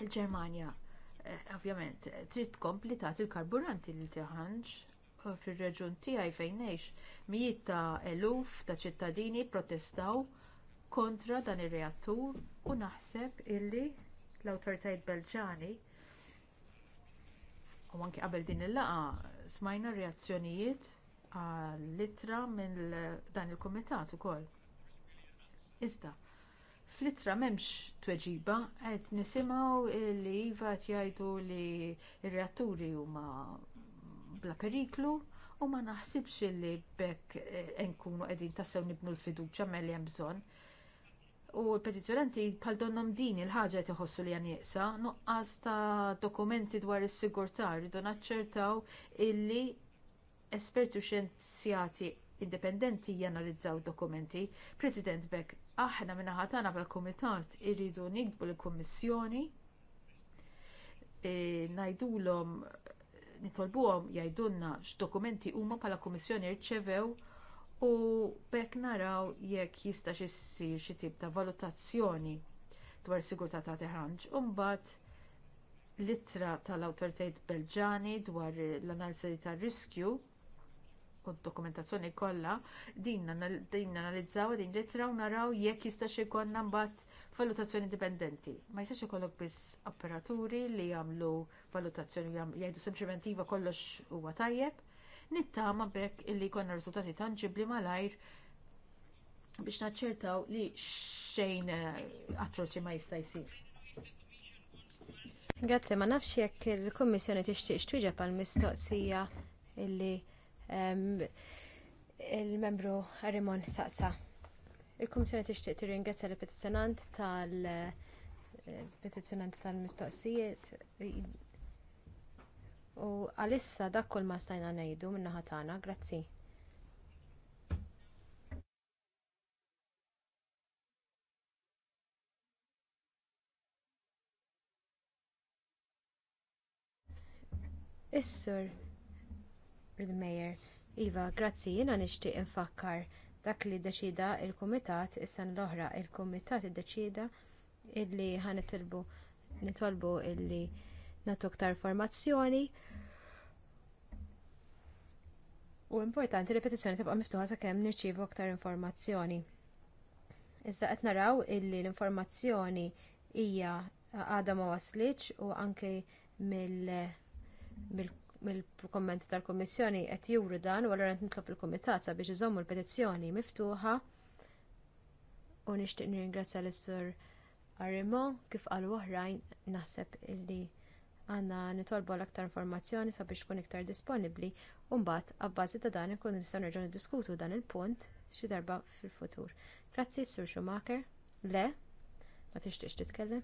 Il-Ġermanja eh, ovvjament trid tkompli tagħti il-karburanti li tiħanġ eh, fir-reġun tiegħi fejn mijiet ta' eluf ta' ċittadini protestaw kontra dan ir-reattur u naħseb illi l-awtoritajiet Belġani u anke qabel din il laqgħa smajna reazzjonijiet għall-ittra minn dan il-kumitat ukoll. Iżda, flittra m'hemmx tweġiba, qed nisimgħu li iva qed jgħidu li r-reatturi huma bla periklu u ma naħsibx li bekk eh, nkunu qegħdin tassew nibnu l-fiduċja meli hemm bżonn. U l-petizjonanti bħal donnom din il-ħaġa qed iħossu li għanjeqsa, nuqqas ta' dokumenti dwar is-sigurtà rridu naċċertaw illi esperti xjenzjati indipendenti janalizzaw dokumenti, President Beck aħna minna ħatana bil kumitat irridu nikdbu l-Kummissjoni e, ngħidulhom nitolbuhom jgħidulna x'dokumenti huma bħala Kummissjoni rċevew u bekk naraw jekk jista' issir xi tip ta' valutazzjoni dwar sigurtà ta' teħanġ. Imbagħad l-ittra tal-awtoritajiet Belġani dwar l-analiżi tar-riskju u d-dokumentazzjoni kollha din analizzaw din lettra u naraw jekk jistax ikollna mbagħad valutazzjoni indipendenti. Ma jistax ikollok biss operaturi li jagħmlu valutazzjoni jgħidu sempliment iva kollox huwa tajjeb. Nittama bekk illi jkollna riżultati tanġibli malajr biex naċċertaw li xejn eh, atroċi ma jista' jsir. Grazie, ma nafx jekk il kummissjoni tixtieq twieġeb għall mistoqsija illi il-membru Rimon Saqsa. Il-Kummissjoni tixtieq tirringrazzja l-petizzjonant tal- eh, petizzjonant tal-mistoqsijiet u għalissa dak kull ma stajna ngħidu min-naħa tagħna, grazzi. Is-sur il-Mejer. Iva, grazzi, jiena nixtieq infakkar dak li ddeċida l kumitat is-san l-oħra. Il-Kumitat iddeċida illi ħanitilbu nitolbu illi nagħtu aktar formazzjoni. U importanti li repetizzjoni tibqa' miftuħa sakemm nirċievu aktar informazzjoni. Iżda qed naraw illi l-informazzjoni hija għadha ma waslitx u anke mill mill-kommenti tal-Kummissjoni qed juru dan wara qed nitlob il-Kumitat sabiex iżommu l-petizzjoni miftuħa u nixtieq nirringrazzja lis sur Arimo kif qal oħrajn naħseb illi għandna nitolbu l-aktar informazzjoni sabiex tkun iktar disponibbli u mbagħad abbażi ta' dan ikun nistgħu nerġgħu niddiskutu dan il-punt xi darba fil-futur. Grazzi Sur Schumacher. Le, ma tixtiex titkellem?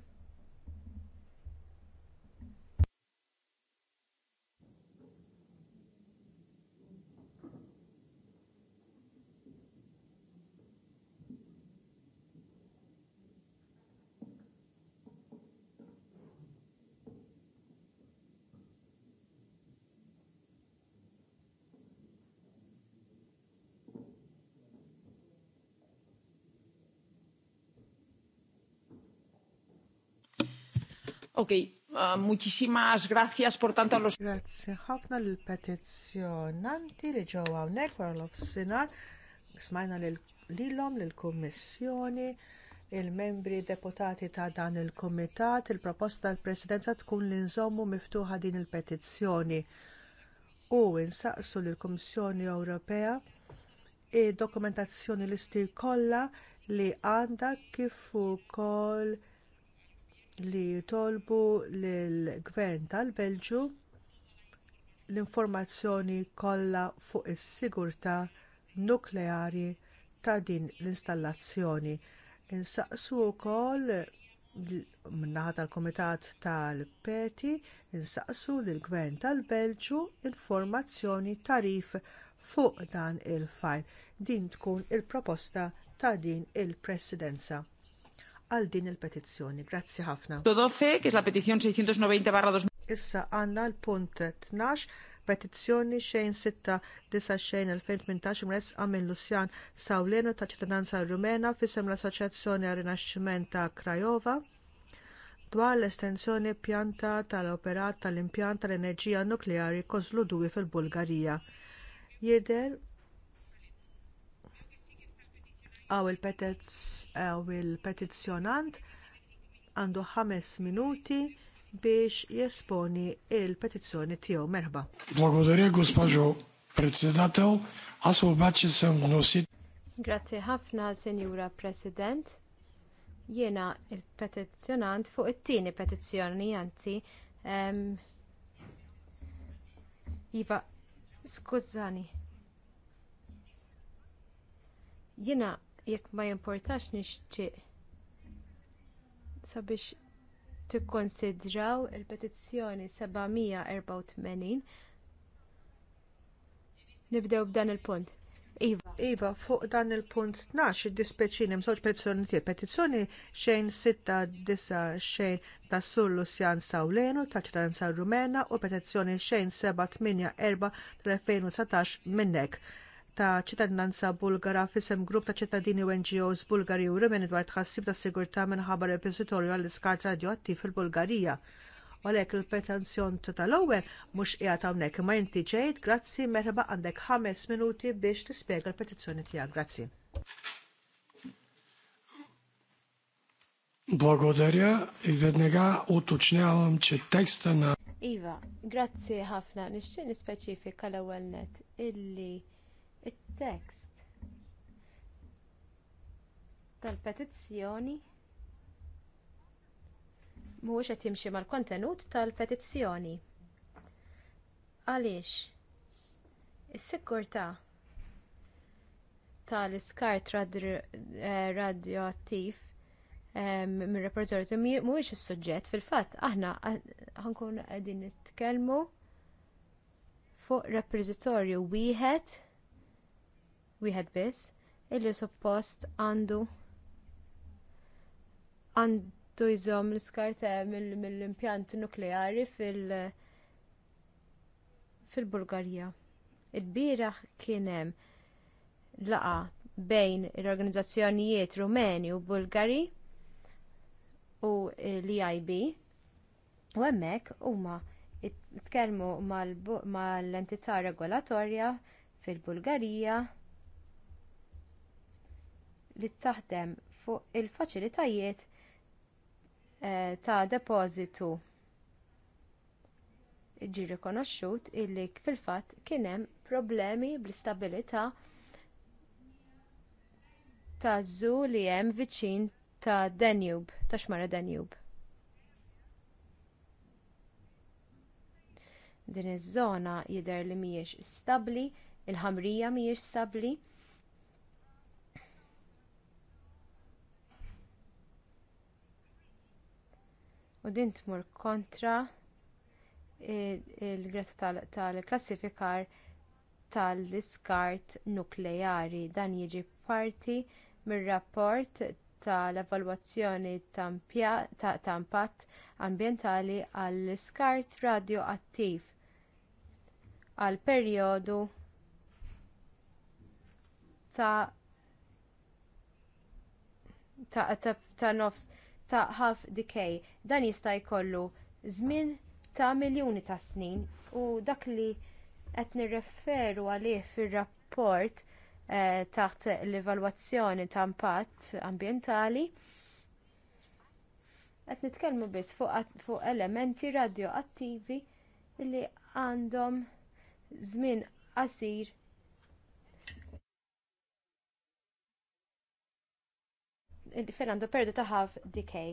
Ok, uh, muchísimas gracias por tanto a los... Grazie, ħafna l-petizjonanti li ġew hawnhekk wara l-offsinar, smajna lilhom lill-Kummissjoni, il-membri deputati ta' dan il-Kumitat, il-proposta tal-Presidenza tkun l-inżommu miftuħa din il-petizzjoni u insaqsu lill-Kummissjoni Ewropea id dokumentazzjoni l listi kollha li għandha kif ukoll li jitolbu lill gvern tal-Belġu l-informazzjoni kollha fuq is-sigurtà nukleari ta' din l-installazzjoni. Insaqsu wkoll min-naħa tal kumitat tal-Peti insaqsu lill gvern tal-Belġu informazzjoni tarif fuq dan il-fajl. Din tkun il-proposta ta' din il-Presidenza għal din il-petizzjoni. Grazzi ħafna. Issa għandna l-punt 12, petizzjoni xejn 6 xejn 2018 mres għamil Lusjan Sawlenu ta' ċittadanza rumena fisem l-Assoċjazzjoni għal Rinaxximent ta' Krajova dwar l-estensjoni pjanta tal-operat tal-impjant tal-enerġija nukleari kozluduwi fil-Bulgarija. Jeder għaw il-petizzjonant għandu ħames minuti biex jesponi il-petizzjoni tiegħu merħba. Grazzi Grazie ħafna, Senjura President. Jiena il-petizzjonant fuq it-tieni petizzjoni, anzi, Iva, skużani. Jiena jekk ma jimportax nixtieq sabiex tikkonsidraw il-petizzjoni 784 nibdew b'dan il-punt. Iva. Iva, fuq dan il-punt id dispjaċini msoċ petizzjoni tiegħek. Petizzjoni xejn 6 xejn ta' Sur Lusjan Sawlenu ta' ċittadinanza Rumena u petizzjoni xejn 784 tal-2019 minnek ta' ċittadinanza bulgara f'isem grupp ta' ċittadini u NGOs bulgari u rumen dwar tħassib ta' sigurtà minħabba repositorju għall-iskart radioattiv fil-Bulgarija. Għalhekk il-petenzjon tal-ewwel mhux qiegħed hawnhekk imma inti ġejt, grazzi merħba għandek ħames minuti biex tispjega l-petizzjoni tiegħek. Grazzi. Blogodarja. Iva, grazzi ħafna, nixtieq nispeċifika l-ewwel net illi tekst tal-petizzjoni mhuwiex qed jimxi mal-kontenut tal-petizzjoni. Għaliex is-sigurtà tal-iskart eh, radioattiv mir repertorju mhuwiex is-suġġett fil-fatt aħna ħankun qegħdin nitkellmu fuq repożitorju wieħed wieħed biss illi suppost għandu għandu jżomm l-iskart mill-impjant nukleari fil- fil-Bulgarija. Il-biraħ kien hemm laqgħa bejn l-organizzazzjonijiet Rumeni u Bulgari u l-EIB u hemmhekk huma tkellmu mal-entità regolatorja fil-Bulgarija li taħdem fuq il-faċilitajiet eh, ta' depożitu ġie rikonoxxut illi fil-fatt kien hemm problemi bl-istabilità ta' żu li hemm viċin ta' Danube, ta' xmara Danube. Din iż-żona jidher li mhijiex stabbli, il-ħamrija mhijiex stabbli, u din tmur kontra il-gretta tal-klassifikar tal-iskart nukleari. Dan jiġi parti mir-rapport tal-evalwazzjoni ta' impatt ambjentali għall-iskart radioattiv għal perjodu ta' ta' ta' nofs ta' half decay. Dan jista' jkollu żmien ta' miljuni ta' snin u dak li qed nirreferu għalih fir-rapport eh, taħt l-evalwazzjoni ta' impatt ambjentali qed nitkellmu biss fuq fu elementi radioattivi li għandhom żmien qasir fil-għandu perdu ta' half decay.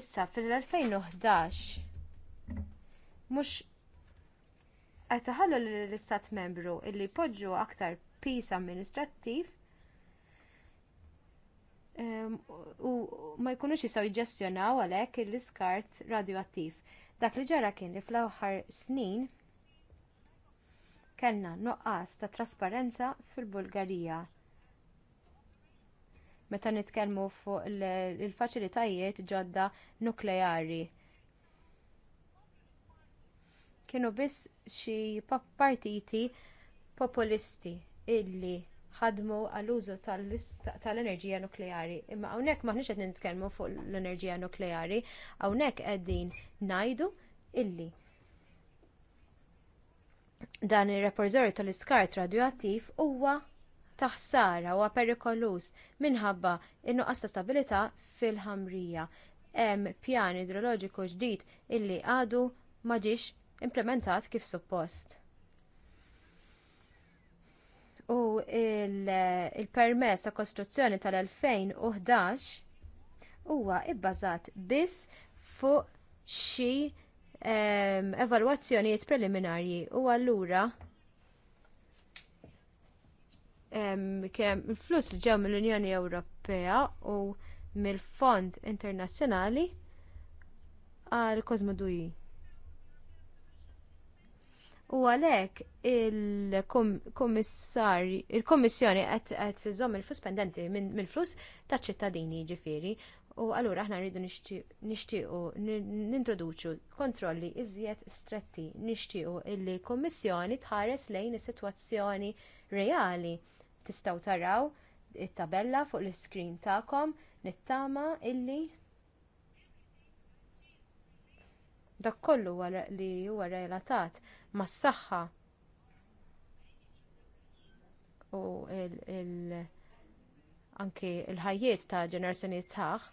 Issa fil-2011 mhux qed l-istat membru illi jpoġġu aktar pis amministrattiv ehm, u ma jkunux jistgħu jġestjonaw għalhekk l-iskart radioattiv. Dak li ġara kien li fl-aħħar snin kellna nuqqas ta' trasparenza fil-Bulgarija meta nitkellmu fuq il-faċilitajiet ġodda nukleari. Kienu biss xi partiti populisti illi ħadmu għall-użu tal-enerġija nukleari. Imma hawnhekk maħniex qed nitkellmu fuq l-enerġija nukleari, hawnhekk qegħdin ngħidu illi dan ir-repożitorju tal-iskart radioattiv huwa ta' ħsara huwa perikolus minħabba in-nuqqas ta' stabilità fil-ħamrija. Hemm pjan idroloġiku ġdid illi għadu ma ġiex implementat kif suppost. U il-permess ta' kostruzzjoni tal-2011 huwa ibbażat biss fuq xi ehm, evalwazzjonijiet preliminarji u allura kemm il-flus li ġew mill-Unjoni Ewropea u mill-Fond Internazzjonali għal Kozmoduji. U għalhekk il-Kummissarji, il-Kummissjoni qed iżomm il-flus pendenti mill-flus taċ ċittadini ġifieri U allura aħna rridu nixtiequ nintroduċu kontrolli iżjed stretti, nixtiequ li l kummissjoni tħares lejn is-sitwazzjoni reali Tistgħu taraw it-tabella fuq l-iskrin tagħkom nittama illi dak kollu li huwa relatat mas-saħħa u il, anki il-ħajjiet ta' ġenerazzjoni tagħ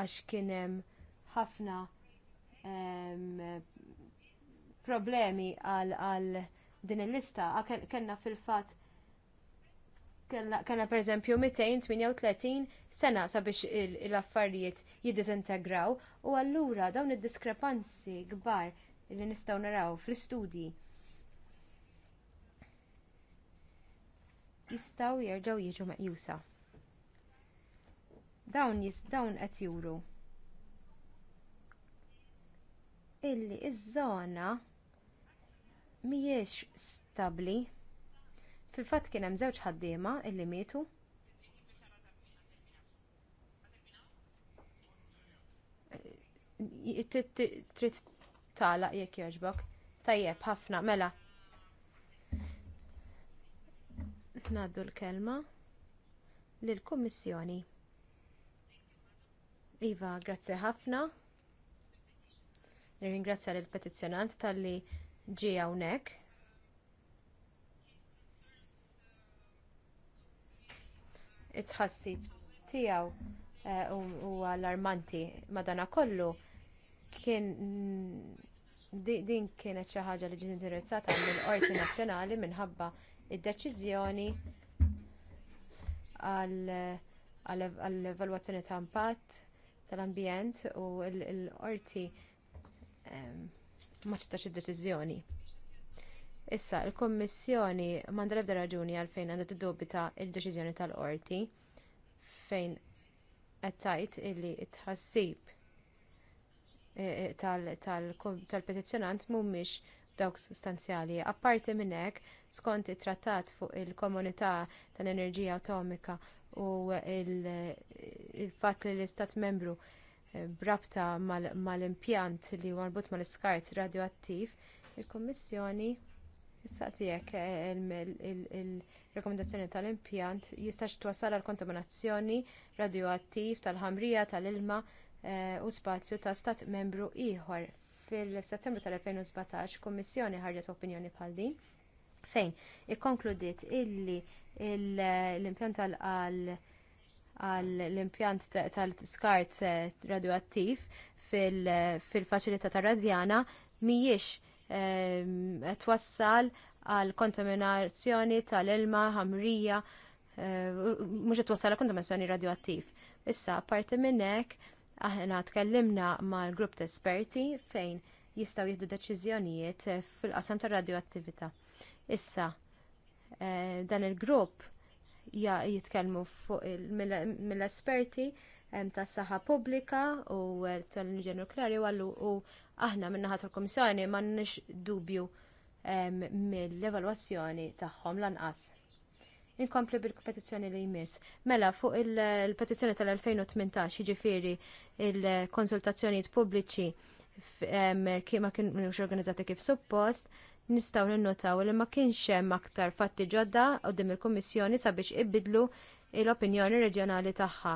għax kien hemm ħafna problemi għal din il-lista kellna fil-fatt kellna eżempju 238 sena sabiex l-affarijiet jiddisintegraw. u allura dawn id-diskrepanzi kbar li nistgħu naraw fl-istudji jistgħu jerġgħu jiġu meqjusa. Dawn dawn qed juru illi iż-żona mhijiex stabbli. Fil-fatt kien hemm żewġ ħaddiema illi mietu. Eh, trid tagħlaq jekk jogħġbok. Tajjeb, ħafna, mela. Ngħaddu l-kelma lill-Kummissjoni. Iva, grazzi ħafna. Nirringrazzja lill petizzjonant talli ġie hawnhekk. It-tħassib tiegħu huwa eh, allarmanti madanakollu kien mm, din kienet xi ħaġa li ġiet indirizzata mill-Qorti Nazzjonali minħabba id-deċiżjoni għall-evalwazzjoni ta' impatt tal-ambjent u l-qorti ehm, ma ċitax id-deċiżjoni. Issa, il kummissjoni m'għandha l-ebda raġuni għalfejn għandha tiddubita d deċiżjoni tal-qorti fejn qed tgħid illi t tħassib e, e, tal-petizzjonant mhumiex dawk sustanzjali. Apparti minn hekk, skont it-trattat fuq il-komunità tal-enerġija atomika u l fatt li l-istat membru Eh, brabta mal-impjant li marbut mal-iskart radioattiv, il-Kommissjoni Saqsijek eh, il-rekomendazzjoni tal-impjant jistax twasal għal kontaminazzjoni radioattiv tal-ħamrija tal-ilma eh, u spazju ta' stat membru ieħor. Fil-Settembru tal-2017 Kummissjoni ħarġet opinjoni bħal din fejn ikkonkludiet illi l-impjant għal għall-impjant tal-skart eh, radioattiv fil-faċilità ta' Radjana mhijiex ehm, twassal għal kontaminazzjoni tal-ilma ħamrija eh, mhux twassal għal kontaminazzjoni radioattiv. Issa apparti minn hekk aħna tkellimna mal-grupp ta' esperti fejn jistgħu jieħdu deċiżjonijiet eh, fil-qasam tar radioattività. Issa dan il-grupp ja jitkellmu mill-esperti tas saħħa pubblika u eh, tal-enerġija nukleari għallu u aħna minnaħat tal-Komissjoni m'għandniex dubju mill-evalwazzjoni tagħhom lanqas. Inkompli bil-petizzjoni li jmiss. Mela, fuq il-petizzjoni tal-2018, ġifiri il-konsultazzjonijiet pubbliċi ma kienux organizzati kif suppost, nistgħu ninnotaw li ma kienx hemm aktar fatti ġodda qudiem il-Kummissjoni sabiex ibidlu l-opinjoni reġjonali tagħha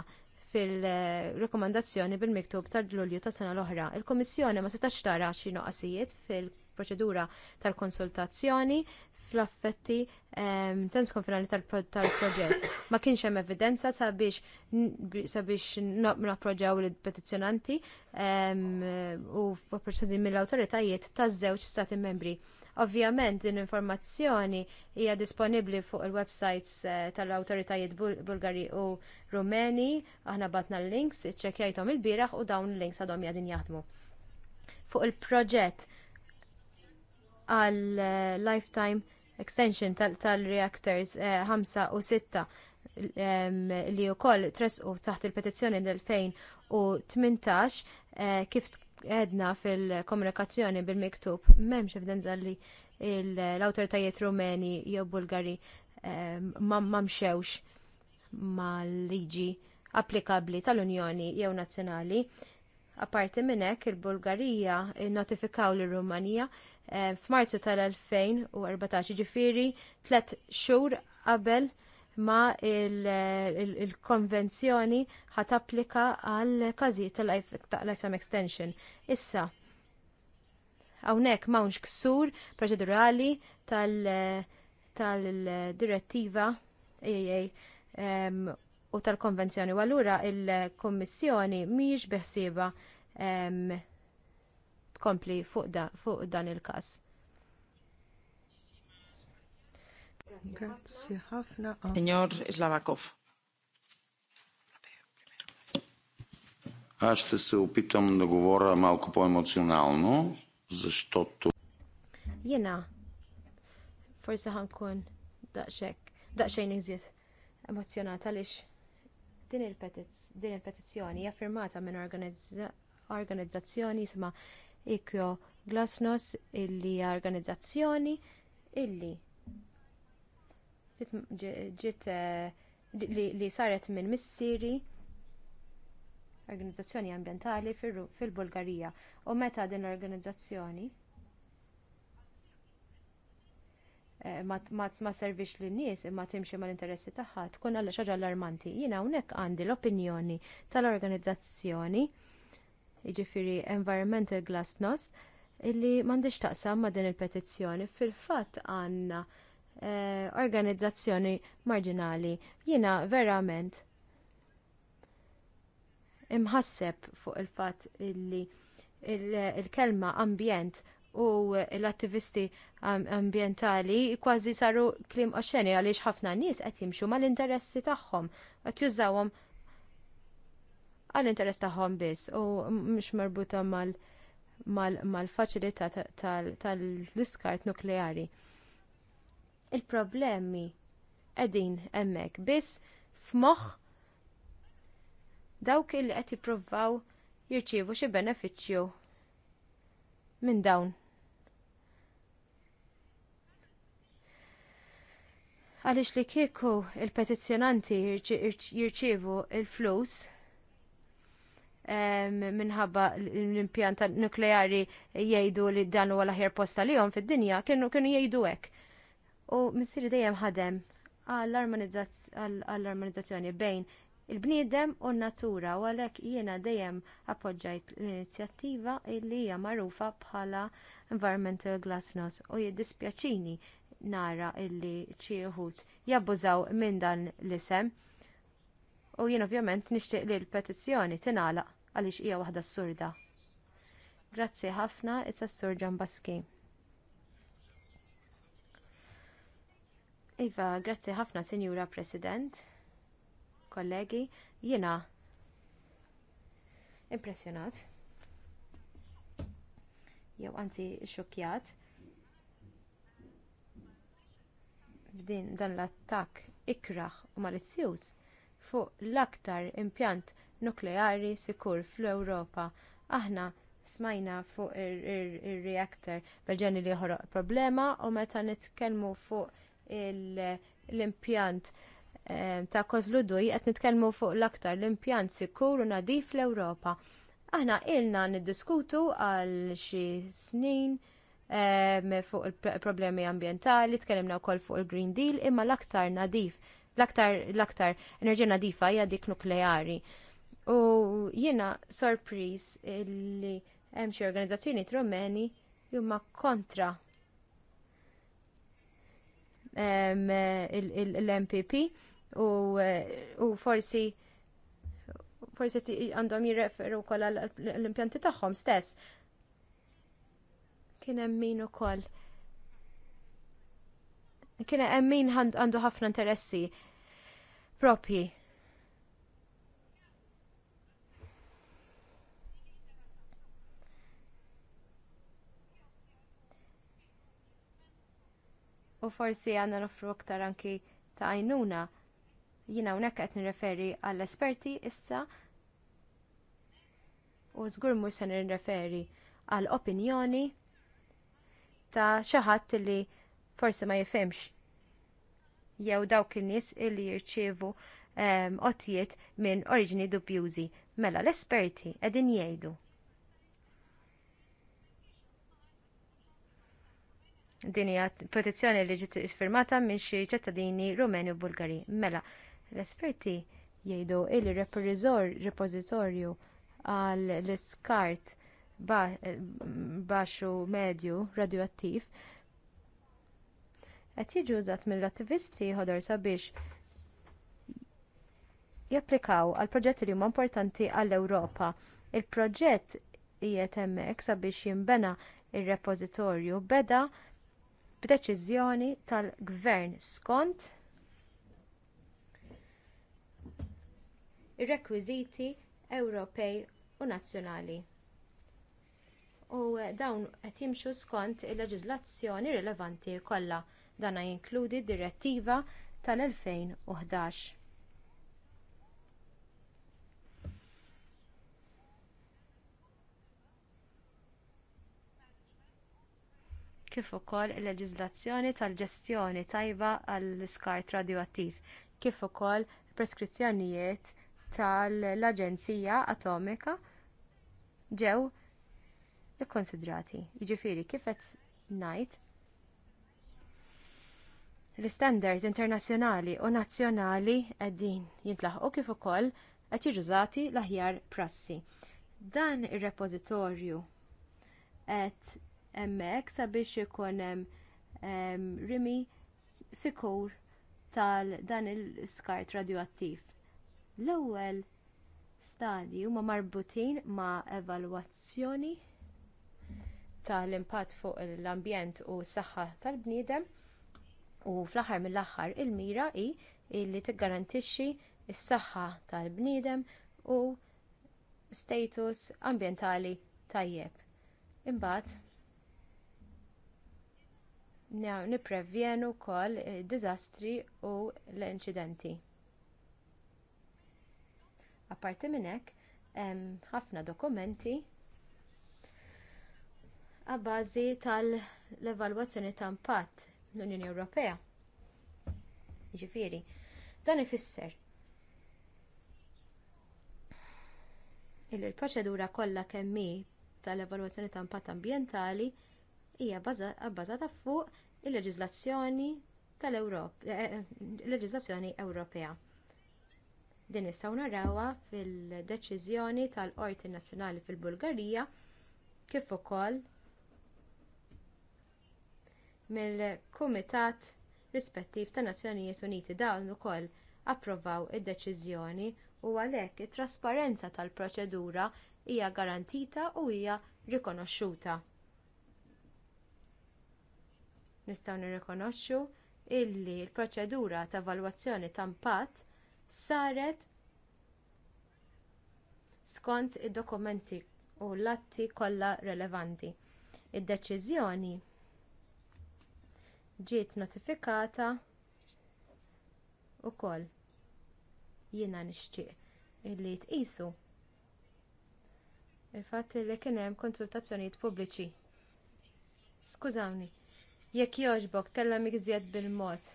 fil-rekomandazzjoni bil-miktub tal-Lulju tas sena l-oħra. Il-Kummissjoni ma setax tara xi noqasijiet fil-proċedura tal-konsultazzjoni fl-affetti ehm, tenskon finali tal-proġett. Ma kienx hemm evidenza sabiex napproġġaw il-petizzjonanti ehm, u proċedi mill-awtoritajiet taż-żewġ stati membri. Ovvjament din informazzjoni hija disponibbli fuq il-websites eh, tal-awtoritajiet Bulgari u Rumeni, aħna batna l-links, ċekjajtom il-biraħ u dawn l-links għadhom jadin jaħdmu. Fuq il-proġett għal eh, lifetime extension tal-reactors 5 eh, u 6 li u koll tresqu taħt il-petizzjoni l-2018 kif edna fil-komunikazzjoni bil-miktub m'hemmx evidenza li l-awtoritajiet rumeni jew bulgari ehm, ma mxewx mal-liġi applikabbli tal-Unjoni jew nazzjonali. Apparti minn hekk il-Bulgarija notifikaw lir rumanija ehm, f'Marzu tal-2014 ġifieri tliet xhur qabel ma il-konvenzjoni il, ħat applika għal każijiet tal lifetime extension. Issa, hawnhekk m'hawnx ksur proċedurali tal-direttiva tal um, u tal-konvenzjoni. U allura il-Kommissjoni mhijiex beħsieba um, tkompli fuq, da, fuq dan il-każ. Grazie ħafna. Signor Slavakov. Аз ще се опитам да говоря малко по-емоционално, защото... Jena, forse ħankun daqxek, daqxejn iżjed emozjonat lix din il-petizzjoni jaffirmata minn organizzazzjoni jisma' Ikjo Glasnos illi organizzazzjoni illi ġiet eh, li saret minn missieri organizzazzjoni ambjentali fil-Bulgarija. U meta din l-organizzazzjoni eh, ma servix lin nies imma timxi mal interessi tagħha tkun għalla xaġa allarmanti. Jiena hawnhekk għandi l-opinjoni tal-organizzazzjoni jiġifieri Environmental Glasnost illi m'għandix taqsam ma' din il-petizzjoni fil-fatt għandna eh, organizzazzjoni marġinali. Jiena verament imħasseb fuq il-fatt illi il-kelma ambjent u l-attivisti ambjentali kważi saru kliem oċċeni għaliex ħafna nies qed jimxu mal-interessi tagħhom qed jużawhom għall-interess tagħhom biss u mhux marbuta mal- mal-faċilità tal-iskart nukleari il-problemi qegħdin hemmhekk biss f'moħħ dawk li qed jippruvaw jirċievu xi benefiċċju minn dawn. Għaliex li kieku l petizzjonanti jirċievu l flus minħabba l-impjant nukleari jgħidu li dan huwa l-aħjar posta lihom fid-dinja, kienu jgħidu hekk u missiri dejjem ħadem għall-armonizzazzjoni bejn il-bniedem u n-natura u għalhekk jiena dejjem appoġġajt l-inizjattiva li hija magħrufa bħala Environmental Glasnost u jiddispjaċini nara illi xi wħud jabbużaw minn dan l-isem u jien ovvjament nixtieq li l-petizzjoni tingħalaq għaliex hija waħda assurda. Grazzi ħafna issa s-sur Ġambaski. Iva, grazzi ħafna, Sinjura President, kollegi, jiena impressjonat. Jew anzi xokjat. B'din dan l-attakk ikraħ u malizzjuż fuq l-aktar impjant nukleari sikur fl-Ewropa. Aħna smajna fuq ir-reaktor belġani li ħoroq problema u meta nitkellmu fuq l-impjant eh, ta' Kozludu qed nitkellmu fuq l-aktar l-impjant sikur u nadif l-Ewropa. Aħna ilna niddiskutu għal xi snin eh, fuq il-problemi ambjentali, tkellimna wkoll fuq il-Green Deal, imma l-aktar nadif, l-aktar enerġija nadifa hija dik nukleari. U jiena sorpriż li hemm xi organizzazzjoni tromeni huma kontra l-MPP u forsi forsi għandhom jirreferu wkoll l-impjanti tagħhom stess. Kien hemm min ukoll. Kien hemm min għandu ħafna interessi propi. u forsi għandna nofru aktar anki ta' għajnuna. Jiena hawnhekk qed nirreferi għall-esperti issa u żgur mhux se nirreferi għall-opinjoni ta' xi ħadd li forsi ma jifhimx jew dawk in-nies illi jirċievu qotjiet ehm, minn oriġini dubjużi mela l-esperti qegħdin jgħidu Din hija petizzjoni li ġiet iffirmata minn xi ċittadini Rumeni u Bulgari. Mela, l-esperti jgħidu li repożitorju għal l-iskart baxu medju radioattiv qed jiġi użat mill-attivisti ħodor sabiex japplikaw għal proġetti li huma importanti għall-Ewropa. Il-proġett qiegħed hemmhekk sabiex jinbena r repożitorju beda b'deċiżjoni tal-Gvern skont ir-rekwiżiti Ewropej u nazzjonali. U eh, dawn qed jimxu skont il-leġiżlazzjoni rilevanti kollha. Dana jinkludi d direttiva tal-2011. kif ukoll il-leġiżlazzjoni tal-ġestjoni tajba għall-iskart radioattiv, kif ukoll preskrizzjonijiet tal-Aġenzija Atomika ġew ikkonsidrati. Jiġifieri kif qed ngħid l-istandards internazzjonali u nazzjonali qegħdin jintlaħqu kif ukoll qed jiġużati l-aħjar prassi. Dan ir-repożitorju qed hemmhekk sabiex ikun hemm rimi sikur tal dan il-skart radioattiv. L-ewwel stadji huma marbutin ma' evalwazzjoni tal-impatt fuq l-ambjent u s-saħħa tal-bniedem u fl-aħħar mill-aħħar il-mira hi li tiggarantixxi s-saħħa tal-bniedem u status ambjentali tajjeb. Imbagħad niprevjenu wkoll eh, diżastri u l-inċidenti. Apparti minn hekk, hemm ħafna dokumenti għabbażi tal-evalwazzjoni ta' impatt l-Unjoni Ewropea. Jiġifieri, dan ifisser il l proċedura kollha kemm hi tal-evalwazzjoni ta' impatt ambjentali hija bbażata fuq il-leġiżlazzjoni tal-leġiżlazzjoni eh, eh, Ewropea. Din nistgħu narawha fil-deċiżjoni tal-Qorti Nazzjonali fil-Bulgarija kif ukoll mill-Kumitat rispettiv tan Nazzjonijiet Uniti dawn ukoll approvaw id-deċiżjoni u għalhekk it-trasparenza tal-proċedura hija garantita u hija rikonoxxuta. Nistgħu nirrikonoxxu illi l-proċedura ta' valwazzjoni ta' impatt saret skont id-dokumenti u l-atti kollha relevanti. Id-deċiżjoni ġiet notifikata wkoll jiena nixtieq illi tqisu il-fatt li kien hemm konsultazzjonijiet pubbliċi. Skużawni, Jekk jogħġbok, kellem mikżjed bil-mod.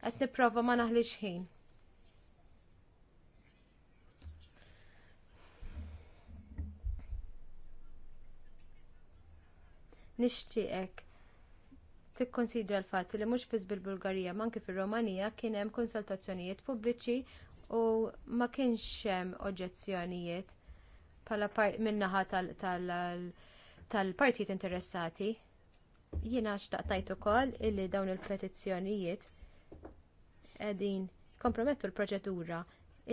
Qed nipprova ma naħlix ħin. Nixtieqek tikkonsidra l-fatt li mhux biss bil-Bulgarija manki fir-Romanija kien hemm konsultazzjonijiet pubbliċi u ma kienx hemm oġġezzjonijiet bħala min-naħa tal-, tal, tal tal-partijiet interessati. Jiena xtaqtajt ukoll illi dawn il-petizzjonijiet qegħdin kompromettu l-proċedura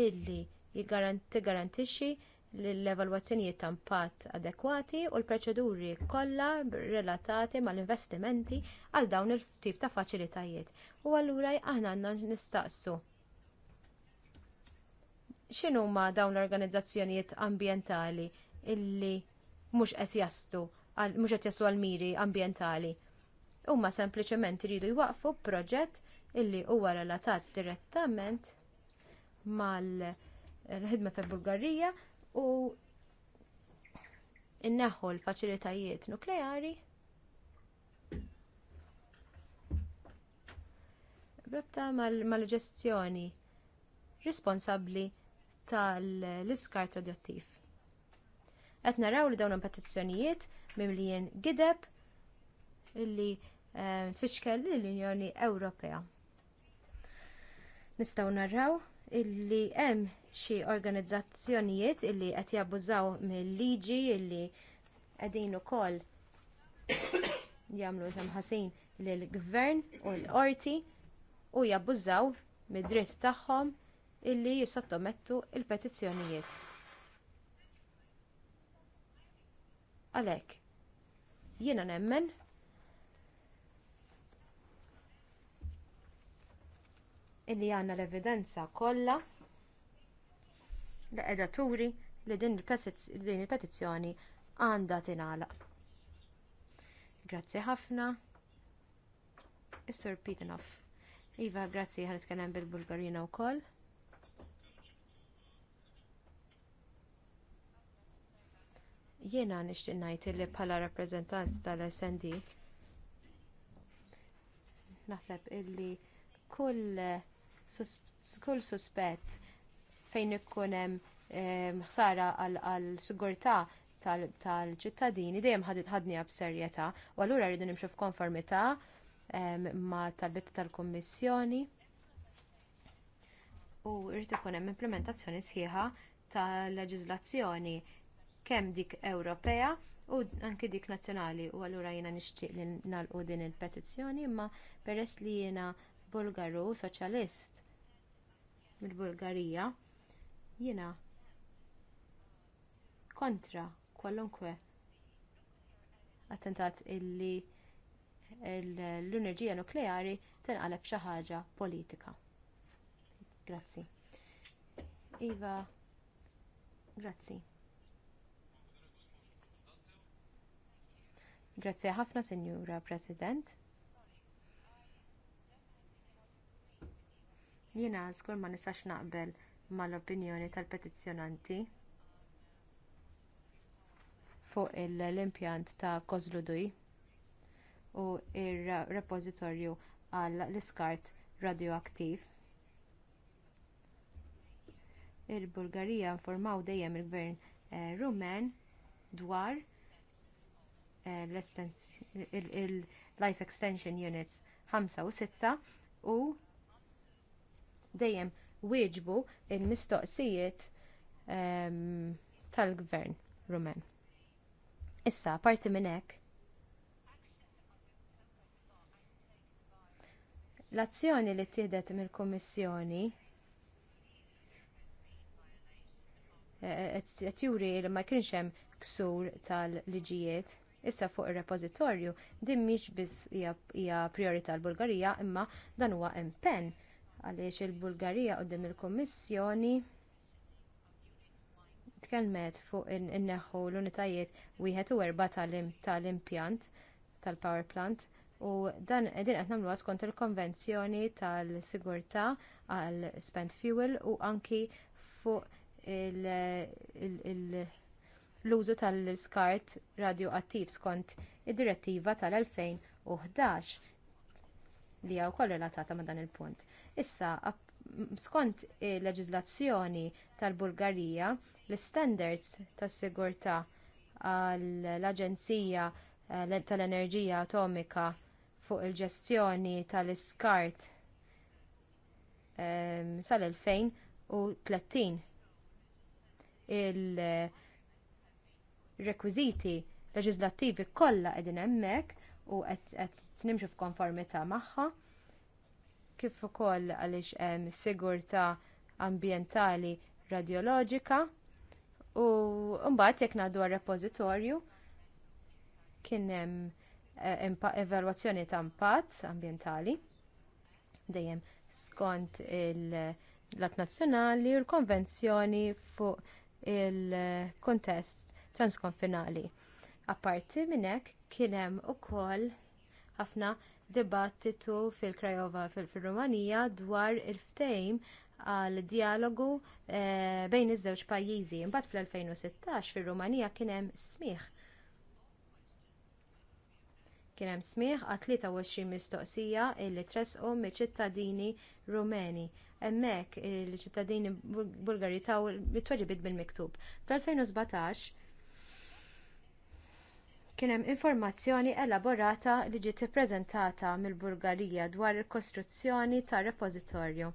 illi jiggarantixxi l-evalwazzjonijiet ta' impatt adekwati u l-proċeduri kollha relatati mal-investimenti għal dawn il-tip ta' faċilitajiet. U allura aħna għandna nistaqsu. X'inhuma dawn l-organizzazzjonijiet ambjentali illi mhux qed jaslu mhux qed jaslu għal miri ambjentali. Huma sempliċement iridu jwaqfu proġett illi huwa relatat direttament mal-ħidma tal-Bulgarija u inneħħu l-faċilitajiet nukleari rabta mal-ġestjoni responsabli responsabbli tal-iskart radioattiv. Qed naraw li dawn petizzjonijiet mimlijin gideb illi eh, tfixkel l-Unjoni Ewropea. Nistgħu naraw illi hemm xi organizzazzjonijiet illi qed jabbużaw mill-liġi illi qegħdin ukoll jagħmlu żem ħasin lill-gvern u l-qorti u jabbużaw mid-dritt tagħhom illi jissottomettu l petizzjonijiet Għalhekk jiena nemmen illi għandna l-evidenza kollha li edaturi li din il-petizzjoni għandha tingħalaq. Grazzi ħafna. Is-Sur Iva, grazzi kellem bil-Bulgarina wkoll. Jiena nixtieq ngħid li bħala rappreżentant tal-SND naħseb illi kull kull suspett fejn ikun hemm eh, ħsara għal sigurtà tal-ċittadini dejjem ħadniha b'serjetà u allura rridu nimxu f'konformità eh, ma tal tal-Kummissjoni u rrid ikun hemm implementazzjoni sħiħa tal-leġiżlazzjoni kemm dik Ewropea u anke dik nazzjonali u allura jiena nixtieq li nagħlqu din il-petizzjoni imma peress li jiena Bulgaru soċjalist mill-Bulgarija jiena kontra kwalunkwe attentat illi l-enerġija nukleari tinqaleb xi ħaġa politika. Grazzi. Iva, grazzi. Grazzi ħafna, Sinjura President. Jiena żgur ma nistax naqbel mal-opinjoni tal-petizzjonanti fuq l-impjant ta' Kozluduj u r repożitorju għall l-iskart radioaktiv. Il-Bulgarija informaw dejjem il-Gvern eh, Rumen dwar il-Life Extension Units 5 u 6 u dejjem wieġbu il mistoqsijiet ehm, tal-gvern rumen. Issa, parti minn hekk, l-azzjoni li tieħdet mill-Kummissjoni eh, eh, qed juri li ma kienx hemm ksur tal-liġijiet Issa fuq ir-repożitorju din mhix biss hija priorità l-Bulgarija imma dan huwa impenn għaliex il-Bulgarija quddiem il-Kummissjoni tkellmet fuq inneħħu l-unitajiet wieħed u erba' tal-impjant tal-power plant u dan qegħdin qed nagħmluha skont il-konvenzjoni tal-sigurtà għal spent fuel u anki fuq il-, il, il l-użu tal-iskart radioattiv skont id-direttiva tal-2011 li għaw kollu relatata ma' dan il-punt. Issa, skont il-leġizlazzjoni tal-Bulgarija, l istandards tas sigurtà għall-Aġenzija eh, tal-Enerġija Atomika fuq il-ġestjoni tal-iskart ehm, sal-2030 il- rekwiżiti leġislattivi kollha qegħdin hemmhekk u qed nimxu f'konformità magħha kif ukoll għaliex hemm sigurtà ambjentali radjoloġika u mbagħad jekk ngħaddu għar-repożitorju kien hemm eh, evalwazzjoni ta' impatt ambjentali dejjem skont il-lat nazzjonali u l-konvenzjoni fuq il-kontest transkonfinali. Apparti minn hekk kien hemm ukoll ħafna dibattitu fil-Krajova fil-Rumanija dwar il-ftejm għal dijalogu eh, bejn iż-żewġ pajjiżi. Imbagħad fl-2016 fir-Rumanija kien hemm smigħ. Kien hemm smigħ għal 23 mistoqsija li tresqu miċ-ċittadini Rumeni. Hemmhekk il-ċittadini Bulgari taw mitweġibit bil-miktub. Fl-2017 Kien hemm informazzjoni elaborata li ġiet ippreżentata mill-Bulgarija dwar il-kostruzzjoni tar repożitorju.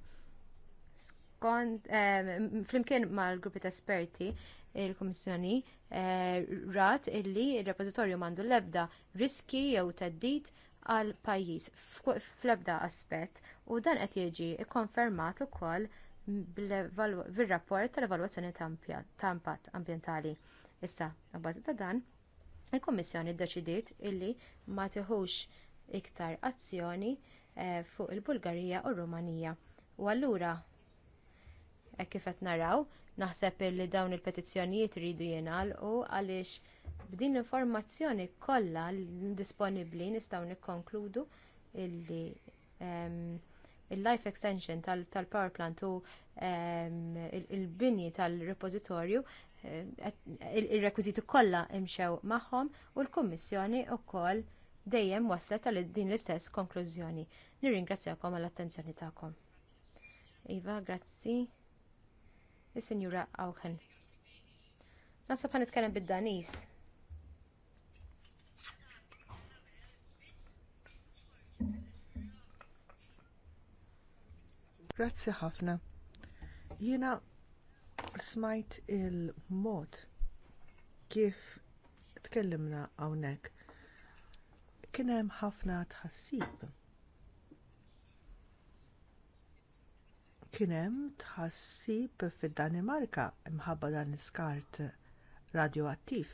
Eh, flimkien mal-gruppi ta' esperti il kummissjoni eh, rat illi r repożitorju m'għandu l-ebda riski jew theddid għal pajjiż fl-ebda aspett u dan qed jiġi kkonfermat ukoll bir rapport tal-evalwazzjoni ta' impatt ambjentali. Issa, għabbażi ta' dan, il kummissjoni ddeċidiet illi ma tieħux iktar azzjoni eh, fuq il-Bulgarija u r Rumanija. U allura hekk eh, kif qed naraw, naħseb illi dawn il-petizzjonijiet iridu jingħalqu għaliex b'din l-informazzjoni kollha disponibbli nistgħu nikkonkludu illi ehm, il-life extension tal-power plant u ehm, l bini tal-repożitorju Eh, il-rekwiziti kollha imxew magħhom u l-Kummissjoni wkoll dejjem waslet għal din l-istess konklużjoni. Nirringrazzjakom għall attenzjoni tagħkom. Iva, grazzi. Is-Sinjura Awken. Nasab ħan nitkellem bid-Danis. Grazzi ħafna. Jiena smajt il-mod kif tkellimna hawnhekk kien hemm ħafna tħassib. Kien hemm tħassib fid-Danimarka imħabba dan l-iskart radioattiv.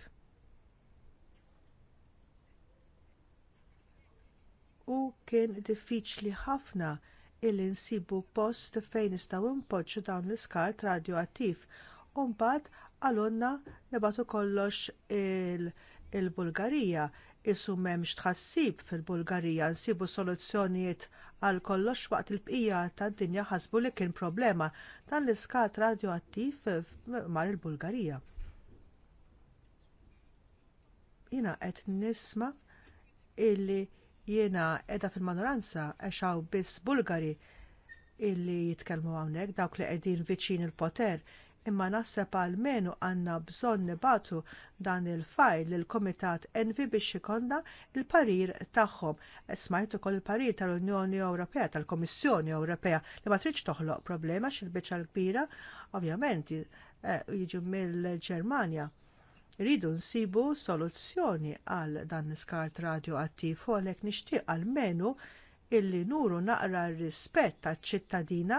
U kien diffiċli ħafna illi nsibu post fejn nistgħu impoġġu dawn l-iskart radioattiv u mbagħad għalunna nebatu kollox il-Bulgarija. Il Isu m'hemmx tħassib fil-Bulgarija nsibu soluzzjonijiet għal kollox waqt il-bqija tad dinja ħasbu li kien problema dan l-iskat radioattiv mar il-Bulgarija. Jiena qed nisma' illi jiena qiegħda fil-manoranza għax hawn biss Bulgari illi jitkellmu hawnhekk dawk li qegħdin viċin il-poter imma naħseb għalmenu għandna bżonn nibatu dan il file lill komitat Envi biex ikonna l parir tagħhom. Smajt ukoll il-parir tal-Unjoni Ewropea, tal-Komissjoni Ewropea li ma tridx toħloq problema xil biċċa l-kbira, ovvjament eh, jiġu mill-Ġermanja. Rridu nsibu soluzzjoni għal dan l-iskart radioattiv u għalhekk nixtieq għalmenu illi nuru naqra r rispett taċ-ċittadina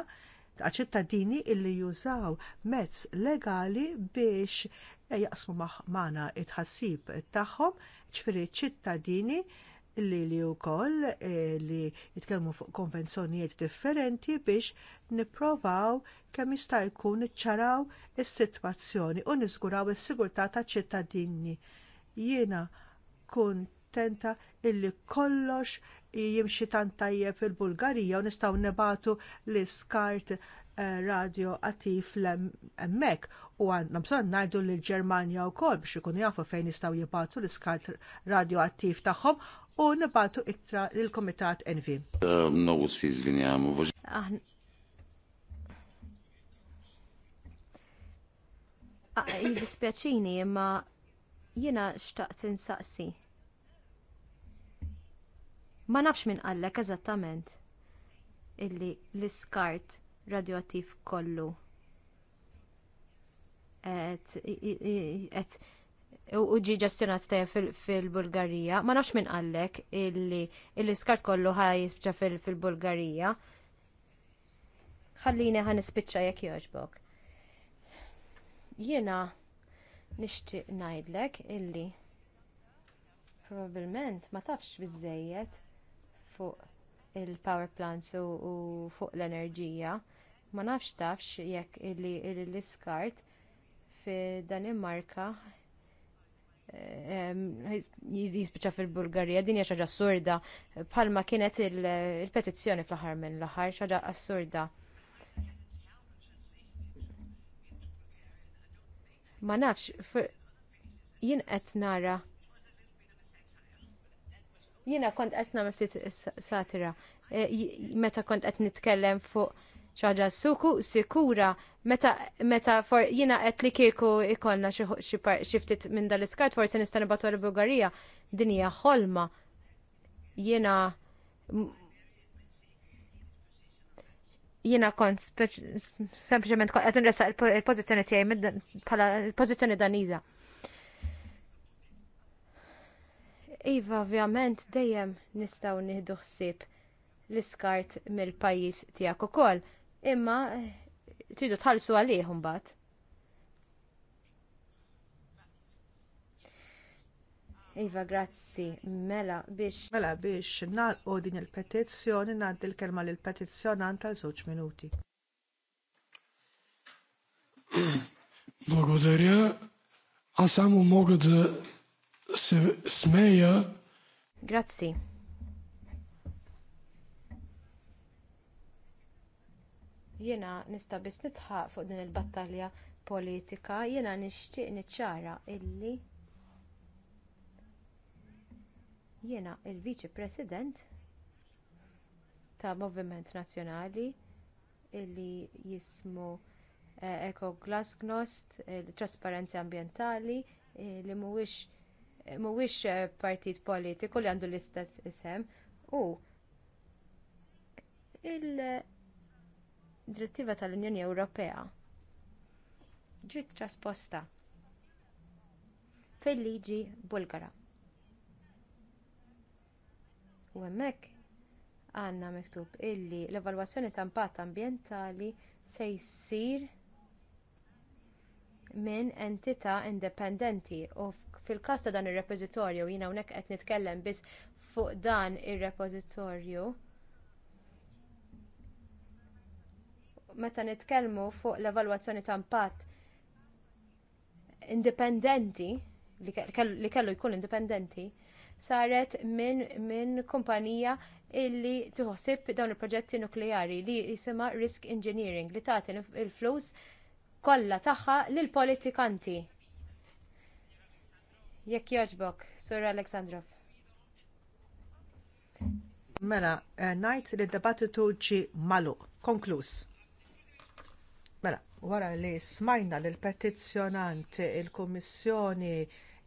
ċittadini illi jużaw mezz legali biex eh, jaqsmu maħmana it tħassib tagħhom, ċifiri ċittadini li li wkoll eh, li jitkelmu fuq konvenzjonijiet differenti biex nipprovaw kemm jista' jkun iċċaraw is-sitwazzjoni u niżguraw is-sigurtà taċ ċittadini. Jiena kuntenta illi kollox jimxi tant tajjeb fil-Bulgarija u nistgħu nebatu l-iskart eh, radio attiv hemmhekk u għandna bżonn ngħidu lill ġermanja wkoll biex ikunu jafu fejn jistgħu jibgħatu l-iskart radioattiv tagħhom u nabatu ittra lill komitat Envi. Eh, ah. ah, Jivispjaċini imma jiena xtaqt insaqsi. Ma nafx minn qallek eżattament illi l-iskart radioattiv kollu et u ġi ġestjonat tajja fil-Bulgarija. Ma nafx minn għallek illi l-iskart kollu ħajspiċa fil-Bulgarija. Ħallini ħan ispiċċa jekk joġbok. Jiena nixtieq ngħidlek illi Probabilment ma tafx biżżejjed fuq il-power plants u fuq l-enerġija. Ma nafx tafx jekk illi l-iskart fi Danimarka jispiċa fil-Bulgarija, din hija xaġa assurda palma kienet il petizjoni fl ħar minn l ħar xaġa assurda. Ma nafx jien qed nara jiena kont qed nagħmel ftit satira e, meta kont qed nitkellem fuq ċaġa suku sikura meta, meta for jina qed li kieku ikollna xi ftit minn dal-iskart forsi nista' nibgħatu l-Bulgarija din hija ħolma. Jiena jiena kont sempliċement kont qed nresaq il-pożizzjoni tiegħi bħala il-pożizzjoni Daniża. Iva, ovvjament, dejjem nistgħu nieħdu ħsieb l-iskart mill-pajjiż tiegħek ukoll imma tridu tħallsu għalih mbagħad. Iva, grazzi. Mela, biex. Mela, biex, u din il-petizzjoni, ngħaddi l-kelma l petizzjonant għal żewġ minuti. Благодаря. Аз mogod мога Grazzi. Jiena nista' biss nitħaq fuq din il-battalja politika, jiena nixtieq niċċara illi jiena l il viċi President ta' Moviment Nazzjonali illi jismu eh, Eko Glasnost, il-Trasparenza Ambjentali eh, li mhuwiex eh, eh, partit politiku li għandu l-istess isem u il- direttiva tal-Unjoni Ewropea ġiet trasposta fil-liġi Bulgara. U hemmhekk għandna miktub illi l-evalwazzjoni ta' impatt ambjentali se jsir minn entità indipendenti u fil-każ ta' dan ir-repożitorju jiena hawnhekk qed nitkellem biss fuq dan ir-repożitorju meta nitkellmu fuq l-evalwazzjoni ta' impatt indipendenti li kellu jkun indipendenti saret minn min kumpanija illi tħossib dawn il-proġetti nukleari li jisimha Risk Engineering li tagħti il-flus kollha tagħha lill politikanti. Jekk jogħġbok, Sur Aleksandrov. Mela, eh, ngħid li d-debattitu ġie magħluq konkluż. Mela, wara li smajna lill petizzjonant il-Kummissjoni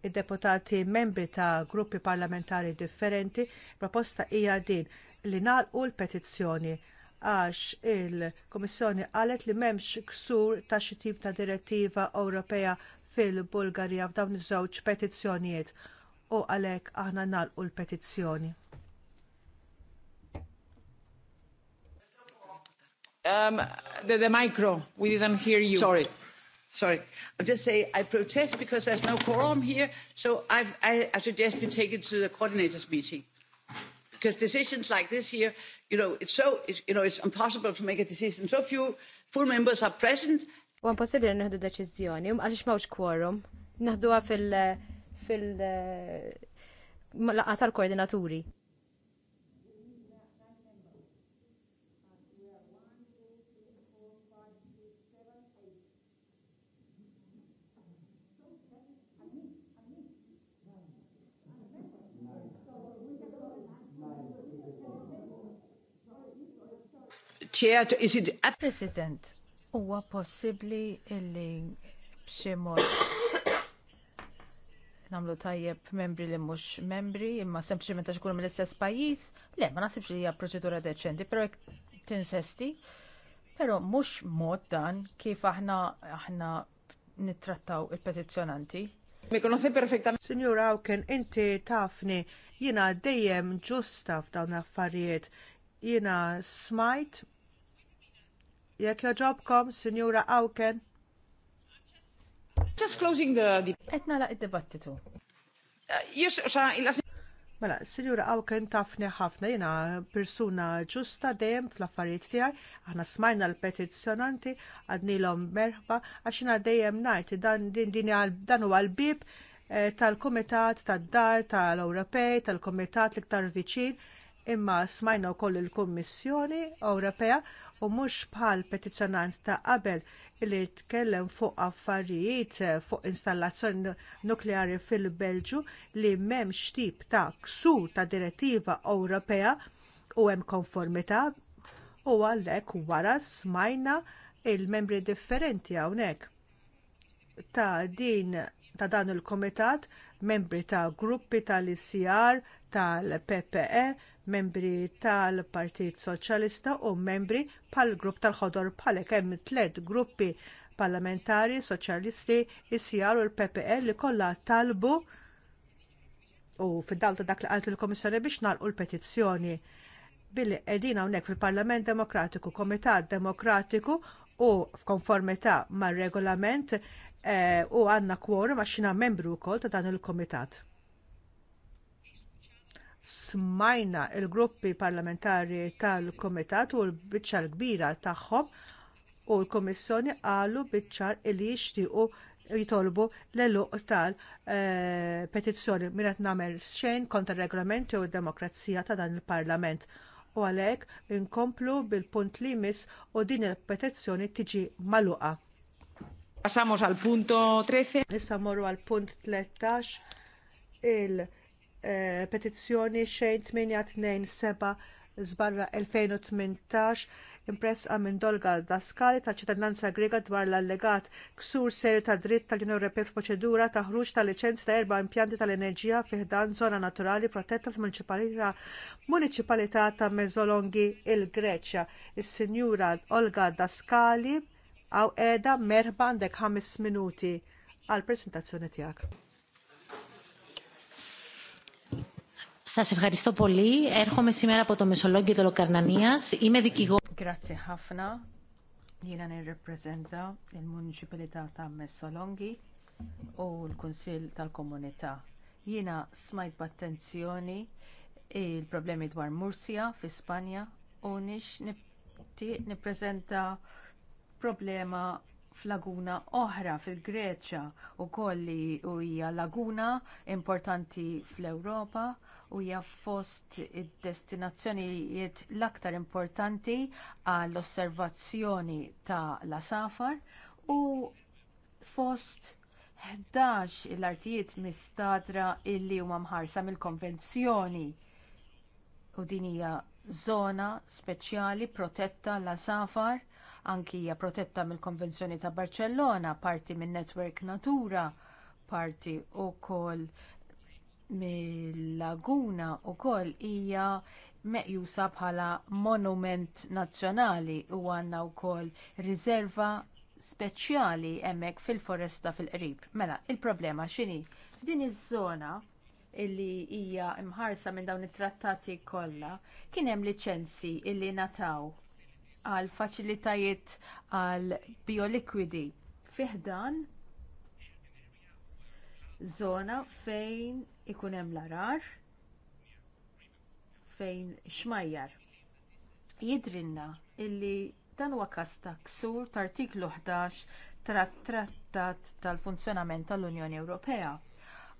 id-deputati membri ta' gruppi parlamentari differenti, proposta hija din li nagħlqu l-petizzjoni għax il kummissjoni qalet li m'hemmx ksur ta' xi tip ta' direttiva Ewropea fil-Bulgarija f'dawn iż-żewġ petizzjonijiet u għalhekk aħna nagħlqu l-petizzjoni. Um, the, the micro, we didn't hear you. Sorry. Sorry. I'll just say I protest because there's no quorum here, so I've, I, I suggest we take it to the coordinators meeting. Because decisions like this here, you know, it's so, it's, you know, it's impossible to make a decision. So few full members are present. U impossibli nħdu um, għalix mawx quorum. Naħduha fil- fil- eh, laqgħa tal-koordinaturi. President, huwa possibbli illi b'xi mod namlu tajjeb membri li mhux membri, imma sempliċement għax ikunu mill-istess pajjiż, le ma nasibx li hija proċedura deċenti, pero tinsesti, però mhux mod dan kif aħna aħna nittrattaw il-petizzjonanti. Mi konosi perfettament. Signora Awken, inti tafni jina dejjem ġusta f'dawn l affarijiet. Jiena smajt Jekk joġobkom, Sinjura Awken. Just closing the Etna la id-dibattitu. Uh, mela, Sinjura Awken tafni ħafna jiena persuna ġusta dejjem fl-affarijiet tiegħi, aħna smajna l-petizzjonanti għadnilhom merħba għax jiena dejjem ngħid dan din dan huwa l-bib eh, tal-Kumitat tad-Dar tal-Ewropej, tal-Kumitat l-iktar viċin imma smajna wkoll il-Kummissjoni Ewropea u mhux bħal petizzjonant ta' qabel li tkellem fuq affarijiet fuq installazzjoni nukleari fil-Belġu li m'hemmx tip ta' ksur ta' direttiva Ewropea u hemm konformità u għalhekk wara smajna il-membri differenti hawnhekk ta' din ta' dan il kumitat membri ta' gruppi tal-ICR, tal-PPE, membri tal-Partit Soċjalista u membri pal grupp tal-ħodor bħalek hemm tliet gruppi parlamentari soċjalisti ICR u l ppl li kollha talbu u fid-dawl ta' dak li qalt il-Komissjoni biex nagħlqu l-petizzjoni billi qegħdin hawnhekk fil-Parlament Demokratiku, Komitat Demokratiku u f'konformità mar regolament eh, u għandna kworum għax membru wkoll ta' dan il kumitat smajna l gruppi parlamentari tal kumitat u l biċċa l-kbira tagħhom u l kummissjoni qalu biċ-ċar li jixtiequ jitolbu l-eluq tal-petizzjoni mirat nagħmel xejn kontra r regolamenti u d-demokrazija ta' dan il-Parlament. U għalhekk inkomplu bil-punt li jmiss u din il-petizzjoni tiġi magħluqa. Passamos al punto 13. Issa morru għal punt 13 il- Eh, petizzjoni xejn 827 zbarra 2018 impress minn Dolga Daskali ta' ċittadinanza grega dwar l-allegat ksur seri ta' dritt tal-Unjoni Ewropea f'proċedura ta' ħruġ ta' liċenz ta' erba' impjanti tal-enerġija fiħdan żona naturali protetta fil-Municipalità Municipalità ta' Mezzolonghi il-Greċja. Is-Sinjura Olga Daskali għaw edha merħba għandek ħames minuti għall presentazzjoni tiegħek. Σας ευχαριστώ πολύ. Έρχομαι σήμερα από το Μεσολόγιο του Λοκαρνανίας. Είμαι δικηγόρος. Grazie ħafna. Jiena nirrepreżenta il-Municipalità ta' Messolongi u l-Kunsill tal-Komunità. Jiena smajt b'attenzjoni il-problemi dwar Mursija fi Spanja u nix nippreżenta problema f'laguna oħra fil-Greċja u kolli u hija laguna importanti fl-Ewropa u hija fost id-destinazzjonijiet l-aktar importanti għall-osservazzjoni ta' l-asafar u fost 11 l-artijiet mistadra illi huma mħarsa mill-konvenzjoni u din hija żona speċjali protetta għall asafar anki hija protetta mill-Konvenzjoni ta' Barcellona, parti minn netwerk Natura, parti wkoll mill-laguna wkoll hija meqjusa bħala monument nazzjonali u għandna wkoll riserva speċjali hemmhekk fil-foresta fil-qrib. Mela, il-problema x'inhi? Din iż-żona illi hija mħarsa minn dawn it-trattati kollha kien hemm liċenzji illi nataw għal faċilitajiet għal bioliquidi fiħdan żona fejn ikun hemm l fejn xmajjar. Jidrinna illi dan huwa każ ta' ksur tartiklu artiklu 11 tat-Trattat tal-Funzjonament tal-Unjoni Ewropea.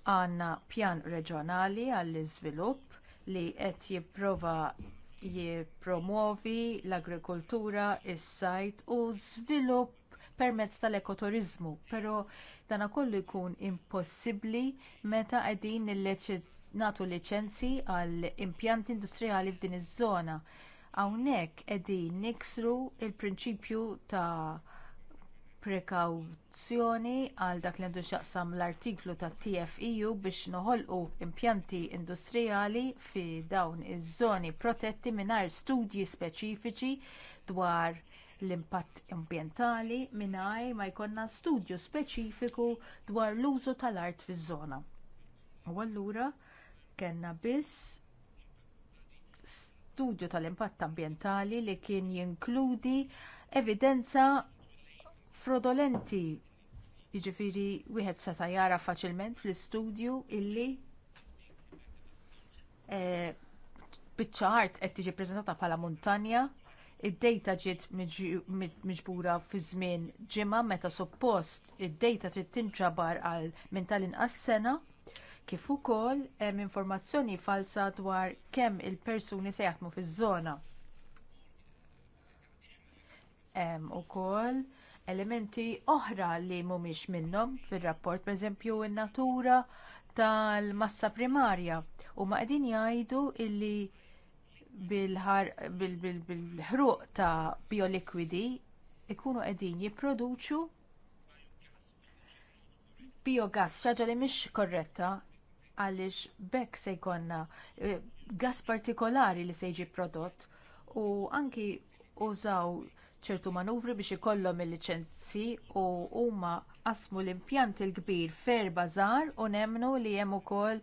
Għandna pjan reġjonali għall-iżvilupp li qed jipprova jippromuovi l-agrikoltura, is-sajt u żvilupp permezz tal-ekoturizmu, però dan kollu jkun impossibbli meta qegħdin nagħtu liċenzji għal impjanti industrijali f'din iż-żona. Hawnhekk qegħdin niksru l prinċipju ta' prekawzjoni għal dak li għandu xaqsam l-artiklu ta' TFEU biex noħolqu impjanti industrijali fi dawn iż-żoni protetti mingħajr studji speċifiċi dwar l-impatt ambjentali mingħajr ma jkollna studju speċifiku dwar l-użu tal-art fiż-żona. U allura kellna biss studju tal-impatt ambjentali li kien jinkludi evidenza frodolenti jiġifieri wieħed seta' jara faċilment fl-istudju illi eh, biċċa art qed tiġi ppreżentata bħala muntanja id-data ġiet miġbura fi żmien ġimgħa meta suppost id-data trid tinġabar għal minn tal-inqas sena kif ukoll hemm informazzjoni falsa dwar kemm il-persuni se jaħdmu fiż-żona. Hemm ukoll elementi oħra li mhumiex minnhom fir-rapport pereżempju n-natura tal-massa primarja huma qegħdin jgħidu li bil-ħruq ta' bioliquidi ikunu qegħdin jipproduċu biogas, xaġa li mhix korretta għaliex bekk se jkollna eh, gas partikolari li se jiġi prodott u anki użaw ċertu manuvri biex ikollhom il-liċenzji u huma qasmu l-impjant il-kbir ferba żgħar u nemmnu li hemm ukoll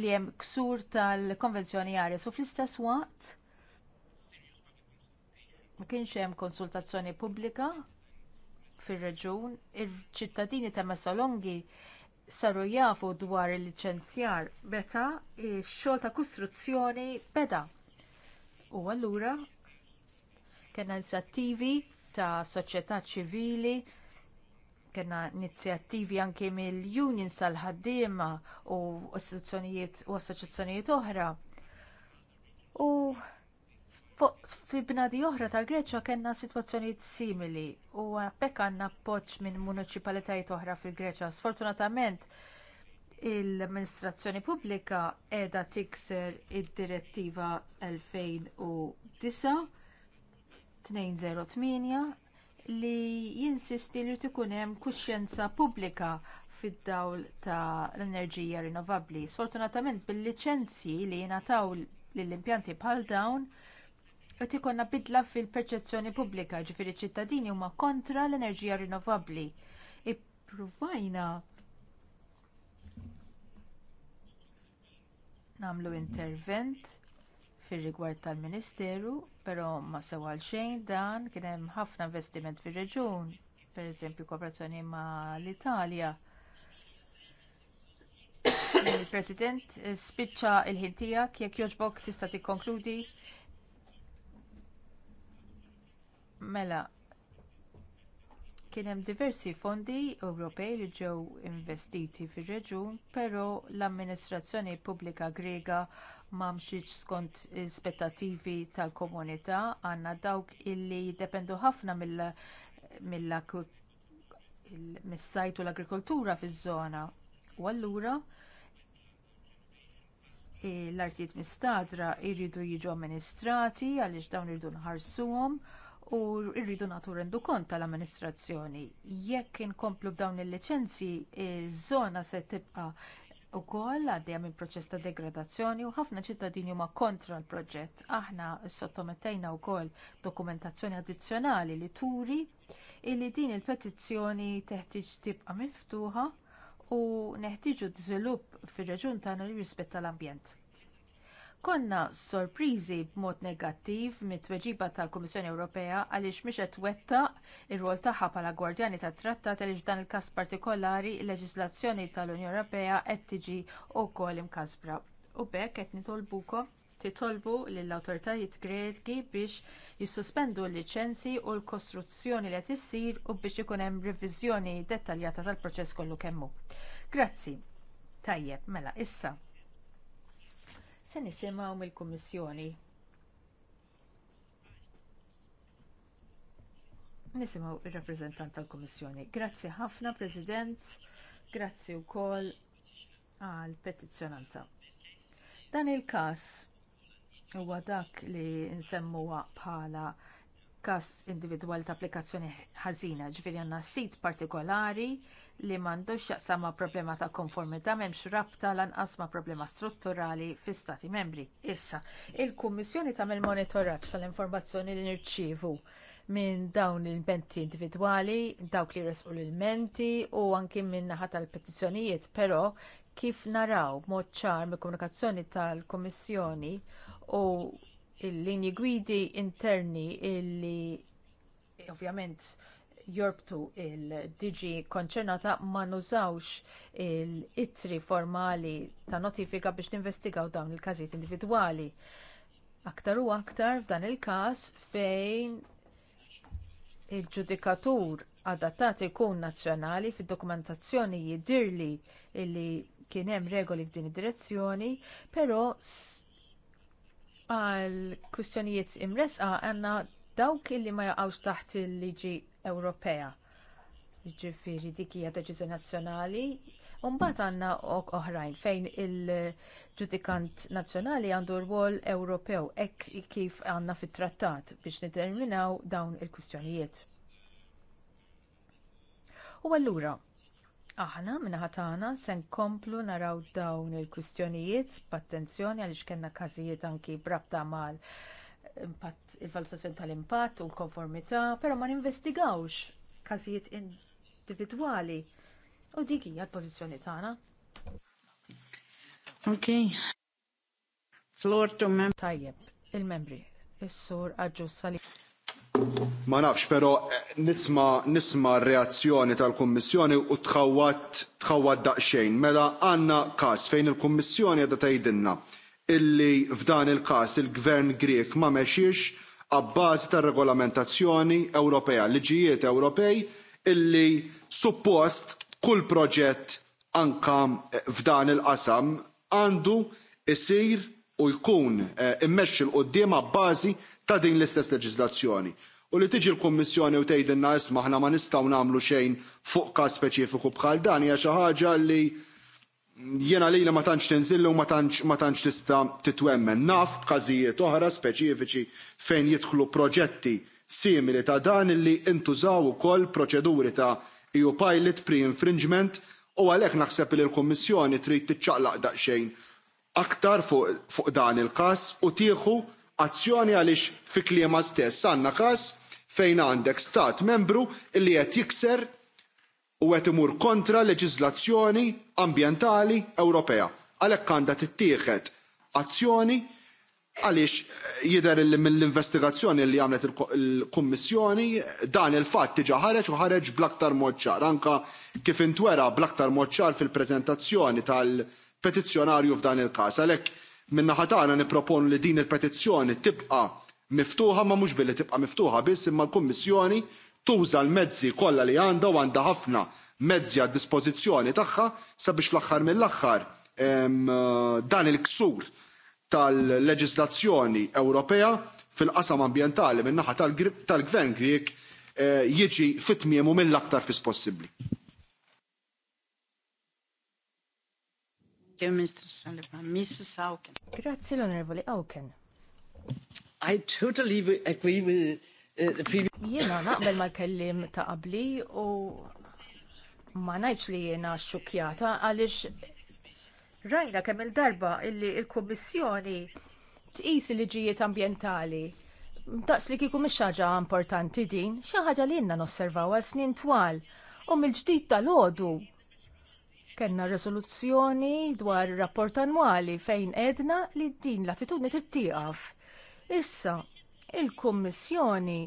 li hemm ksur tal-konvenzjoni għarja. So fl-istess waqt ma kienx hemm konsultazzjoni pubblika fir-reġun, il-ċittadini ta' Messolongi saru jafu dwar il-liċenzjar meta x-xogħol ta' kostruzzjoni beda. U allura kena inizjattivi ta' soċjetà ċivili, kena inizjattivi anke mill-unions tal-ħaddiema u assoċjazzjonijiet u assoċjazzjonijiet oħra. U fi bnadi oħra tal-Greċja kena sitwazzjonijiet simili u bekk għandna appoġġ minn municipalitajiet oħra fil-Greċja. Sfortunatament l-amministrazzjoni pubblika qiegħda tikser id-direttiva 2009 208 li jinsisti li tkun hemm kuxjenza pubblika fid-dawl ta' l-enerġija rinnovabbli. Sfortunatament bil liċenzji li jingħataw lill-impjanti bħal dawn qed ikollna bidla fil-perċezzjoni pubblika, ġifieri ċittadini huma kontra l-enerġija rinnovabbli. Ippruvajna nagħmlu intervent fir-rigward tal-Ministeru, però ma sewa xejn dan kien hemm ħafna investiment fir-reġun, pereżempju kooperazzjoni mal italja Il-President spiċċa l ħin tiegħek jekk jogħġbok tista' tikkonkludi. Mela, kien hemm diversi fondi Ewropej li ġew investiti fir-reġjun, però l-amministrazzjoni pubblika Griega mamxiċ skont l-ispettattivi tal-komunità għandna dawk illi jiddependu ħafna mis sajtu u l-agrikoltura fiż-żona. U allura l-artijiet mistadra jridu jiġu amministrati għaliex dawn irridu nħarsuhom u rridu nagħtu rendu kont tal-amministrazzjoni. Jekk inkomplu b'dawn il-liċenzji, iż-żona se tibqa' koll għaddejja minn proċess ta' degradazzjoni u ħafna ċittadini huma kontra l-proġett. Aħna sottomettejna wkoll dokumentazzjoni addizzjonali li turi illi din il-petizzjoni teħtieġ tibqa' miftuħa u neħtieġu żvilupp fir-reġun tagħna li rispetta l-ambjent. Konna sorpriżi b'mod negattiv mit-tweġiba tal-Kummissjoni Ewropea għaliex mhix qed twettaq ir rwol tagħha bħala gwardjani tat-trattat għaliex dan il-każ partikolari l-leġiżlazzjoni tal-Unjoni Ewropea qed tiġi wkoll imkasbra. U b'hekk qed nitolbukom titolbu lill-awtoritajiet Greki biex jissospendu l-liċenzji u l-kostruzzjoni li qed issir u biex ikun hemm riviżjoni dettaljata tal-proċess kollu kemm hu. Grazzi. Tajjeb, mela issa se nisimgħu mill-Kummissjoni. Nisimgħu il rappreżentant tal-Kummissjoni. Grazzi ħafna, President. Grazzi wkoll għall petizzjonanta. Dan il-każ huwa dak li nsemmuha bħala każ individwali ta' applikazzjoni ħażina, ġifieri għandna sit partikolari li m'għandux x'jaqsam ma' problema ta' konformità m'hemmx rabta lanqas ma' problema strutturali fi stati membri. Issa, il-Kummissjoni tagħmel monitoraġġ tal-informazzjoni li nirċievu minn dawn il-menti individwali, dawk li resqu l-menti u anki minn naħa tal-petizzjonijiet, però kif naraw mod ċar mill komunikazzjoni tal-Kummissjoni u l linji gwidi interni illi ovvjament jorbtu il-diġi konċernata ma nużawx il-ittri formali ta' notifika biex ninvestigaw dawn il każijiet individwali. Aktar u aktar f'dan il każ fejn il-ġudikatur adattat ikun nazzjonali fid-dokumentazzjoni jidirli li kien hemm regoli f'din id-direzzjoni, però għal kwistjonijiet imresqa għandna dawk illi ma jaqgħux taħt il-liġi Ewropea. Ġifiri dik hija deċiżjoni nazzjonali. Mbagħad għandna oħrajn fejn il-ġudikant nazzjonali għandu rwol Ewropew hekk kif għandna fit-trattat biex niterminaw dawn il-kwistjonijiet. U allura, Aħna minna ħatana se nkomplu naraw dawn il-kwistjonijiet b'attenzjoni għaliex kellna każijiet anki brabta mal il-valutazzjoni tal-impatt u l-konformità, però ma ninvestigawx każijiet individwali. U dik hija l-pożizzjoni tagħna. Ok. Floor to mem. Tajjeb, il-membri, il-sur Aġġus Sali. Ma nafx, pero eh, nisma, nisma reazzjoni tal-Kommissjoni u tħawat tħawat daqxejn. Mela għanna kas fejn il-Kommissjoni għadha tgħidilna illi f'dan il-każ il-Gvern Grek ma mexiex għabbażi ta' regolamentazzjoni Ewropea, liġijiet Ewropej illi suppost kull proġett anka f'dan il-qasam għandu isir u jkun eh, immexxi l qudiem għabbażi ta' din l-istess leġiżlazzjoni. U li tiġi l-Kummissjoni u tgħidilna isma' aħna ma nistgħu nagħmlu xejn fuq każ speċifiku bħal dan hija xi ħaġa li jena lejla ma tantx tinżillu ma tantx tista titwemmen. Naf b'każijiet oħra speċifiċi fejn jidħlu proġetti simili ta' dan li intużaw ukoll proċeduri ta' EU pilot pre-infringement u għalhekk naħseb li l-Kummissjoni trid tiċċaqlaq daqsxejn aktar fuq dan il-każ u tieħu azzjoni għaliex fi kliema stess għandna każ fejn għandek stat membru li qed jikser u qed imur kontra leġiżlazzjoni ambjentali Ewropea. Għalhekk għandha tittieħed azzjoni għaliex jidher li mill-investigazzjoni li għamlet il-Kummissjoni dan il-fatt diġà ħareġ u ħareġ bl-aktar mod ċar anke kif intwera bl-aktar mod ċar fil-preżentazzjoni tal-petizzjonarju f'dan il-każ. Għalhekk min-naħa tagħna nipproponu li din il-petizzjoni tibqa' miftuħa ma mhux billi tibqa' miftuħa biss imma l-Kummissjoni tuża l-mezzi kollha li għandha u għandha ħafna mezzi għad dispożizzjoni tagħha sabiex fl-aħħar mill-aħħar eh, dan il-ksur tal-leġislazzjoni Ewropea fil-qasam ambjentali min-naħa tal-Gvern Grieg eh, jiġi fit-tmiemu mill-aktar fis possibbli. Grazzi l-Onorevoli Auken. I totally agree with Jiena naqbel mal-kellim ta' qabli u ma ngħidx li jiena xxukjata għaliex rajna kemm il-darba illi l-Kummissjoni tqis liġijiet ambjentali. Daqs li kieku mhix ħaġa importanti din, xi ħaġa li jenna nosservaw għal snin twal u mill-ġdid tal-għodu kellna riżoluzzjoni dwar ir rapport annwali fejn edna li din l-attitudni tittieqaf. Issa, Il-Kummissjoni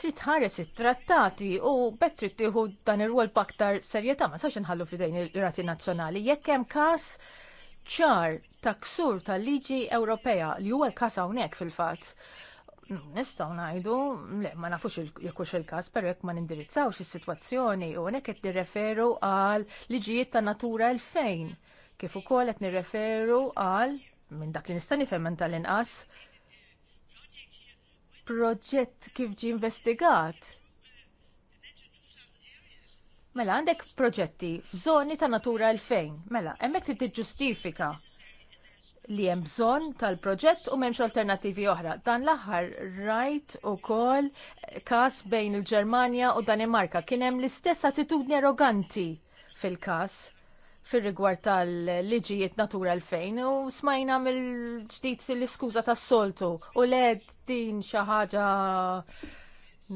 trid ħares it-trattati u bekk trid tieħu dan ir-rwol b'aktar serjetà ma sax inħallu f'idejn ir-rati nazzjonali jekk hemm każ ċar ta' ksur tal-liġi Ewropea li huwa l-każ hawnhekk fil-fatt. Nistgħu ngħidu, le ma nafux jekk hux il-każ, però jekk ma nindirizzawx is-sitwazzjoni u hekk qed nirreferu għal liġijiet ta' natura l fejn kif ukoll qed nirreferu għal minn dak li nista' nifhem tal-inqas proġett kif ġie investigat. Mela għandek proġetti f'żoni ta' natura l fejn. Mela, hemmhekk trid tiġġustifika li hemm bżonn tal-proġett u m'hemmx alternattivi oħra. Dan l-aħħar rajt ukoll każ bejn il-Ġermanja u Danimarka kien hemm l-istess attitudni arroganti fil-każ fil-rigward tal-liġijiet Natura 2000 u smajna mill-ġdid l-iskuża tas-soltu u led din xi ħaġa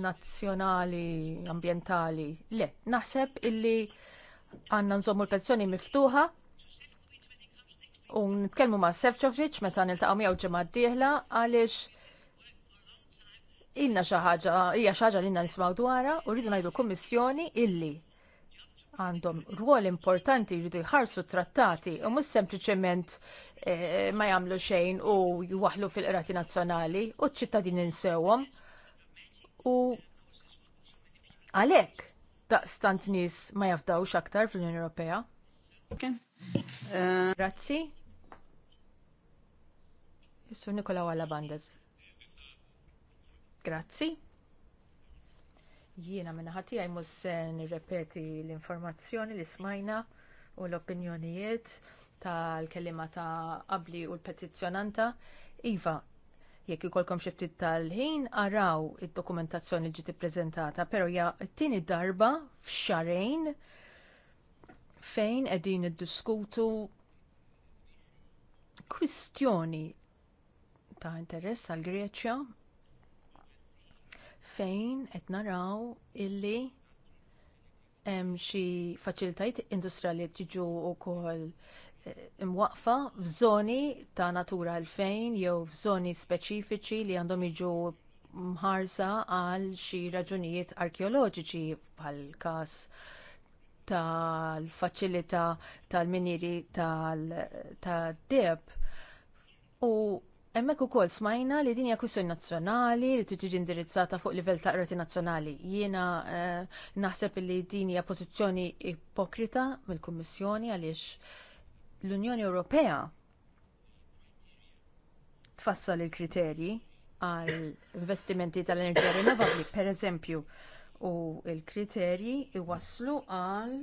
nazzjonali, ambjentali. Le, naħseb illi għandna nżommu l-pensjoni miftuħa u nitkelmu ma' Sefcovic meta niltaqgħu miegħu ġimgħa d-dieħla għaliex ilna xi ħaġa hija xi ħaġa li inna nismaw dwarha u rridu ngħidu kommissjoni illi għandhom ruol importanti jridu jħarsu trattati u mhux sempliċement eh, ma jagħmlu xejn u jwaħlu fil-qrati nazzjonali u ċ-ċittadini nsewhom. U għalhekk daqstant nies ma jafdawx aktar fl-Unjoni Ewropea. Grazzi. Jissu Nikola Walla Bandez. Grazzi. Jiena minna ħatijaj se nirrepeti l-informazzjoni li smajna u l-opinjonijiet tal kelliema ta' qabli u l-petizzjonanta. Iva, jekk ikolkom xi ftit tal-ħin, araw id-dokumentazzjoni li ġiet ippreżentata, però ja t-tieni darba f'xarejn fejn qegħdin iddiskutu kwistjoni ta' interess għal Greċja fejn qed naraw illi hemm xi faċilitajiet industrijali li jiġu wkoll eh, imwaqfa f'żoni ta' natura għalfejn jew f'żoni speċifiċi li għandhom jiġu mħarsa għal xi raġunijiet arkeoloġiċi bħal każ tal-faċilità tal-miniri tad-deb u Hemmhekk ukoll smajna li din hija nazjonali nazzjonali li tiġi indirizzata fuq livell ta' qrati nazzjonali. Jiena eh, naħseb li din hija pożizzjoni ipokrita mill-Kummissjoni għaliex l-Unjoni Ewropea tfassal il-kriterji għal investimenti tal-enerġija per pereżempju, u l kriterji iwasslu għal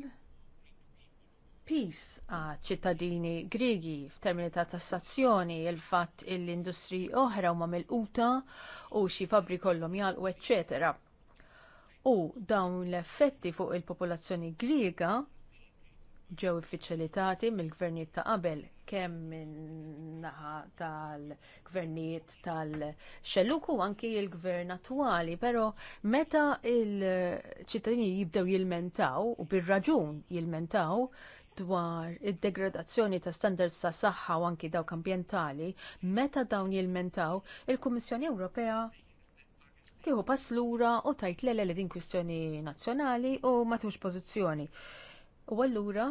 pis għal ċittadini Griegi f'termini ta' tassazzjoni il-fatt l-industri oħra huma milquta u xi fabri kollhom jalqu eċċetera. U dawn l-effetti fuq il-popolazzjoni Griega ġew iffiċilitati mill-gvernijiet ta' qabel kemm min-naħa tal-gvernijiet tal-xelluk u anki l-gvern attwali, però meta l ċittadini jibdew jilmentaw u bir-raġun jilmentaw dwar id-degradazzjoni ta' standards ta' saħħa u anki dawk ambjentali, meta dawn jilmentaw, il-Kummissjoni Ewropea tieħu pass lura u tajt lele li din kwistjoni nazzjonali u ma tux pożizzjoni. U allura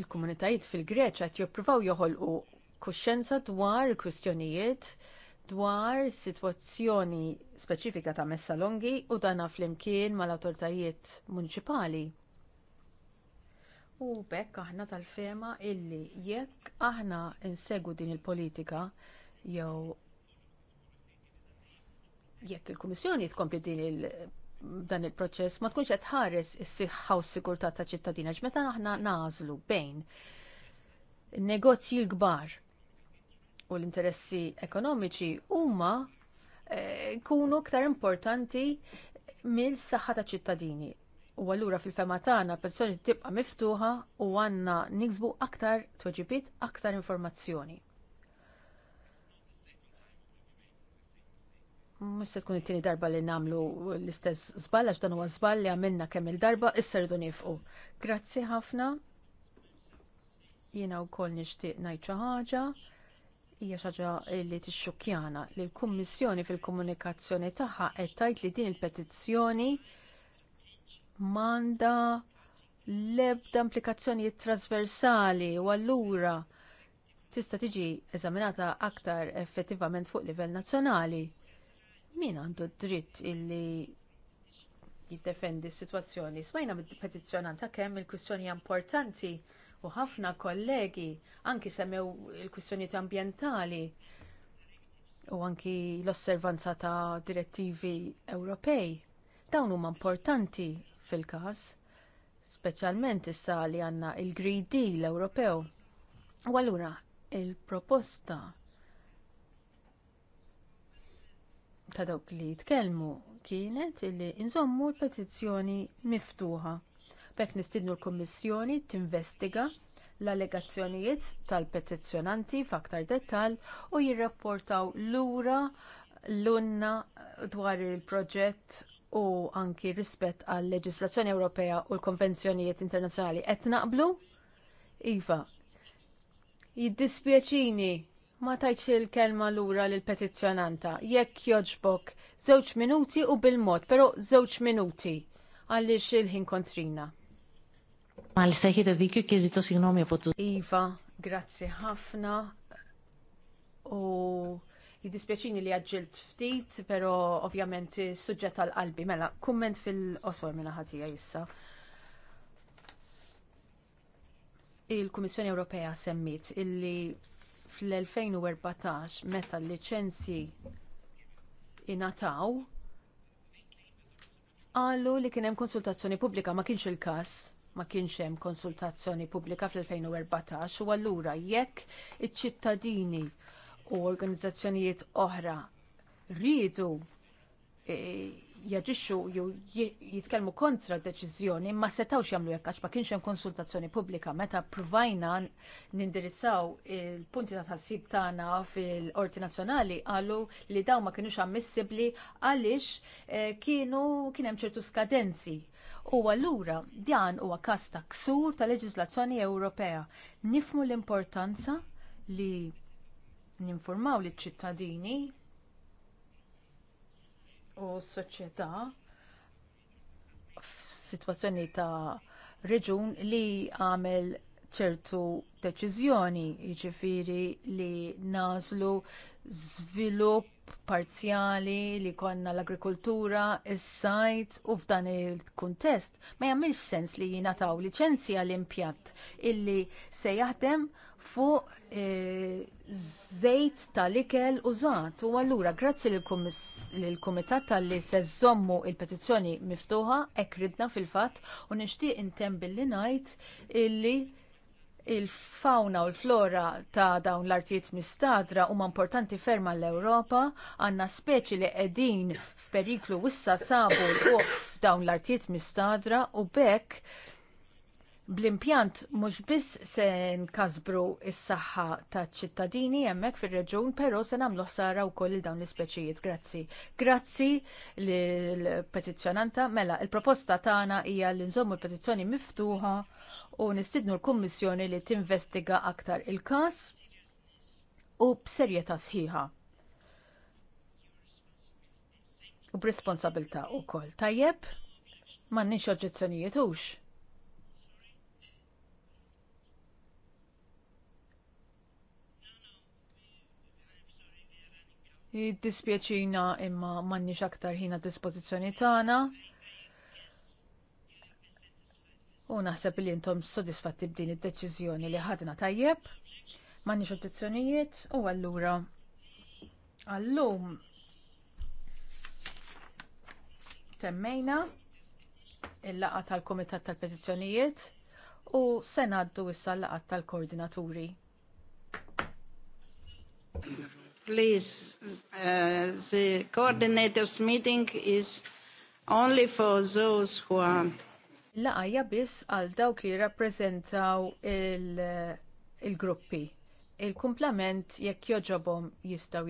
il-komunitajiet fil-Greċa qed jippruvaw joħolqu kuxjenza dwar kwistjonijiet dwar sitwazzjoni speċifika ta' Messa Longi u dana flimkien mal-awtoritajiet municipali. U bekk aħna tal-fema illi jekk aħna insegu din il-politika jew jekk il-Kummissjoni tkompli din il- dan il-proċess ma tkunx qed tħares is-siħħa u s-sigurtà ta' ċittadina x'meta aħna nażlu bejn negozji l-kbar u l-interessi ekonomiċi huma jkunu eh, aktar importanti mill-saħħa taċ ċittadini. U allura fil-fema tagħna persuni tibqa' miftuħa u għandna niksbu aktar twaġibiet aktar informazzjoni. Mhux se tkun it-tieni darba li nagħmlu l-istess żball għax dan huwa żball li għamilna kemm il-darba issa rridu nifqu. Grazzi ħafna. Jiena wkoll nixtieq ngħid xi ħaġa hija xi ħaġa li tixxukjana li l-Kummissjoni fil-komunikazzjoni tagħha qed tgħid li din il-petizzjoni m'għandha l-ebda implikazzjonijiet trasversali u allura tista' tiġi eżaminata aktar effettivament fuq livell nazzjonali. Min għandu d-dritt illi jiddefendi s-sitwazzjoni? Smajna mid-petizzjonanta kemm il-kwistjoni importanti u ħafna kollegi anki semmew il-kwistjonijiet ambjentali u anki l-osservanza ta' direttivi Ewropej. Dawn huma importanti fil-każ, speċjalment issa li għandna il green Deal Ewropew. U allura il-proposta ta' dawk li jitkellmu kienet li nżommu l-petizzjoni miftuħa Bekk nistidnu l-Kummissjoni tinvestiga l-allegazzjonijiet tal-petizzjonanti f'aktar dettall u jirrapportaw lura l-unna dwar il-proġett u anki rispett għal leġislazzjoni Ewropea u l-konvenzjonijiet internazzjonali qed naqblu? Iva, jiddispjaċini ma tajċ il-kelma lura lill petizzjonanta jekk jogħġbok żewġ minuti u bil-mod, però żewġ minuti għaliex il-ħin kontrina. Μάλιστα, έχετε δίκιο και ζητώ συγγνώμη από του. Ήβα, iva, grazie ħafna. U jiddispjaċini li għagġilt ftit, pero ovvjament suġġet tal-qalbi. Mela, kumment fil-qosor minna ħatija jissa. Il-Kummissjoni Ewropea semmit illi fl-2014 meta l-licenzji inataw, għallu li kienem konsultazzjoni pubblika ma kienx il-kas ma kienx hemm konsultazzjoni pubblika fl-2014 u allura jekk iċ-ċittadini u organizzazzjonijiet oħra rridu e, jaġixxu jew jitkellmu kontra d-deċiżjoni ma setawx jagħmlu hekk għax ma kienx hemm konsultazzjoni pubblika meta provajna nindirizzaw il-punti ta' tħassib tagħna fil-Qorti Nazzjonali qalu li dawn ma kinux ammissibbli għaliex e, kienu kien hemm ċertu skadenzi U allura dan huwa każ ta' ksur ta' leġiżlazzjoni Ewropea. Nifmu l-importanza li ninformaw iċ ċittadini u s-soċjetà f'sitwazzjoni ta' reġun li għamel ċertu deċiżjoni, jiġifieri li nażlu żvilupp parzjali li konna l-agrikoltura, is-sajt u f'dan il-kuntest ma jagħmilx sens li jingħataw liċenzji għall impjatt illi se jaħdem fuq E, eh, zejt tal-ikel użat. U allura grazzi lill-Kumitat tal-li sezzommu il-petizzjoni miftuħa, hekk ridna fil fatt u nixtieq intemm billi ngħid illi il-fauna u l-flora ta' dawn l-artijiet mistadra huma importanti ferm għall ewropa għandna speċi li qegħdin f'periklu wissa sabu l-qof f'dawn l-artijiet mistadra u bekk bl-impjant mhux biss se nkasbru s-saħħa taċ ċittadini hemmhekk fir-reġun, però se nagħmlu ħsara wkoll il dawn l-ispeċijiet. Grazzi. Grazzi lill-petizzjonanta. Mela, il-proposta tagħna hija li nżommu l-petizzjoni miftuħa u nistidnu l-Kummissjoni li tinvestiga aktar il-każ u b'serjetà sħiħa. U b'responsabilta' wkoll. Tajjeb, m'għandniex oġġezzjonijiet hux. Jiddispjaċina imma m'għandniex aktar ħina dispożizzjoni tagħna. U naħseb li intom sodisfatti b'din id-deċiżjoni li ħadna tajjeb. M'għandniex oġġezzjonijiet u allura allum temmejna il laqgħa tal kumitat tal-Petizzjonijiet u se ngħaddu issa l laqgħa tal-Koordinaturi please, uh, the coordinators meeting is only for those who are Laqajja biss għal dawk li rappresentaw Il il-kumplament jekk joġobhom jistgħu